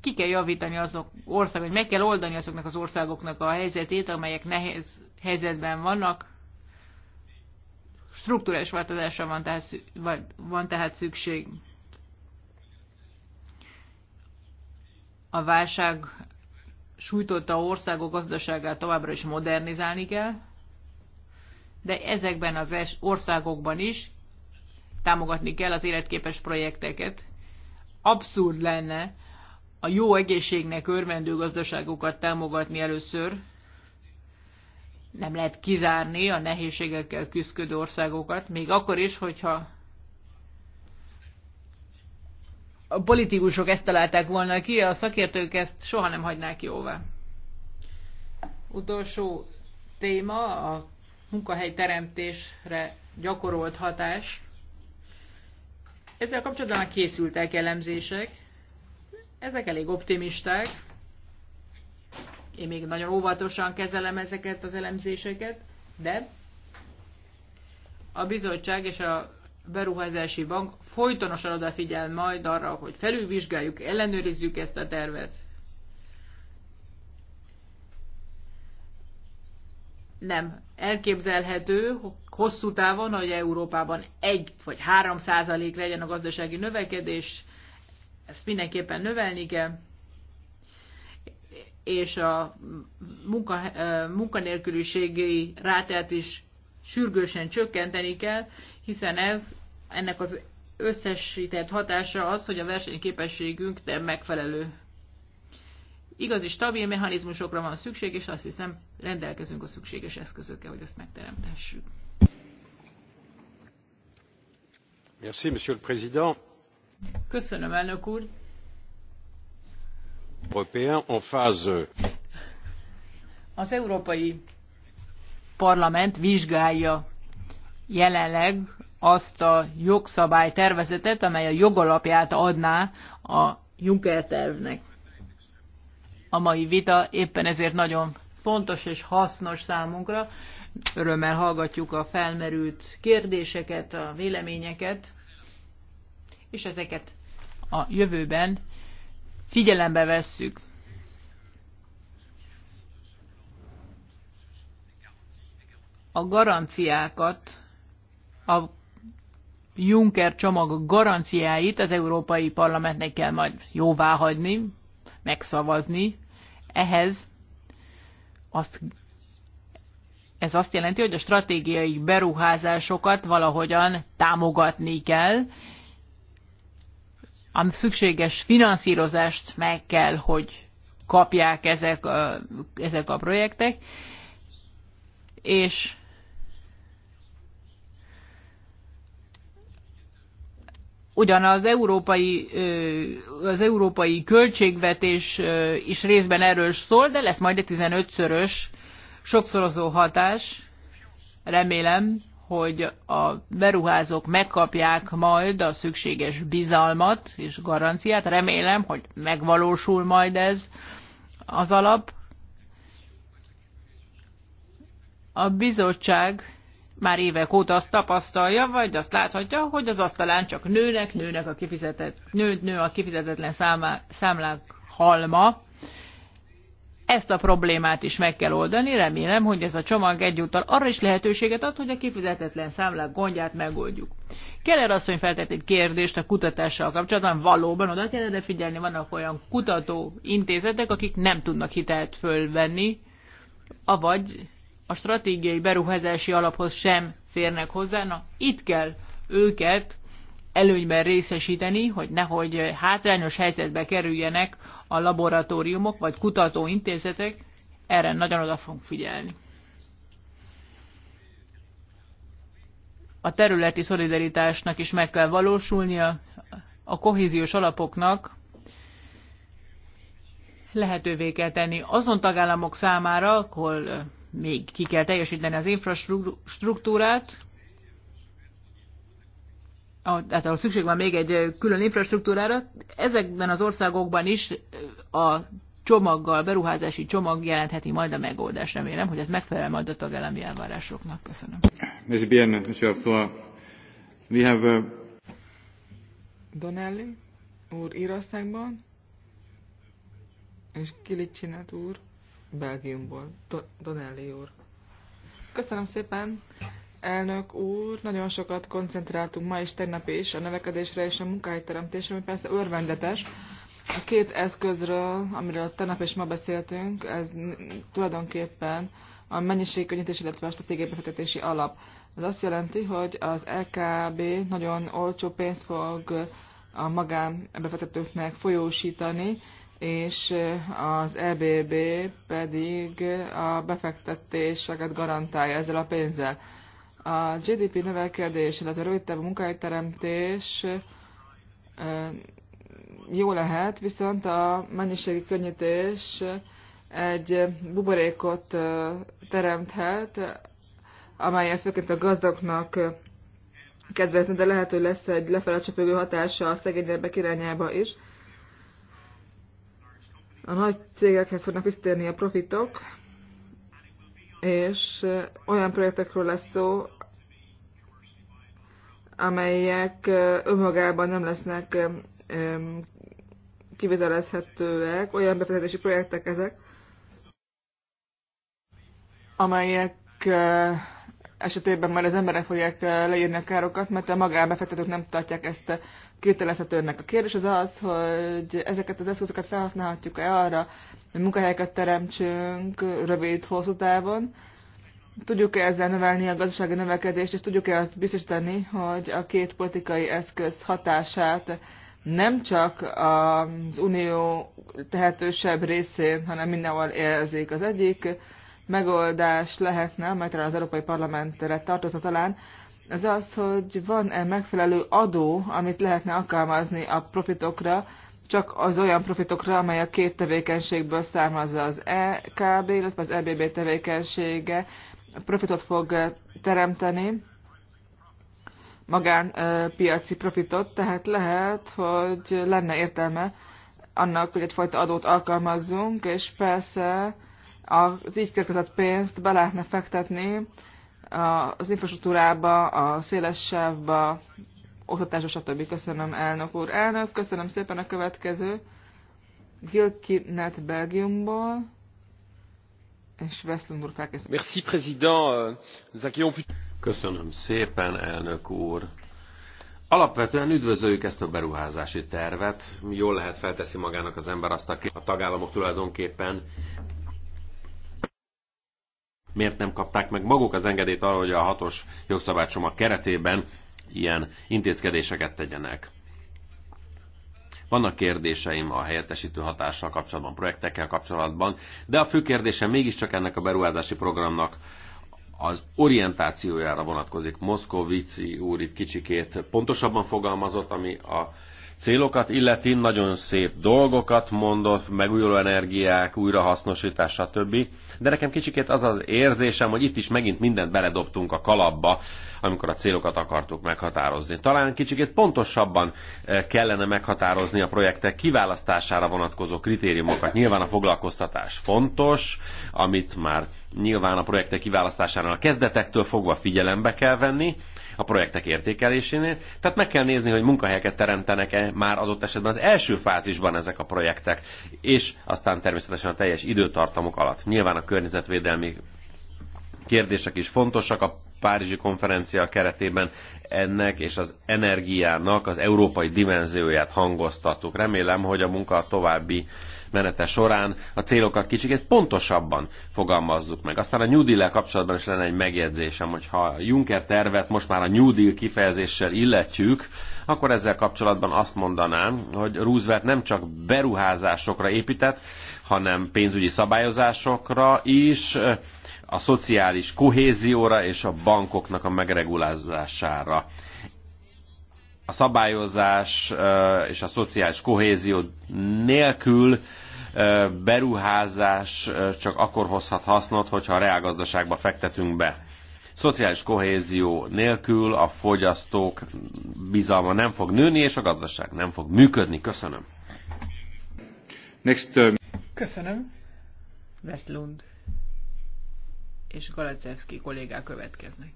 Ki kell javítani azok országok, meg kell oldani azoknak az országoknak a helyzetét, amelyek nehéz helyzetben vannak, struktúrális változásra van tehát, vagy, van tehát szükség. A válság sújtotta országok gazdaságát továbbra is modernizálni kell, de ezekben az országokban is támogatni kell az életképes projekteket. Abszurd lenne a jó egészségnek örvendő gazdaságokat támogatni először, nem lehet kizárni a nehézségekkel küzdő országokat, még akkor is, hogyha a politikusok ezt találták volna ki, a szakértők ezt soha nem hagynák jóvá. Utolsó téma a munkahely teremtésre gyakorolt hatás. Ezzel kapcsolatban készültek elemzések. Ezek elég optimisták. Én még nagyon óvatosan kezelem ezeket az elemzéseket, de a bizottság és a beruházási bank folytonosan odafigyel majd arra, hogy felülvizsgáljuk, ellenőrizzük ezt a tervet. Nem elképzelhető hosszú távon, hogy Európában egy vagy három százalék legyen a gazdasági növekedés, ezt mindenképpen növelni kell és a munka, munkanélküliségi rátát is sürgősen csökkenteni kell, hiszen ez ennek az összesített hatása az, hogy a versenyképességünk nem megfelelő. Igazi stabil mechanizmusokra van szükség, és azt hiszem rendelkezünk a szükséges eszközökkel, hogy ezt megteremtessük. Merci, Monsieur le Président. Köszönöm, elnök úr. Euh, Az Európai Parlament vizsgálja jelenleg azt a jogszabálytervezetet, amely a jogalapját adná a Juncker tervnek. A mai vita éppen ezért nagyon fontos és hasznos számunkra. Örömmel hallgatjuk a felmerült kérdéseket, a véleményeket, és ezeket a jövőben figyelembe vesszük. A garanciákat, a Juncker csomag garanciáit az Európai Parlamentnek kell majd jóvá hagyni, megszavazni. Ehhez azt, ez azt jelenti, hogy a stratégiai beruházásokat valahogyan támogatni kell, a szükséges finanszírozást meg kell, hogy kapják ezek a, ezek a projektek, és ugyan az európai, az európai költségvetés is részben erről szól, de lesz majd egy 15-szörös, sokszorozó hatás, remélem, hogy a beruházók megkapják majd a szükséges bizalmat és garanciát. Remélem, hogy megvalósul majd ez az alap. A bizottság már évek óta azt tapasztalja, vagy azt láthatja, hogy az asztalán csak nőnek, nőnek a kifizetet nő, nő a kifizetetlen számlák, számlák halma. Ezt a problémát is meg kell oldani, remélem, hogy ez a csomag egyúttal arra is lehetőséget ad, hogy a kifizetetlen számlák gondját megoldjuk. Keller asszony feltett egy kérdést a kutatással kapcsolatban, valóban oda kellene figyelni, vannak olyan kutató intézetek, akik nem tudnak hitelt fölvenni, avagy a stratégiai beruházási alaphoz sem férnek hozzá, na itt kell őket előnyben részesíteni, hogy nehogy hátrányos helyzetbe kerüljenek a laboratóriumok vagy kutatóintézetek, erre nagyon oda fogunk figyelni. A területi szolidaritásnak is meg kell valósulnia, a kohéziós alapoknak lehetővé kell tenni azon tagállamok számára, ahol még ki kell teljesíteni az infrastruktúrát, tehát ahol szükség van még egy külön infrastruktúrára, ezekben az országokban is a csomaggal, beruházási csomag jelentheti majd a megoldást. Remélem, hogy ez megfelel majd a tagállami elvárásoknak. Köszönöm. És bien, We have uh, úr Írországban, és Kilicsinet úr Belgiumból. Donelli úr. Köszönöm szépen elnök úr, nagyon sokat koncentráltunk ma és tegnap is a növekedésre és a munkahelyteremtésre, ami persze örvendetes. A két eszközről, amiről tegnap és ma beszéltünk, ez tulajdonképpen a mennyiségkönnyítés, illetve a stratégiai befektetési alap. Ez azt jelenti, hogy az LKB nagyon olcsó pénzt fog a magánbefektetőknek folyósítani, és az EBB pedig a befektetéseket garantálja ezzel a pénzzel. A GDP növekedés, illetve rövid távú munkahelyteremtés jó lehet, viszont a mennyiségi könnyítés egy buborékot teremthet, amelyel főként a gazdagnak kedvezne, de lehet, hogy lesz egy lefelé csöpögő hatása a szegényebbek irányába is. A nagy cégekhez fognak visszatérni a profitok, és olyan projektekről lesz szó, amelyek önmagában nem lesznek kivitelezhetőek, olyan befektetési projektek ezek, amelyek esetében már az emberek fogják leírni a károkat, mert a magánbefektetők nem tartják ezt ennek A kérdés az az, hogy ezeket az eszközöket felhasználhatjuk-e arra, hogy munkahelyeket teremtsünk rövid, hosszú távon, tudjuk-e ezzel növelni a gazdasági növekedést, és tudjuk-e azt biztosítani, hogy a két politikai eszköz hatását nem csak az unió tehetősebb részén, hanem mindenhol érzik. Az egyik megoldás lehetne, mert talán az Európai Parlamentre tartozna talán, az az, hogy van-e megfelelő adó, amit lehetne alkalmazni a profitokra, csak az olyan profitokra, amely a két tevékenységből származza az EKB, illetve az EBB tevékenysége profitot fog teremteni, magánpiaci profitot, tehát lehet, hogy lenne értelme annak, hogy egyfajta adót alkalmazzunk, és persze az így kérkezett pénzt be lehetne fektetni az infrastruktúrába, a széles sávba, oktatásra, stb. Köszönöm, elnök úr. Elnök, köszönöm szépen a következő. Gilkinet Belgiumból. És Westlund úr felkészül. Merci, président. Köszönöm szépen, elnök úr. Alapvetően üdvözöljük ezt a beruházási tervet. Jól lehet felteszi magának az ember azt, aki a tagállamok tulajdonképpen miért nem kapták meg maguk az engedélyt arra, hogy a hatos jogszabálycsomag keretében ilyen intézkedéseket tegyenek. Vannak kérdéseim a helyettesítő hatással kapcsolatban, projektekkel kapcsolatban, de a fő kérdésem mégiscsak ennek a beruházási programnak az orientációjára vonatkozik. Moszkovici úr itt kicsikét pontosabban fogalmazott, ami a célokat illeti, nagyon szép dolgokat mondott, megújuló energiák, újrahasznosítás, stb. De nekem kicsikét az az érzésem, hogy itt is megint mindent beledobtunk a kalapba, amikor a célokat akartuk meghatározni. Talán kicsikét pontosabban e, kellene meghatározni a projektek kiválasztására vonatkozó kritériumokat. Nyilván a foglalkoztatás fontos, amit már nyilván a projektek kiválasztásánál a kezdetektől fogva figyelembe kell venni, a projektek értékelésénél. Tehát meg kell nézni, hogy munkahelyeket teremtenek-e már adott esetben az első fázisban ezek a projektek, és aztán természetesen a teljes időtartamok alatt. Nyilván a környezetvédelmi kérdések is fontosak, a Párizsi konferencia keretében ennek és az energiának az európai dimenzióját hangoztattuk. Remélem, hogy a munka a további menete során a célokat kicsit pontosabban fogalmazzuk meg. Aztán a New Deal-el kapcsolatban is lenne egy megjegyzésem, hogy ha a Juncker tervet most már a New Deal kifejezéssel illetjük, akkor ezzel kapcsolatban azt mondanám, hogy Roosevelt nem csak beruházásokra épített, hanem pénzügyi szabályozásokra is, a szociális kohézióra és a bankoknak a megregulázására a szabályozás és a szociális kohézió nélkül beruházás csak akkor hozhat hasznot, hogyha a reálgazdaságba fektetünk be. Szociális kohézió nélkül a fogyasztók bizalma nem fog nőni, és a gazdaság nem fog működni. Köszönöm. Next, um... Köszönöm. Vestlund és Galacevski kollégák következnek.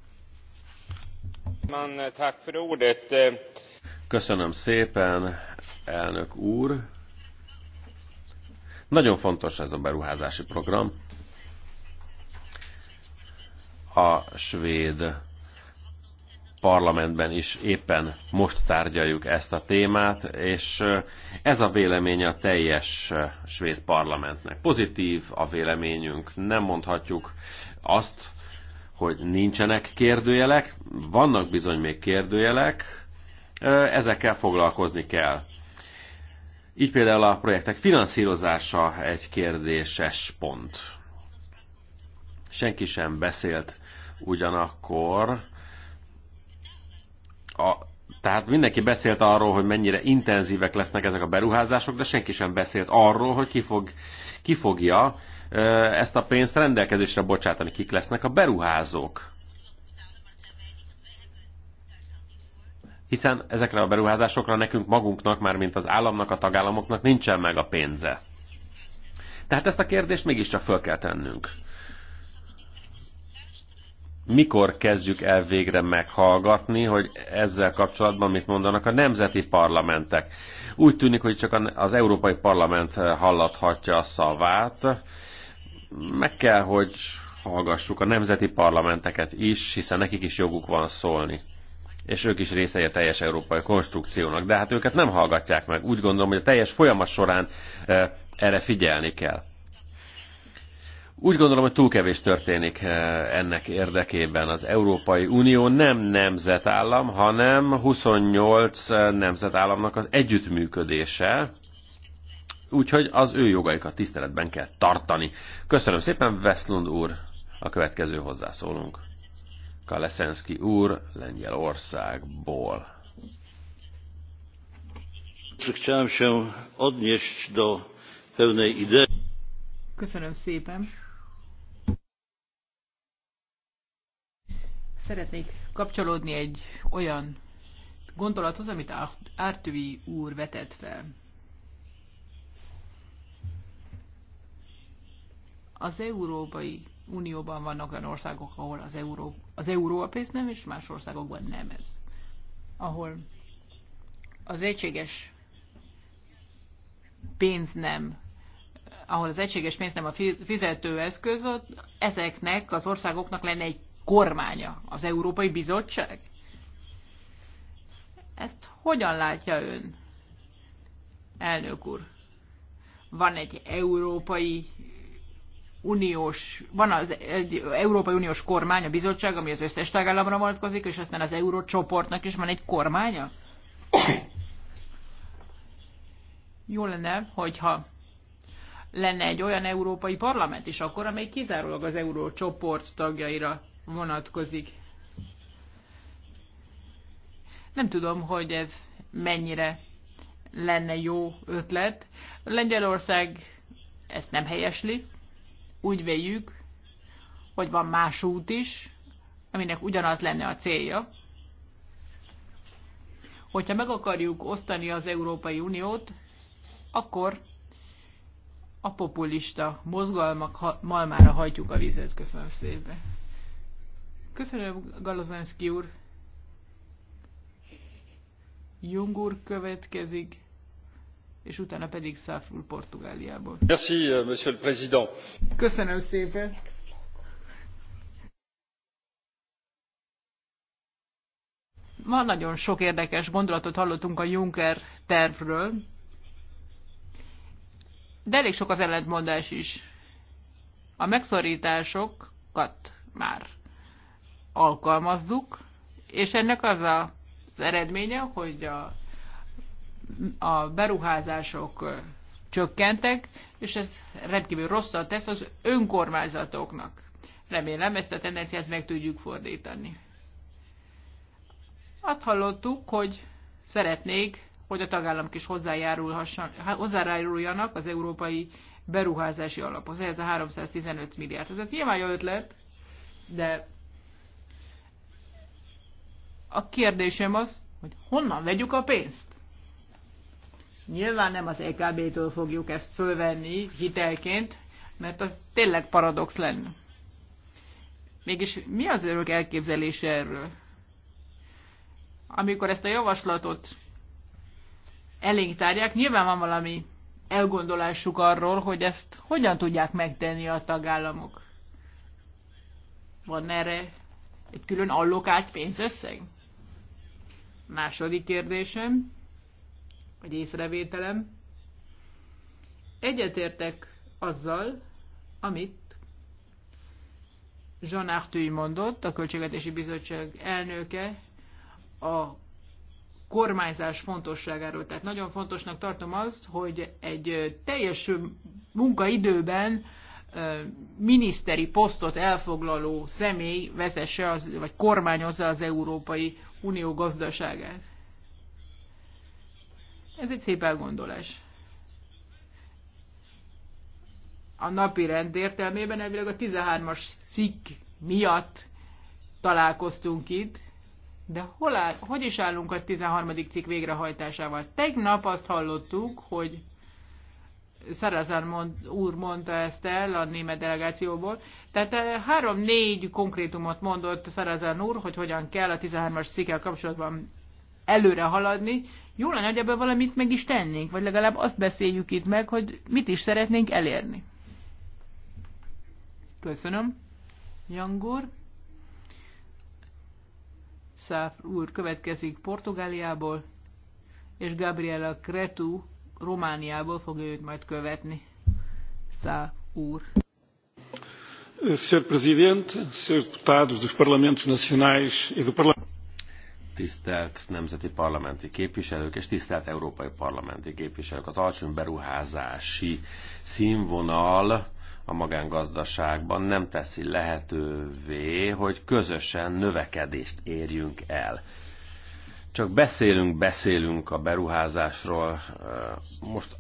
Eh, eh. Köszönöm szépen, elnök úr. Nagyon fontos ez a beruházási program. A svéd parlamentben is éppen most tárgyaljuk ezt a témát, és eh, ez a véleménye a teljes svéd parlamentnek. Pozitív a véleményünk, nem mondhatjuk azt, hogy nincsenek kérdőjelek, vannak bizony még kérdőjelek, ezekkel foglalkozni kell. Így például a projektek finanszírozása egy kérdéses pont. Senki sem beszélt ugyanakkor. A, tehát mindenki beszélt arról, hogy mennyire intenzívek lesznek ezek a beruházások, de senki sem beszélt arról, hogy ki, fog, ki fogja ezt a pénzt rendelkezésre bocsátani? Kik lesznek a beruházók? Hiszen ezekre a beruházásokra nekünk magunknak, már mint az államnak, a tagállamoknak nincsen meg a pénze. Tehát ezt a kérdést mégiscsak föl kell tennünk mikor kezdjük el végre meghallgatni, hogy ezzel kapcsolatban mit mondanak a nemzeti parlamentek. Úgy tűnik, hogy csak az Európai Parlament hallathatja a szavát, meg kell, hogy hallgassuk a nemzeti parlamenteket is, hiszen nekik is joguk van szólni. És ők is részei a teljes európai konstrukciónak, de hát őket nem hallgatják meg. Úgy gondolom, hogy a teljes folyamat során eh, erre figyelni kell. Úgy gondolom, hogy túl kevés történik eh, ennek érdekében. Az Európai Unió nem nemzetállam, hanem 28 eh, nemzetállamnak az együttműködése, Úgyhogy az ő jogaikat tiszteletben kell tartani. Köszönöm szépen, Veszlund úr, a következő hozzászólunk. Kaleszenszki úr, Lengyelországból. Chciałem się odnieść do pewnej idei. Köszönöm szépen. Szeretnék kapcsolódni egy olyan gondolathoz, amit Ártüvi úr vetett fel Az Európai Unióban vannak olyan országok, ahol az euró, az euró a pénz nem, és más országokban nem ez. Ahol az egységes pénz nem ahol az egységes pénz nem a fizetőeszköz, ezeknek az országoknak lenne egy kormánya, az Európai Bizottság? Ezt hogyan látja ön, elnök úr? Van egy európai uniós, van az egy Európai Uniós kormány, a bizottság, ami az összes tagállamra vonatkozik, és aztán az eurócsoportnak is van egy kormánya? Jó lenne, hogyha lenne egy olyan európai parlament is akkor, amely kizárólag az eurócsoport tagjaira vonatkozik. Nem tudom, hogy ez mennyire lenne jó ötlet. Lengyelország ezt nem helyesli, úgy véljük, hogy van más út is, aminek ugyanaz lenne a célja. Hogyha meg akarjuk osztani az Európai Uniót, akkor a populista mozgalmak malmára hajtjuk a vizet. Köszönöm szépen. Köszönöm, Galozanszki úr. Jung úr következik és utána pedig Száfrul Portugáliából. Merci, euh, monsieur le président. Köszönöm szépen. Ma nagyon sok érdekes gondolatot hallottunk a Juncker tervről, de elég sok az ellentmondás is. A megszorításokat már alkalmazzuk, és ennek az az eredménye, hogy a a beruházások csökkentek, és ez rendkívül rosszat tesz az önkormányzatoknak. Remélem ezt a tendenciát meg tudjuk fordítani. Azt hallottuk, hogy szeretnék, hogy a tagállamok is hozzájáruljanak az európai beruházási alaphoz. Ez a 315 milliárd. Ez nyilván jó ötlet, de a kérdésem az, hogy honnan vegyük a pénzt? Nyilván nem az EKB-től fogjuk ezt fölvenni hitelként, mert az tényleg paradox lenne. Mégis mi az örök elképzelése erről? Amikor ezt a javaslatot elénk tárják, nyilván van valami elgondolásuk arról, hogy ezt hogyan tudják megtenni a tagállamok. Van erre egy külön allokált pénzösszeg? Második kérdésem vagy észrevételem. Egyetértek azzal, amit Jean Arthuy mondott, a Költségvetési Bizottság elnöke, a kormányzás fontosságáról. Tehát nagyon fontosnak tartom azt, hogy egy teljes munkaidőben miniszteri posztot elfoglaló személy vezesse az, vagy kormányozza az Európai Unió gazdaságát. Ez egy szép elgondolás. A napi rend értelmében elvileg a 13-as cikk miatt találkoztunk itt, de hol áll, hogy is állunk a 13. cikk végrehajtásával? Tegnap azt hallottuk, hogy Szarazán mond, úr mondta ezt el a német delegációból. Tehát eh, három-négy konkrétumot mondott Szarazán úr, hogy hogyan kell a 13-as cikkel kapcsolatban előre haladni. Jó lenne, hogy ebben valamit meg is tennénk, vagy legalább azt beszéljük itt meg, hogy mit is szeretnénk elérni. Köszönöm. Jangur. Száf úr következik Portugáliából, és Gabriela Cretu Romániából fogja őt majd követni. Száf úr. Sr. Presidente, Srs. Deputados dos Parlamentos Nacionais e do Parlamento tisztelt nemzeti parlamenti képviselők és tisztelt európai parlamenti képviselők. Az alacsony beruházási színvonal a magángazdaságban nem teszi lehetővé, hogy közösen növekedést érjünk el. Csak beszélünk, beszélünk a beruházásról. Most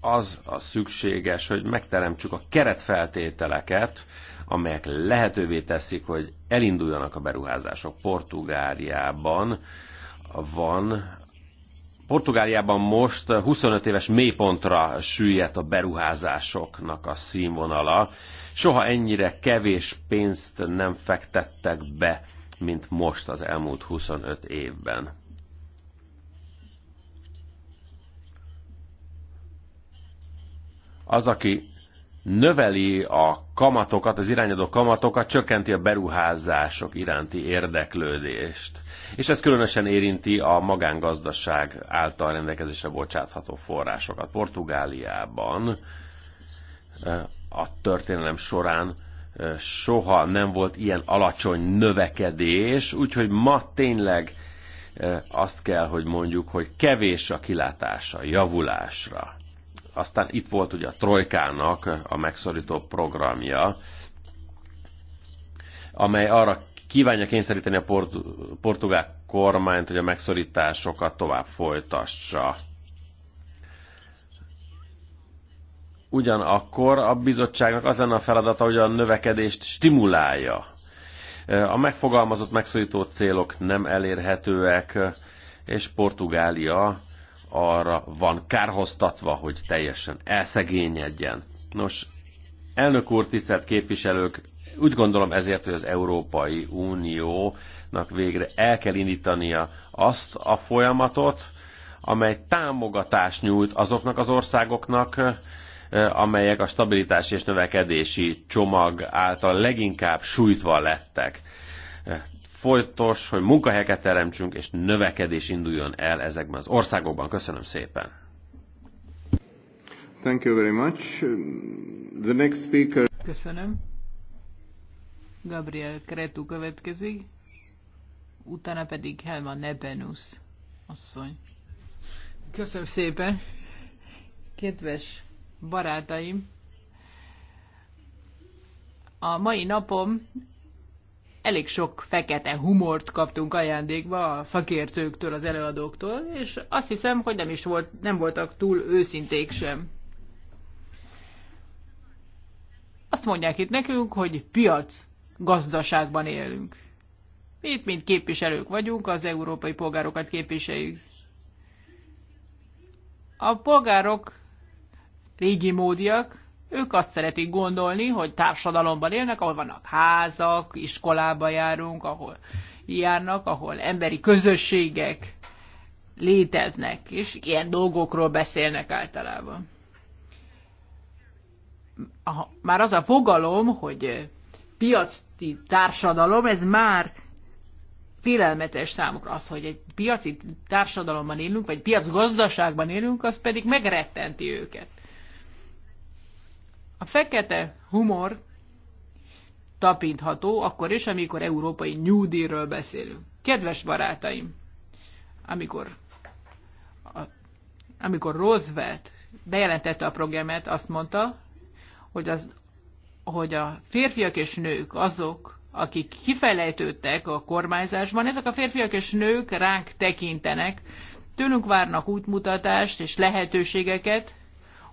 az a szükséges, hogy megteremtsük a keretfeltételeket amelyek lehetővé teszik, hogy elinduljanak a beruházások. Portugáliában van Portugáliában most 25 éves mélypontra süllyedt a beruházásoknak a színvonala. Soha ennyire kevés pénzt nem fektettek be, mint most az elmúlt 25 évben. Az, aki növeli a kamatokat, az irányadó kamatokat, csökkenti a beruházások iránti érdeklődést. És ez különösen érinti a magángazdaság által rendelkezésre bocsátható forrásokat. Portugáliában a történelem során soha nem volt ilyen alacsony növekedés, úgyhogy ma tényleg azt kell, hogy mondjuk, hogy kevés a kilátása javulásra. Aztán itt volt ugye a Trojkának a megszorító programja, amely arra kívánja kényszeríteni a port- portugál kormányt, hogy a megszorításokat tovább folytassa. Ugyanakkor a bizottságnak az lenne a feladata, hogy a növekedést stimulálja. A megfogalmazott megszorító célok nem elérhetőek, és Portugália arra van kárhoztatva, hogy teljesen elszegényedjen. Nos, elnök úr, tisztelt képviselők, úgy gondolom ezért, hogy az Európai Uniónak végre el kell indítania azt a folyamatot, amely támogatást nyújt azoknak az országoknak, eh, amelyek a stabilitás és növekedési csomag által leginkább sújtva lettek folytos, hogy munkahelyeket teremtsünk, és növekedés induljon el ezekben az országokban. Köszönöm szépen! Thank you very much. The next speaker... Köszönöm. Gabriel Kretu következik, utána pedig Helma Nebenus asszony. Köszönöm szépen! Kedves barátaim! A mai napom elég sok fekete humort kaptunk ajándékba a szakértőktől, az előadóktól, és azt hiszem, hogy nem is volt, nem voltak túl őszinték sem. Azt mondják itt nekünk, hogy piac gazdaságban élünk. Mi itt, mint képviselők vagyunk, az európai polgárokat képviseljük. A polgárok régi módiak, ők azt szeretik gondolni, hogy társadalomban élnek, ahol vannak házak, iskolába járunk, ahol járnak, ahol emberi közösségek léteznek, és ilyen dolgokról beszélnek általában. Már az a fogalom, hogy piaci társadalom, ez már félelmetes számukra. Az, hogy egy piaci társadalomban élünk, vagy piacgazdaságban élünk, az pedig megrettenti őket. A fekete humor tapintható akkor is, amikor európai New Deal-ről beszélünk. Kedves barátaim, amikor, a, amikor Roosevelt bejelentette a programet, azt mondta, hogy, az, hogy a férfiak és nők azok, akik kifelejtődtek a kormányzásban, ezek a férfiak és nők ránk tekintenek, tőlünk várnak útmutatást és lehetőségeket,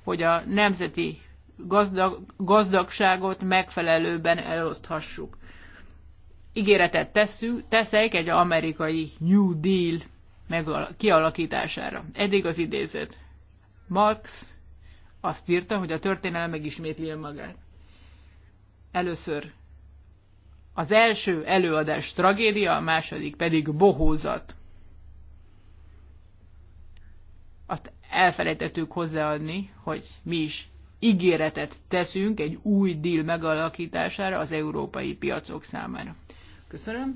hogy a nemzeti gazdag, gazdagságot megfelelőben eloszthassuk. Ígéretet teszünk, teszek egy amerikai New Deal kialakítására. Eddig az idézet. Marx azt írta, hogy a történelem megismétli önmagát. Először az első előadás tragédia, a második pedig bohózat. Azt elfelejtettük hozzáadni, hogy mi is ígéretet teszünk egy új deal megalakítására az európai piacok számára. Köszönöm.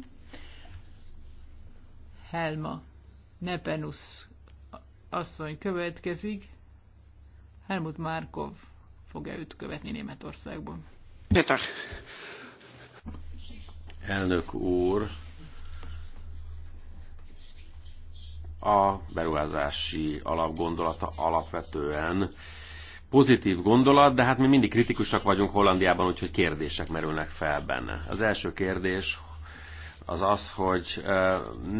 Helma Nepenus asszony következik. Helmut Márkov fogja őt követni Németországban. Peter. Elnök úr, a beruházási alapgondolata alapvetően pozitív gondolat, de hát mi mindig kritikusak vagyunk Hollandiában, úgyhogy kérdések merülnek fel benne. Az első kérdés az az, hogy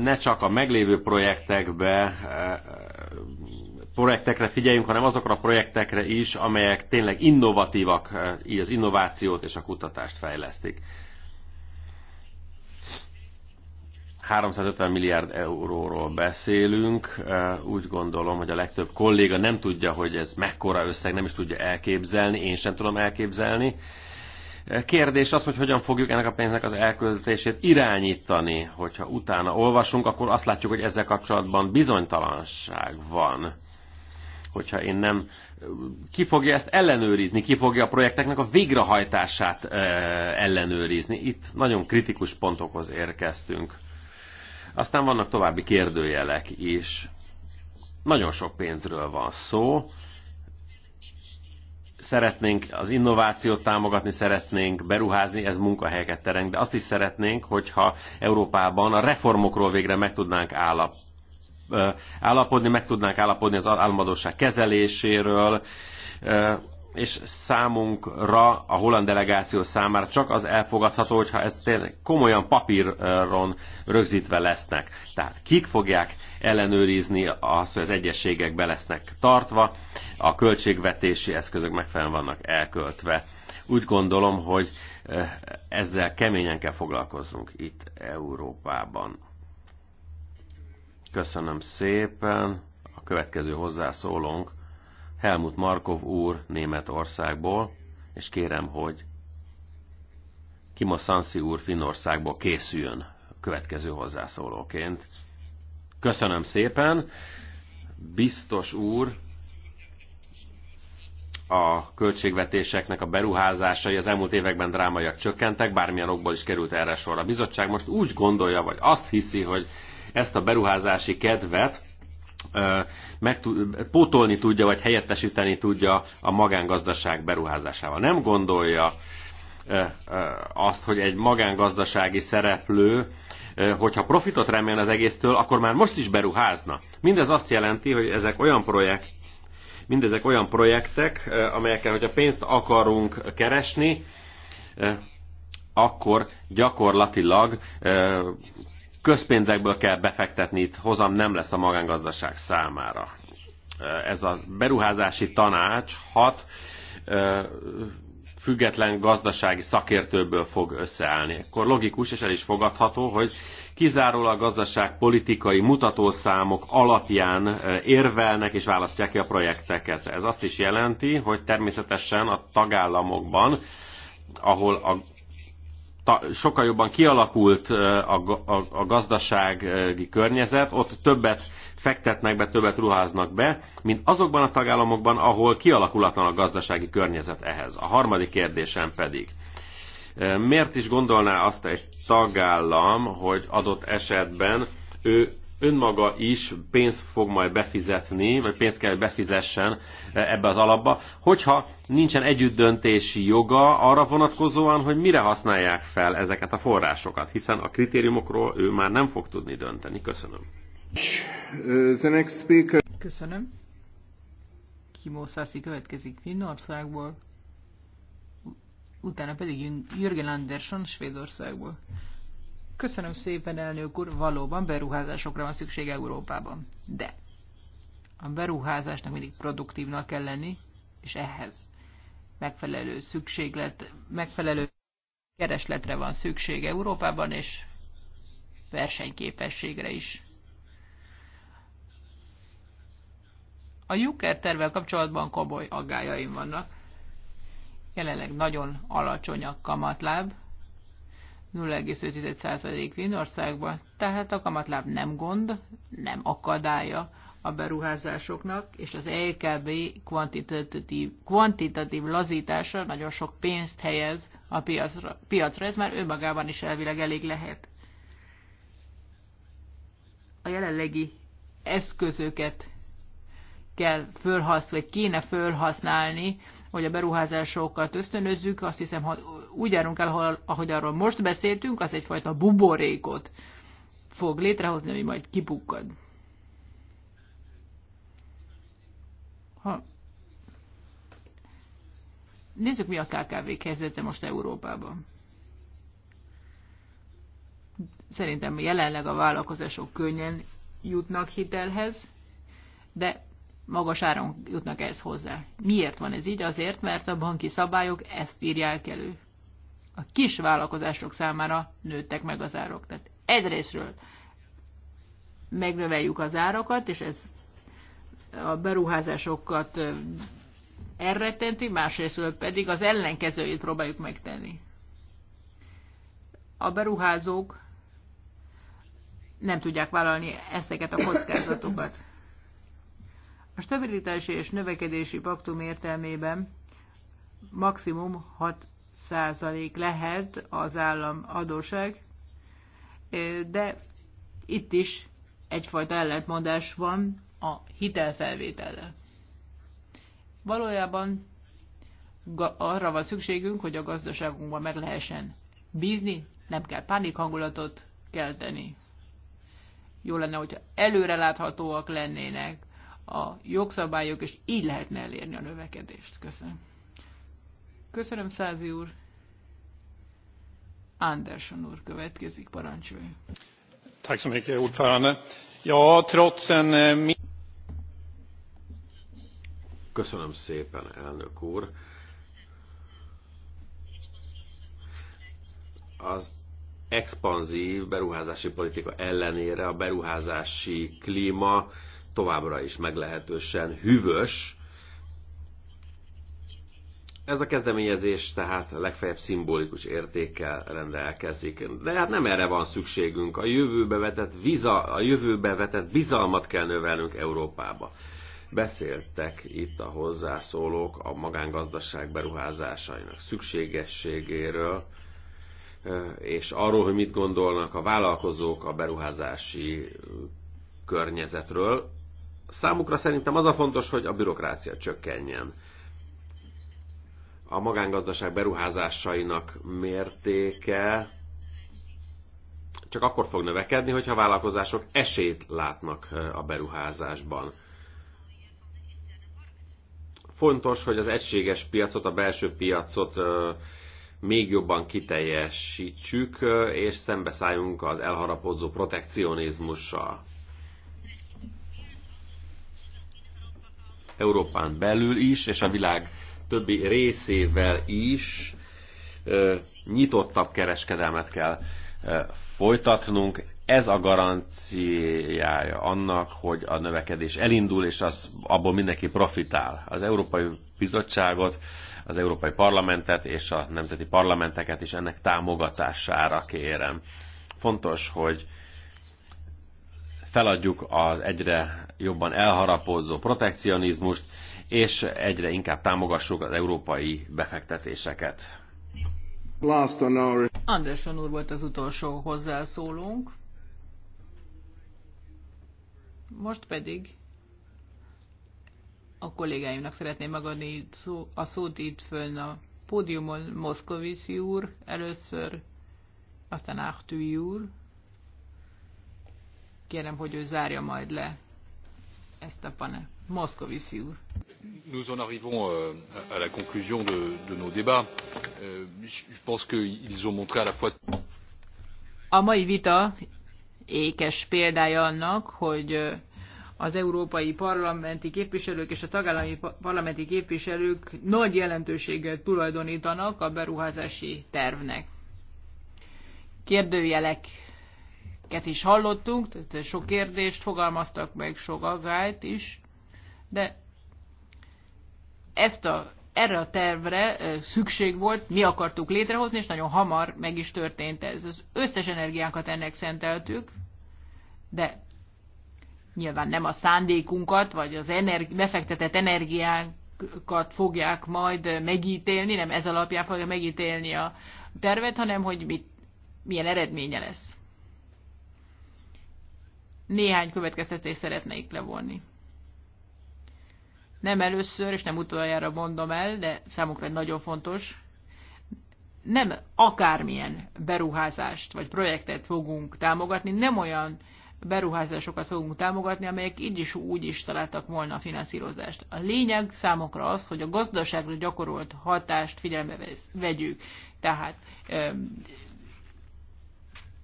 ne csak a meglévő projektekbe, projektekre figyeljünk, hanem azokra a projektekre is, amelyek tényleg innovatívak, így az innovációt és a kutatást fejlesztik. 350 milliárd euróról beszélünk. Úgy gondolom, hogy a legtöbb kolléga nem tudja, hogy ez mekkora összeg, nem is tudja elképzelni, én sem tudom elképzelni. Kérdés az, hogy hogyan fogjuk ennek a pénznek az elköltését irányítani, hogyha utána olvasunk, akkor azt látjuk, hogy ezzel kapcsolatban bizonytalanság van hogyha én nem... Ki fogja ezt ellenőrizni, ki fogja a projekteknek a végrehajtását ellenőrizni. Itt nagyon kritikus pontokhoz érkeztünk. Aztán vannak további kérdőjelek is. Nagyon sok pénzről van szó. Szeretnénk az innovációt támogatni, szeretnénk beruházni, ez munkahelyeket teremt, de azt is szeretnénk, hogyha Európában a reformokról végre meg tudnánk állap, állapodni, meg tudnánk állapodni az államadóság kezeléséről, és számunkra, a holland delegáció számára csak az elfogadható, hogyha ez komolyan papíron rögzítve lesznek. Tehát kik fogják ellenőrizni azt, hogy az egyességek be lesznek tartva, a költségvetési eszközök megfelelően vannak elköltve. Úgy gondolom, hogy eh, ezzel keményen kell foglalkoznunk itt Európában. Köszönöm szépen. A következő hozzászólónk Helmut Markov úr Németországból, és kérem, hogy Kimo Sansi úr Finnországból készüljön következő hozzászólóként. Köszönöm szépen! Biztos úr, a költségvetéseknek a beruházásai az elmúlt években drámaiak csökkentek, bármilyen okból is került erre sorra. A bizottság most úgy gondolja, vagy azt hiszi, hogy ezt a beruházási kedvet pótolni tudja, vagy helyettesíteni tudja a magángazdaság beruházásával. Nem gondolja azt, hogy egy magángazdasági szereplő, hogyha profitot remél az egésztől, akkor már most is beruházna. Mindez azt jelenti, hogy ezek olyan projekt, mindezek olyan projektek, amelyekkel, hogyha pénzt akarunk keresni, akkor gyakorlatilag közpénzekből kell befektetni, itt hozam nem lesz a magángazdaság számára. Ez a beruházási tanács hat független gazdasági szakértőből fog összeállni. Akkor logikus és el is fogadható, hogy kizárólag politikai mutatószámok alapján érvelnek és választják ki a projekteket. Ez azt is jelenti, hogy természetesen a tagállamokban, ahol a sokkal jobban kialakult a, gazdasági környezet, ott többet fektetnek be, többet ruháznak be, mint azokban a tagállamokban, ahol kialakulatlan a gazdasági környezet ehhez. A harmadik kérdésem pedig, miért is gondolná azt egy tagállam, hogy adott esetben ő önmaga is pénzt fog majd befizetni, vagy pénzt kell befizessen e, ebbe az alapba, hogyha nincsen együttdöntési joga arra vonatkozóan, hogy mire használják fel ezeket a forrásokat, hiszen a kritériumokról ő már nem fog tudni dönteni. Köszönöm. Köszönöm. Kimó Szászi következik Finnországból, utána pedig Jürgen Andersson Svédországból. Köszönöm szépen, elnök úr, valóban beruházásokra van szükség Európában. De a beruházásnak mindig produktívnak kell lenni, és ehhez megfelelő szükséglet, megfelelő keresletre van szükség Európában, és versenyképességre is. A Juker tervvel kapcsolatban komoly aggájaim vannak. Jelenleg nagyon alacsony a kamatláb, 0,5% Finnországban. Tehát a kamatláb nem gond, nem akadálya a beruházásoknak, és az LKB e kvantitatív, kvantitatív lazítása nagyon sok pénzt helyez a piacra. piacra. Ez már önmagában is elvileg elég lehet. A jelenlegi eszközöket kell fölhasználni, vagy kéne fölhasználni, hogy a beruházásokat ösztönözzük. Azt hiszem, ha úgy járunk el, ahogy arról most beszéltünk, az egyfajta buborékot fog létrehozni, ami majd kipukkad. Ha Nézzük, mi a KKV kezdete most Európában. Szerintem jelenleg a vállalkozások könnyen jutnak hitelhez, de magas áron jutnak ez hozzá. Miért van ez így? Azért, mert a banki szabályok ezt írják elő a kis vállalkozások számára nőttek meg az árok. Tehát egyrésztről megnöveljük az árakat, és ez a beruházásokat elrettenti, másrésztről pedig az ellenkezőjét próbáljuk megtenni. A beruházók nem tudják vállalni ezeket a kockázatokat. A stabilitási és növekedési paktum értelmében maximum 6 százalék lehet az állam adóság, de itt is egyfajta ellentmondás van a hitelfelvétele. Valójában arra van szükségünk, hogy a gazdaságunkban meg lehessen bízni, nem kell pánikhangulatot kelteni. Jó lenne, hogyha előreláthatóak lennének a jogszabályok, és így lehetne elérni a növekedést. Köszönöm. Köszönöm, Százi úr. Andersson úr következik, parancsolj. Tack så mycket, ordförande. Ja, trots en... Eh, Köszönöm szépen, elnök úr. Az expanzív beruházási politika ellenére a beruházási klíma továbbra is meglehetősen hűvös, ez a kezdeményezés tehát legfeljebb szimbolikus értékkel rendelkezik. De hát nem erre van szükségünk. A jövőbe vetett, viza, a jövőbe vetett bizalmat kell növelnünk Európába. Beszéltek itt a hozzászólók a magángazdaság beruházásainak szükségességéről, és arról, hogy mit gondolnak a vállalkozók a beruházási környezetről. Számukra szerintem az a fontos, hogy a bürokrácia csökkenjen a magángazdaság beruházásainak mértéke csak akkor fog növekedni, hogyha a vállalkozások esélyt látnak a beruházásban. Fontos, hogy az egységes piacot, a belső piacot még jobban kiteljesítsük, és szembeszálljunk az elharapozó protekcionizmussal. Európán belül is, és a világ többi részével is nyitottabb kereskedelmet kell folytatnunk. Ez a garanciája annak, hogy a növekedés elindul, és az, abból mindenki profitál. Az Európai Bizottságot, az Európai Parlamentet és a nemzeti parlamenteket is ennek támogatására kérem. Fontos, hogy feladjuk az egyre jobban elharapózó protekcionizmust, és egyre inkább támogassuk az európai befektetéseket. Last on our... Anderson úr volt az utolsó hozzászólónk. Most pedig a kollégáimnak szeretném megadni a szót itt fönn a pódiumon Moszkovici úr először, aztán Achtui úr. Kérem, hogy ő zárja majd le ezt a pane. Moszkovici úr nous en arrivons euh, à la conclusion de nos débats. Euh, je pense qu'ils ont montré à la fois. a mai vita ékes példája annak hogy euh, az európai parlamenti képviselők és a tagállami parlamenti képviselők nagy jelentőséget tulajdonítanak a beruházási tervnek. Kérdőjeleket is hallottunk, tehát sok kérdést fogalmaztak meg, sok aggályt is, de ezt a, erre a tervre szükség volt, mi akartuk létrehozni, és nagyon hamar meg is történt ez. Az összes energiánkat ennek szenteltük, de nyilván nem a szándékunkat, vagy az energi- befektetett energiánkat fogják majd megítélni, nem ez alapján fogja megítélni a tervet, hanem hogy mit, milyen eredménye lesz. Néhány következtetést szeretnék levonni nem először és nem utoljára mondom el, de számukra nagyon fontos, nem akármilyen beruházást vagy projektet fogunk támogatni, nem olyan beruházásokat fogunk támogatni, amelyek így is úgy is találtak volna a finanszírozást. A lényeg számokra az, hogy a gazdaságra gyakorolt hatást figyelme vegyük. Tehát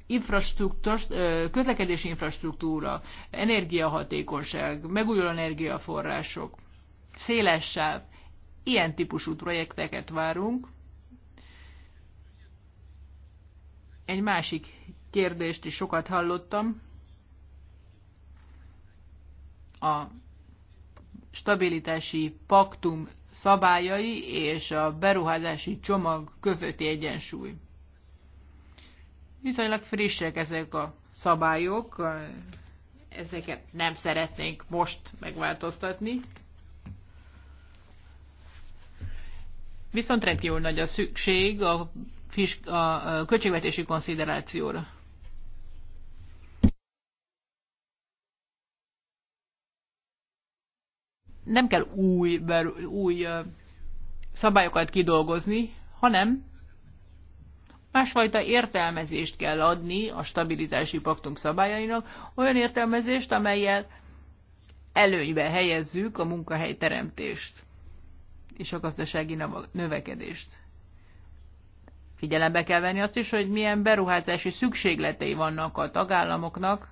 infrastruktúra, közlekedési infrastruktúra, energiahatékonyság, megújuló energiaforrások, széles sáv, ilyen típusú projekteket várunk. Egy másik kérdést is sokat hallottam. A stabilitási paktum szabályai és a beruházási csomag közötti egyensúly. Viszonylag frissek ezek a szabályok, ezeket nem szeretnénk most megváltoztatni, Viszont rendkívül nagy a szükség a, fisk- a költségvetési konszidelációra. Nem kell új, új szabályokat kidolgozni, hanem másfajta értelmezést kell adni a stabilitási paktum szabályainak, olyan értelmezést, amelyel előnybe helyezzük a munkahelyteremtést és a gazdasági növekedést. Figyelembe kell venni azt is, hogy milyen beruházási szükségletei vannak a tagállamoknak,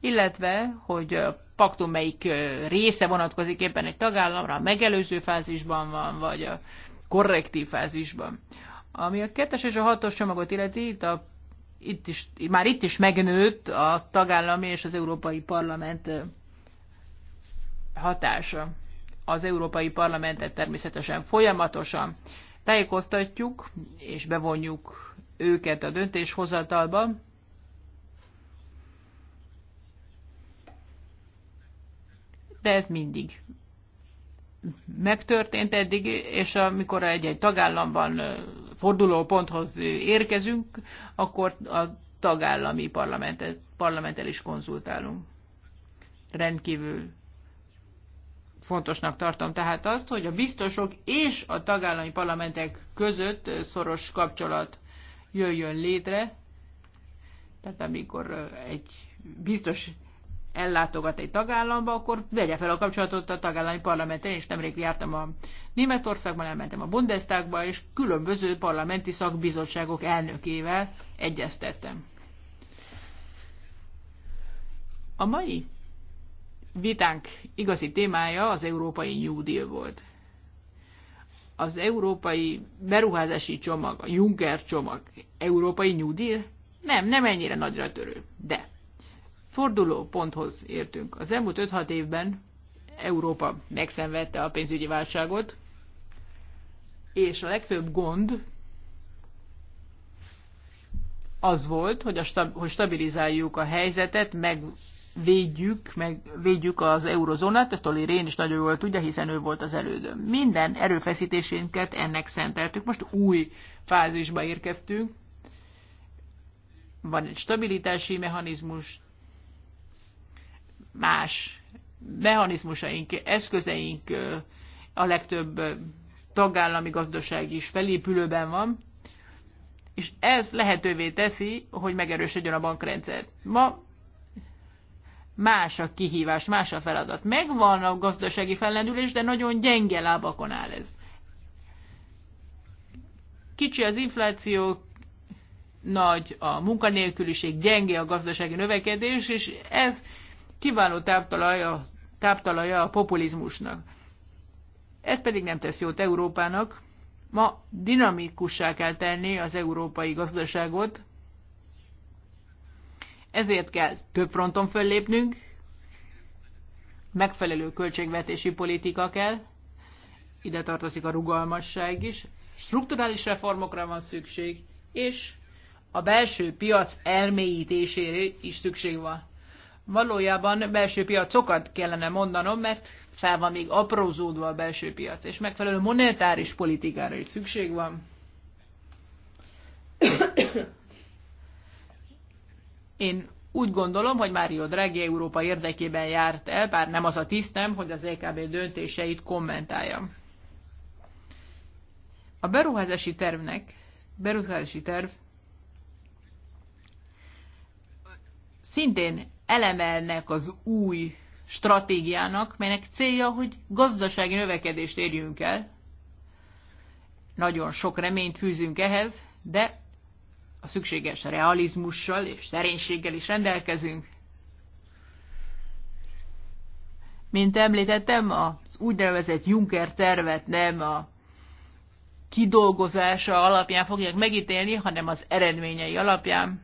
illetve, hogy a paktum melyik része vonatkozik éppen egy tagállamra, a megelőző fázisban van, vagy a korrektív fázisban. Ami a kettes és a hatos csomagot illeti, itt, a, itt is, már itt is megnőtt a tagállami és az Európai Parlament hatása az Európai Parlamentet természetesen folyamatosan tájékoztatjuk és bevonjuk őket a döntéshozatalba. De ez mindig megtörtént eddig, és amikor egy-egy tagállamban fordulóponthoz érkezünk, akkor a tagállami parlamentet, parlamenttel is konzultálunk. Rendkívül fontosnak tartom tehát azt, hogy a biztosok és a tagállami parlamentek között szoros kapcsolat jöjjön létre. Tehát amikor egy biztos ellátogat egy tagállamba, akkor vegye fel a kapcsolatot a tagállami parlamenten. Én is nemrég jártam a Németországban, elmentem a Bundestagba, és különböző parlamenti szakbizottságok elnökével egyeztettem. A mai vitánk igazi témája az európai New Deal volt. Az európai beruházási csomag, a Juncker csomag, európai New Deal? Nem, nem ennyire nagyra törő. De forduló ponthoz értünk. Az elmúlt 5-6 évben Európa megszenvedte a pénzügyi válságot, és a legfőbb gond az volt, hogy, a stab- hogy stabilizáljuk a helyzetet, meg védjük, meg védjük az eurozónát, ezt Oli Rén is nagyon jól tudja, hiszen ő volt az elődöm. Minden erőfeszítésünket ennek szenteltük. Most új fázisba érkeztünk. Van egy stabilitási mechanizmus, más mechanizmusaink, eszközeink, a legtöbb tagállami gazdaság is felépülőben van, és ez lehetővé teszi, hogy megerősödjön a bankrendszer. Ma más a kihívás, más a feladat. Megvan a gazdasági fellendülés, de nagyon gyenge lábakon áll ez. Kicsi az infláció, nagy a munkanélküliség, gyenge a gazdasági növekedés, és ez kiváló táptalaja, táptalaja a populizmusnak. Ez pedig nem tesz jót Európának. Ma dinamikussá kell tenni az európai gazdaságot, ezért kell több fronton föllépnünk, megfelelő költségvetési politika kell, ide tartozik a rugalmasság is, strukturális reformokra van szükség, és a belső piac elmélyítésére is szükség van. Valójában belső piacokat kellene mondanom, mert fel van még aprózódva a belső piac, és megfelelő monetáris politikára is szükség van. Én úgy gondolom, hogy Mário Draghi Európa érdekében járt el, bár nem az a tisztem, hogy az EKB döntéseit kommentáljam. A beruházási tervnek, beruházási terv szintén elemelnek az új stratégiának, melynek célja, hogy gazdasági növekedést érjünk el. Nagyon sok reményt fűzünk ehhez, de a szükséges realizmussal és szerénységgel is rendelkezünk. Mint említettem, az úgynevezett Juncker tervet nem a kidolgozása alapján fogják megítélni, hanem az eredményei alapján.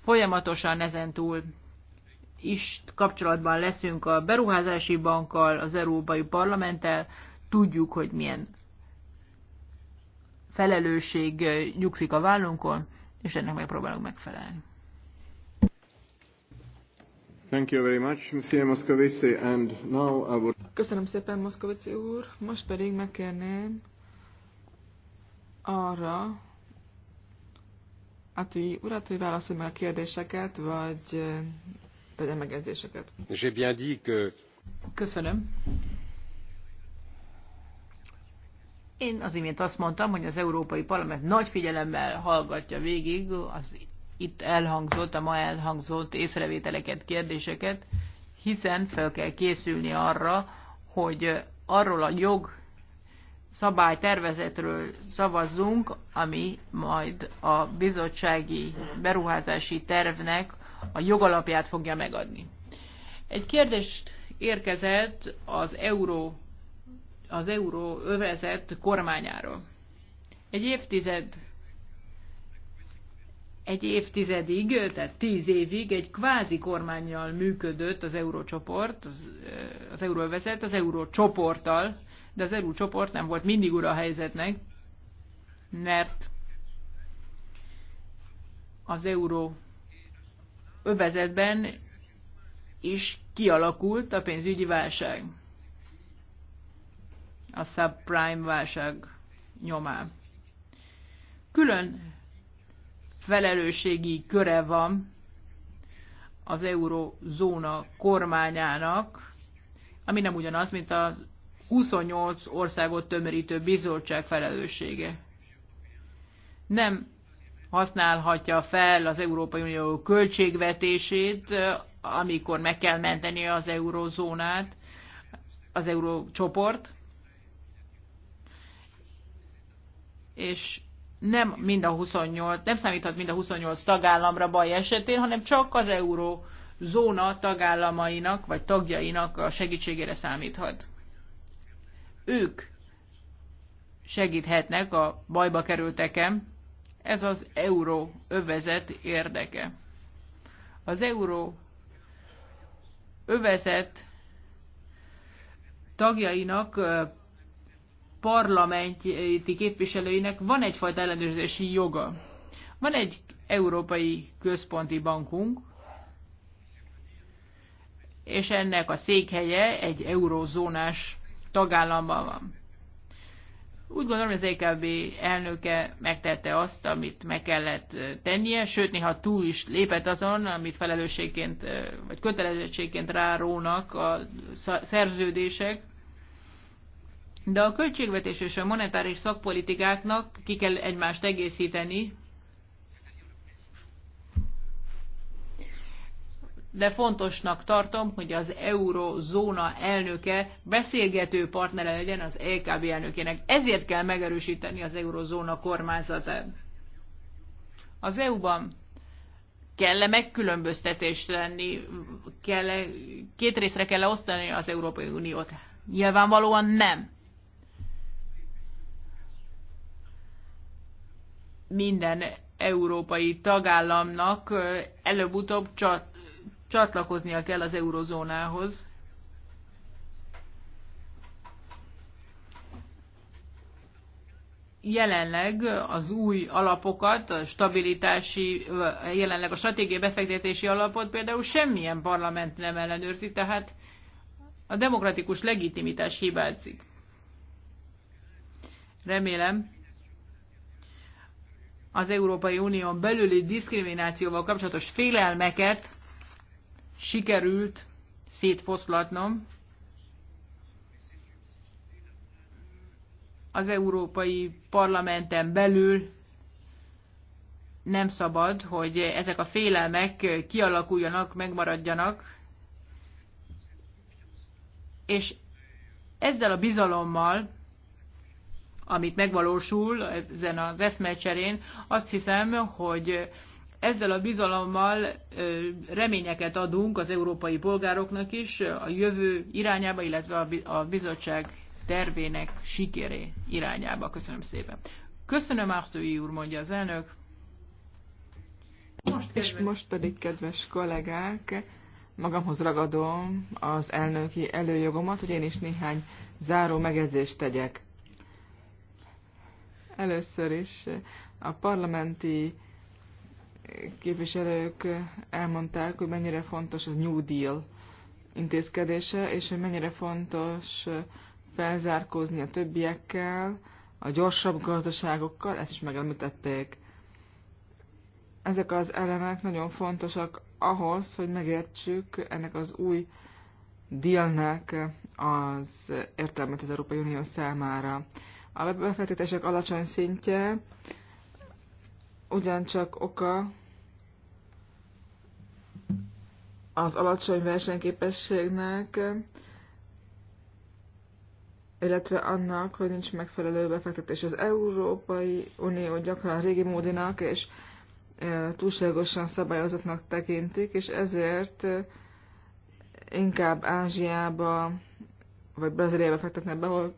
Folyamatosan ezen túl is kapcsolatban leszünk a beruházási bankkal, az Európai Parlamenttel, tudjuk, hogy milyen felelősség nyugszik a vállunkon, és ennek megpróbálunk megfelelni. Thank you very much, and now I would... Köszönöm szépen, Moszkovici úr. Most pedig megkérném arra, hát, hogy urat, hogy válaszolj meg a kérdéseket, vagy tegyen megjegyzéseket. J'ai bien dit que... Köszönöm. Én az imént azt mondtam, hogy az Európai Parlament nagy figyelemmel hallgatja végig az itt elhangzott, a ma elhangzott észrevételeket, kérdéseket, hiszen fel kell készülni arra, hogy arról a jog szabálytervezetről szavazzunk, ami majd a bizottsági beruházási tervnek a jogalapját fogja megadni. Egy kérdést érkezett az euró az euró övezet kormányáról. Egy évtized egy évtizedig, tehát tíz évig egy kvázi kormányjal működött az eurócsoport, az, az euróvezet, az eurócsoporttal, de az eurócsoport nem volt mindig ura a helyzetnek, mert az euró övezetben is kialakult a pénzügyi válság a subprime válság nyomán. Külön felelősségi köre van az eurozóna kormányának, ami nem ugyanaz, mint a 28 országot tömörítő bizottság felelőssége. Nem használhatja fel az Európai Unió költségvetését, amikor meg kell menteni az eurozónát, az eurócsoport, és nem mind a 28, nem számíthat mind a 28 tagállamra baj esetén, hanem csak az euró zóna tagállamainak vagy tagjainak a segítségére számíthat. Ők segíthetnek a bajba kerültekem, ez az euró övezet érdeke. Az euró övezet tagjainak parlamenti képviselőinek van egyfajta ellenőrzési joga. Van egy európai központi bankunk, és ennek a székhelye egy eurózónás tagállamban van. Úgy gondolom, hogy az EKB elnöke megtette azt, amit meg kellett tennie, sőt, néha túl is lépett azon, amit felelősségként vagy kötelezettségként rárónak a szerződések, de a költségvetés és a monetáris szakpolitikáknak ki kell egymást egészíteni, de fontosnak tartom, hogy az eurozóna elnöke beszélgető partnere legyen az EKB elnökének. Ezért kell megerősíteni az eurozóna kormányzatát. Az EU-ban kell-e megkülönböztetést lenni, kell -e, két részre kell -e osztani az Európai Uniót? Nyilvánvalóan nem. minden európai tagállamnak előbb-utóbb csatlakoznia kell az eurozónához. Jelenleg az új alapokat, a stabilitási, jelenleg a stratégiai befektetési alapot például semmilyen parlament nem ellenőrzi, tehát a demokratikus legitimitás hibázik. Remélem, az Európai Unión belüli diszkriminációval kapcsolatos félelmeket sikerült szétfoszlatnom. Az Európai Parlamenten belül nem szabad, hogy ezek a félelmek kialakuljanak, megmaradjanak, és ezzel a bizalommal amit megvalósul ezen az eszmecserén, azt hiszem, hogy ezzel a bizalommal reményeket adunk az európai polgároknak is a jövő irányába, illetve a bizottság tervének sikeré irányába. Köszönöm szépen. Köszönöm, Ártói úr, mondja az elnök. Most És most pedig, kedves kollégák, magamhoz ragadom az elnöki előjogomat, hogy én is néhány záró megjegyzést tegyek. Először is a parlamenti képviselők elmondták, hogy mennyire fontos a New Deal intézkedése, és hogy mennyire fontos felzárkózni a többiekkel, a gyorsabb gazdaságokkal, ezt is megemlítették. Ezek az elemek nagyon fontosak ahhoz, hogy megértsük ennek az új dílnek az értelmet az Európai Unió számára. A befektetések alacsony szintje ugyancsak oka az alacsony versenyképességnek, illetve annak, hogy nincs megfelelő befektetés. Az Európai Unió gyakran régi módinak és túlságosan szabályozottnak tekintik, és ezért inkább Ázsiába vagy Brazíliába fektetnek be, ahol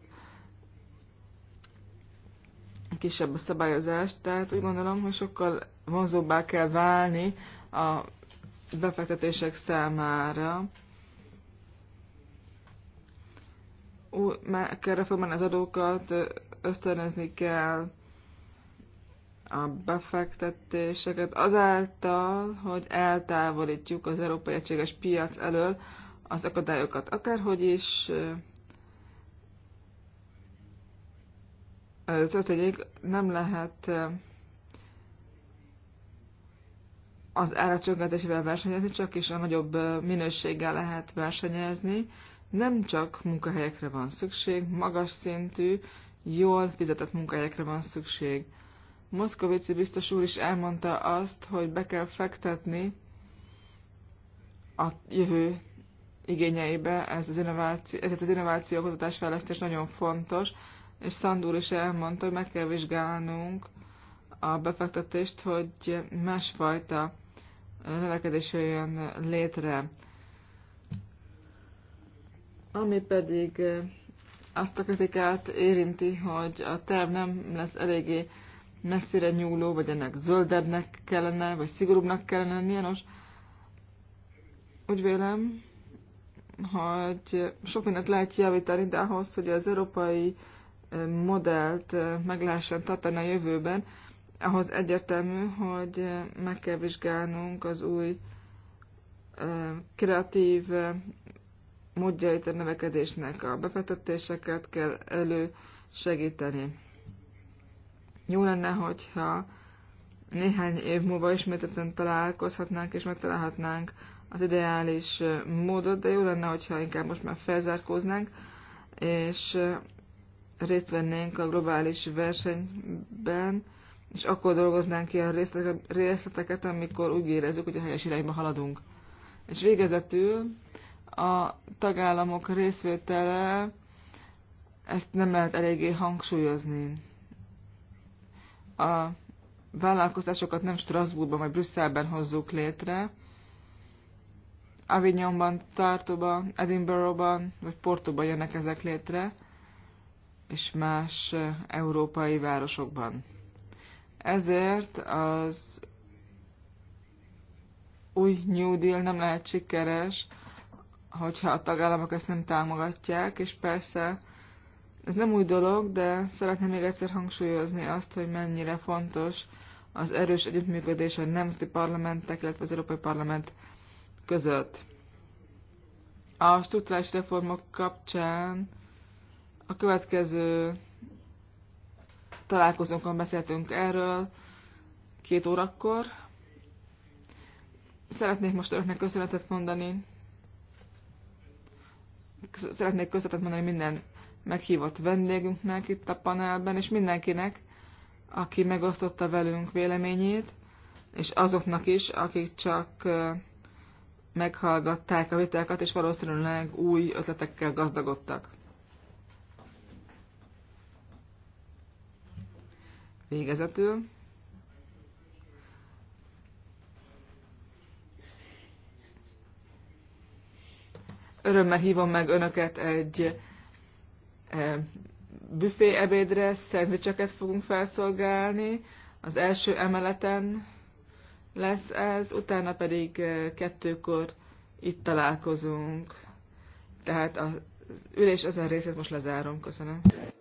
kisebb a szabályozás, tehát úgy gondolom, hogy sokkal vonzóbbá kell válni a befektetések számára. meg kell reformálni az adókat, ösztönözni kell a befektetéseket azáltal, hogy eltávolítjuk az európai egységes piac elől az akadályokat. Akárhogy is történik, nem lehet az áracsökkentésével versenyezni, csak is a nagyobb minőséggel lehet versenyezni. Nem csak munkahelyekre van szükség, magas szintű, jól fizetett munkahelyekre van szükség. Moszkovici biztos úr is elmondta azt, hogy be kell fektetni a jövő igényeibe, ez az innováció, ez az innováció, fejlesztés nagyon fontos, és Szandúr is elmondta, hogy meg kell vizsgálnunk a befektetést, hogy másfajta növekedés jöjjön létre. Ami pedig azt a kritikát érinti, hogy a terv nem lesz eléggé messzire nyúló, vagy ennek zöldebbnek kellene, vagy szigorúbbnak kellene lennie. Nos, úgy vélem, hogy sok mindent lehet javítani, de ahhoz, hogy az európai modellt meg lehessen tartani a jövőben, ahhoz egyértelmű, hogy meg kell vizsgálnunk az új kreatív módjait a növekedésnek, a befektetéseket kell elő segíteni. Jó lenne, hogyha néhány év múlva ismételten találkozhatnánk és megtalálhatnánk az ideális módot, de jó lenne, hogyha inkább most már felzárkóznánk, és részt vennénk a globális versenyben, és akkor dolgoznánk ki a részleteket, amikor úgy érezzük, hogy a helyes irányba haladunk. És végezetül a tagállamok részvétele, ezt nem lehet eléggé hangsúlyozni. A vállalkozásokat nem Strasbourgban vagy Brüsszelben hozzuk létre, Avignonban, Tartóban, Edinburghban vagy Portóban jönnek ezek létre, és más európai városokban. Ezért az új New Deal nem lehet sikeres, hogyha a tagállamok ezt nem támogatják, és persze ez nem új dolog, de szeretném még egyszer hangsúlyozni azt, hogy mennyire fontos az erős együttműködés a nemzeti parlamentek, illetve az Európai Parlament között. A struktúrális reformok kapcsán a következő találkozónkon beszéltünk erről két órakor. Szeretnék most önöknek köszönetet mondani. Szeretnék köszönetet mondani minden meghívott vendégünknek itt a panelben, és mindenkinek, aki megosztotta velünk véleményét, és azoknak is, akik csak meghallgatták a vitákat, és valószínűleg új ötletekkel gazdagodtak. Végezetül örömmel hívom meg Önöket egy eh, büfé ebédre, szendvicseket fogunk felszolgálni. Az első emeleten lesz ez, utána pedig eh, kettőkor itt találkozunk. Tehát az ülés ezen részét most lezárom. Köszönöm.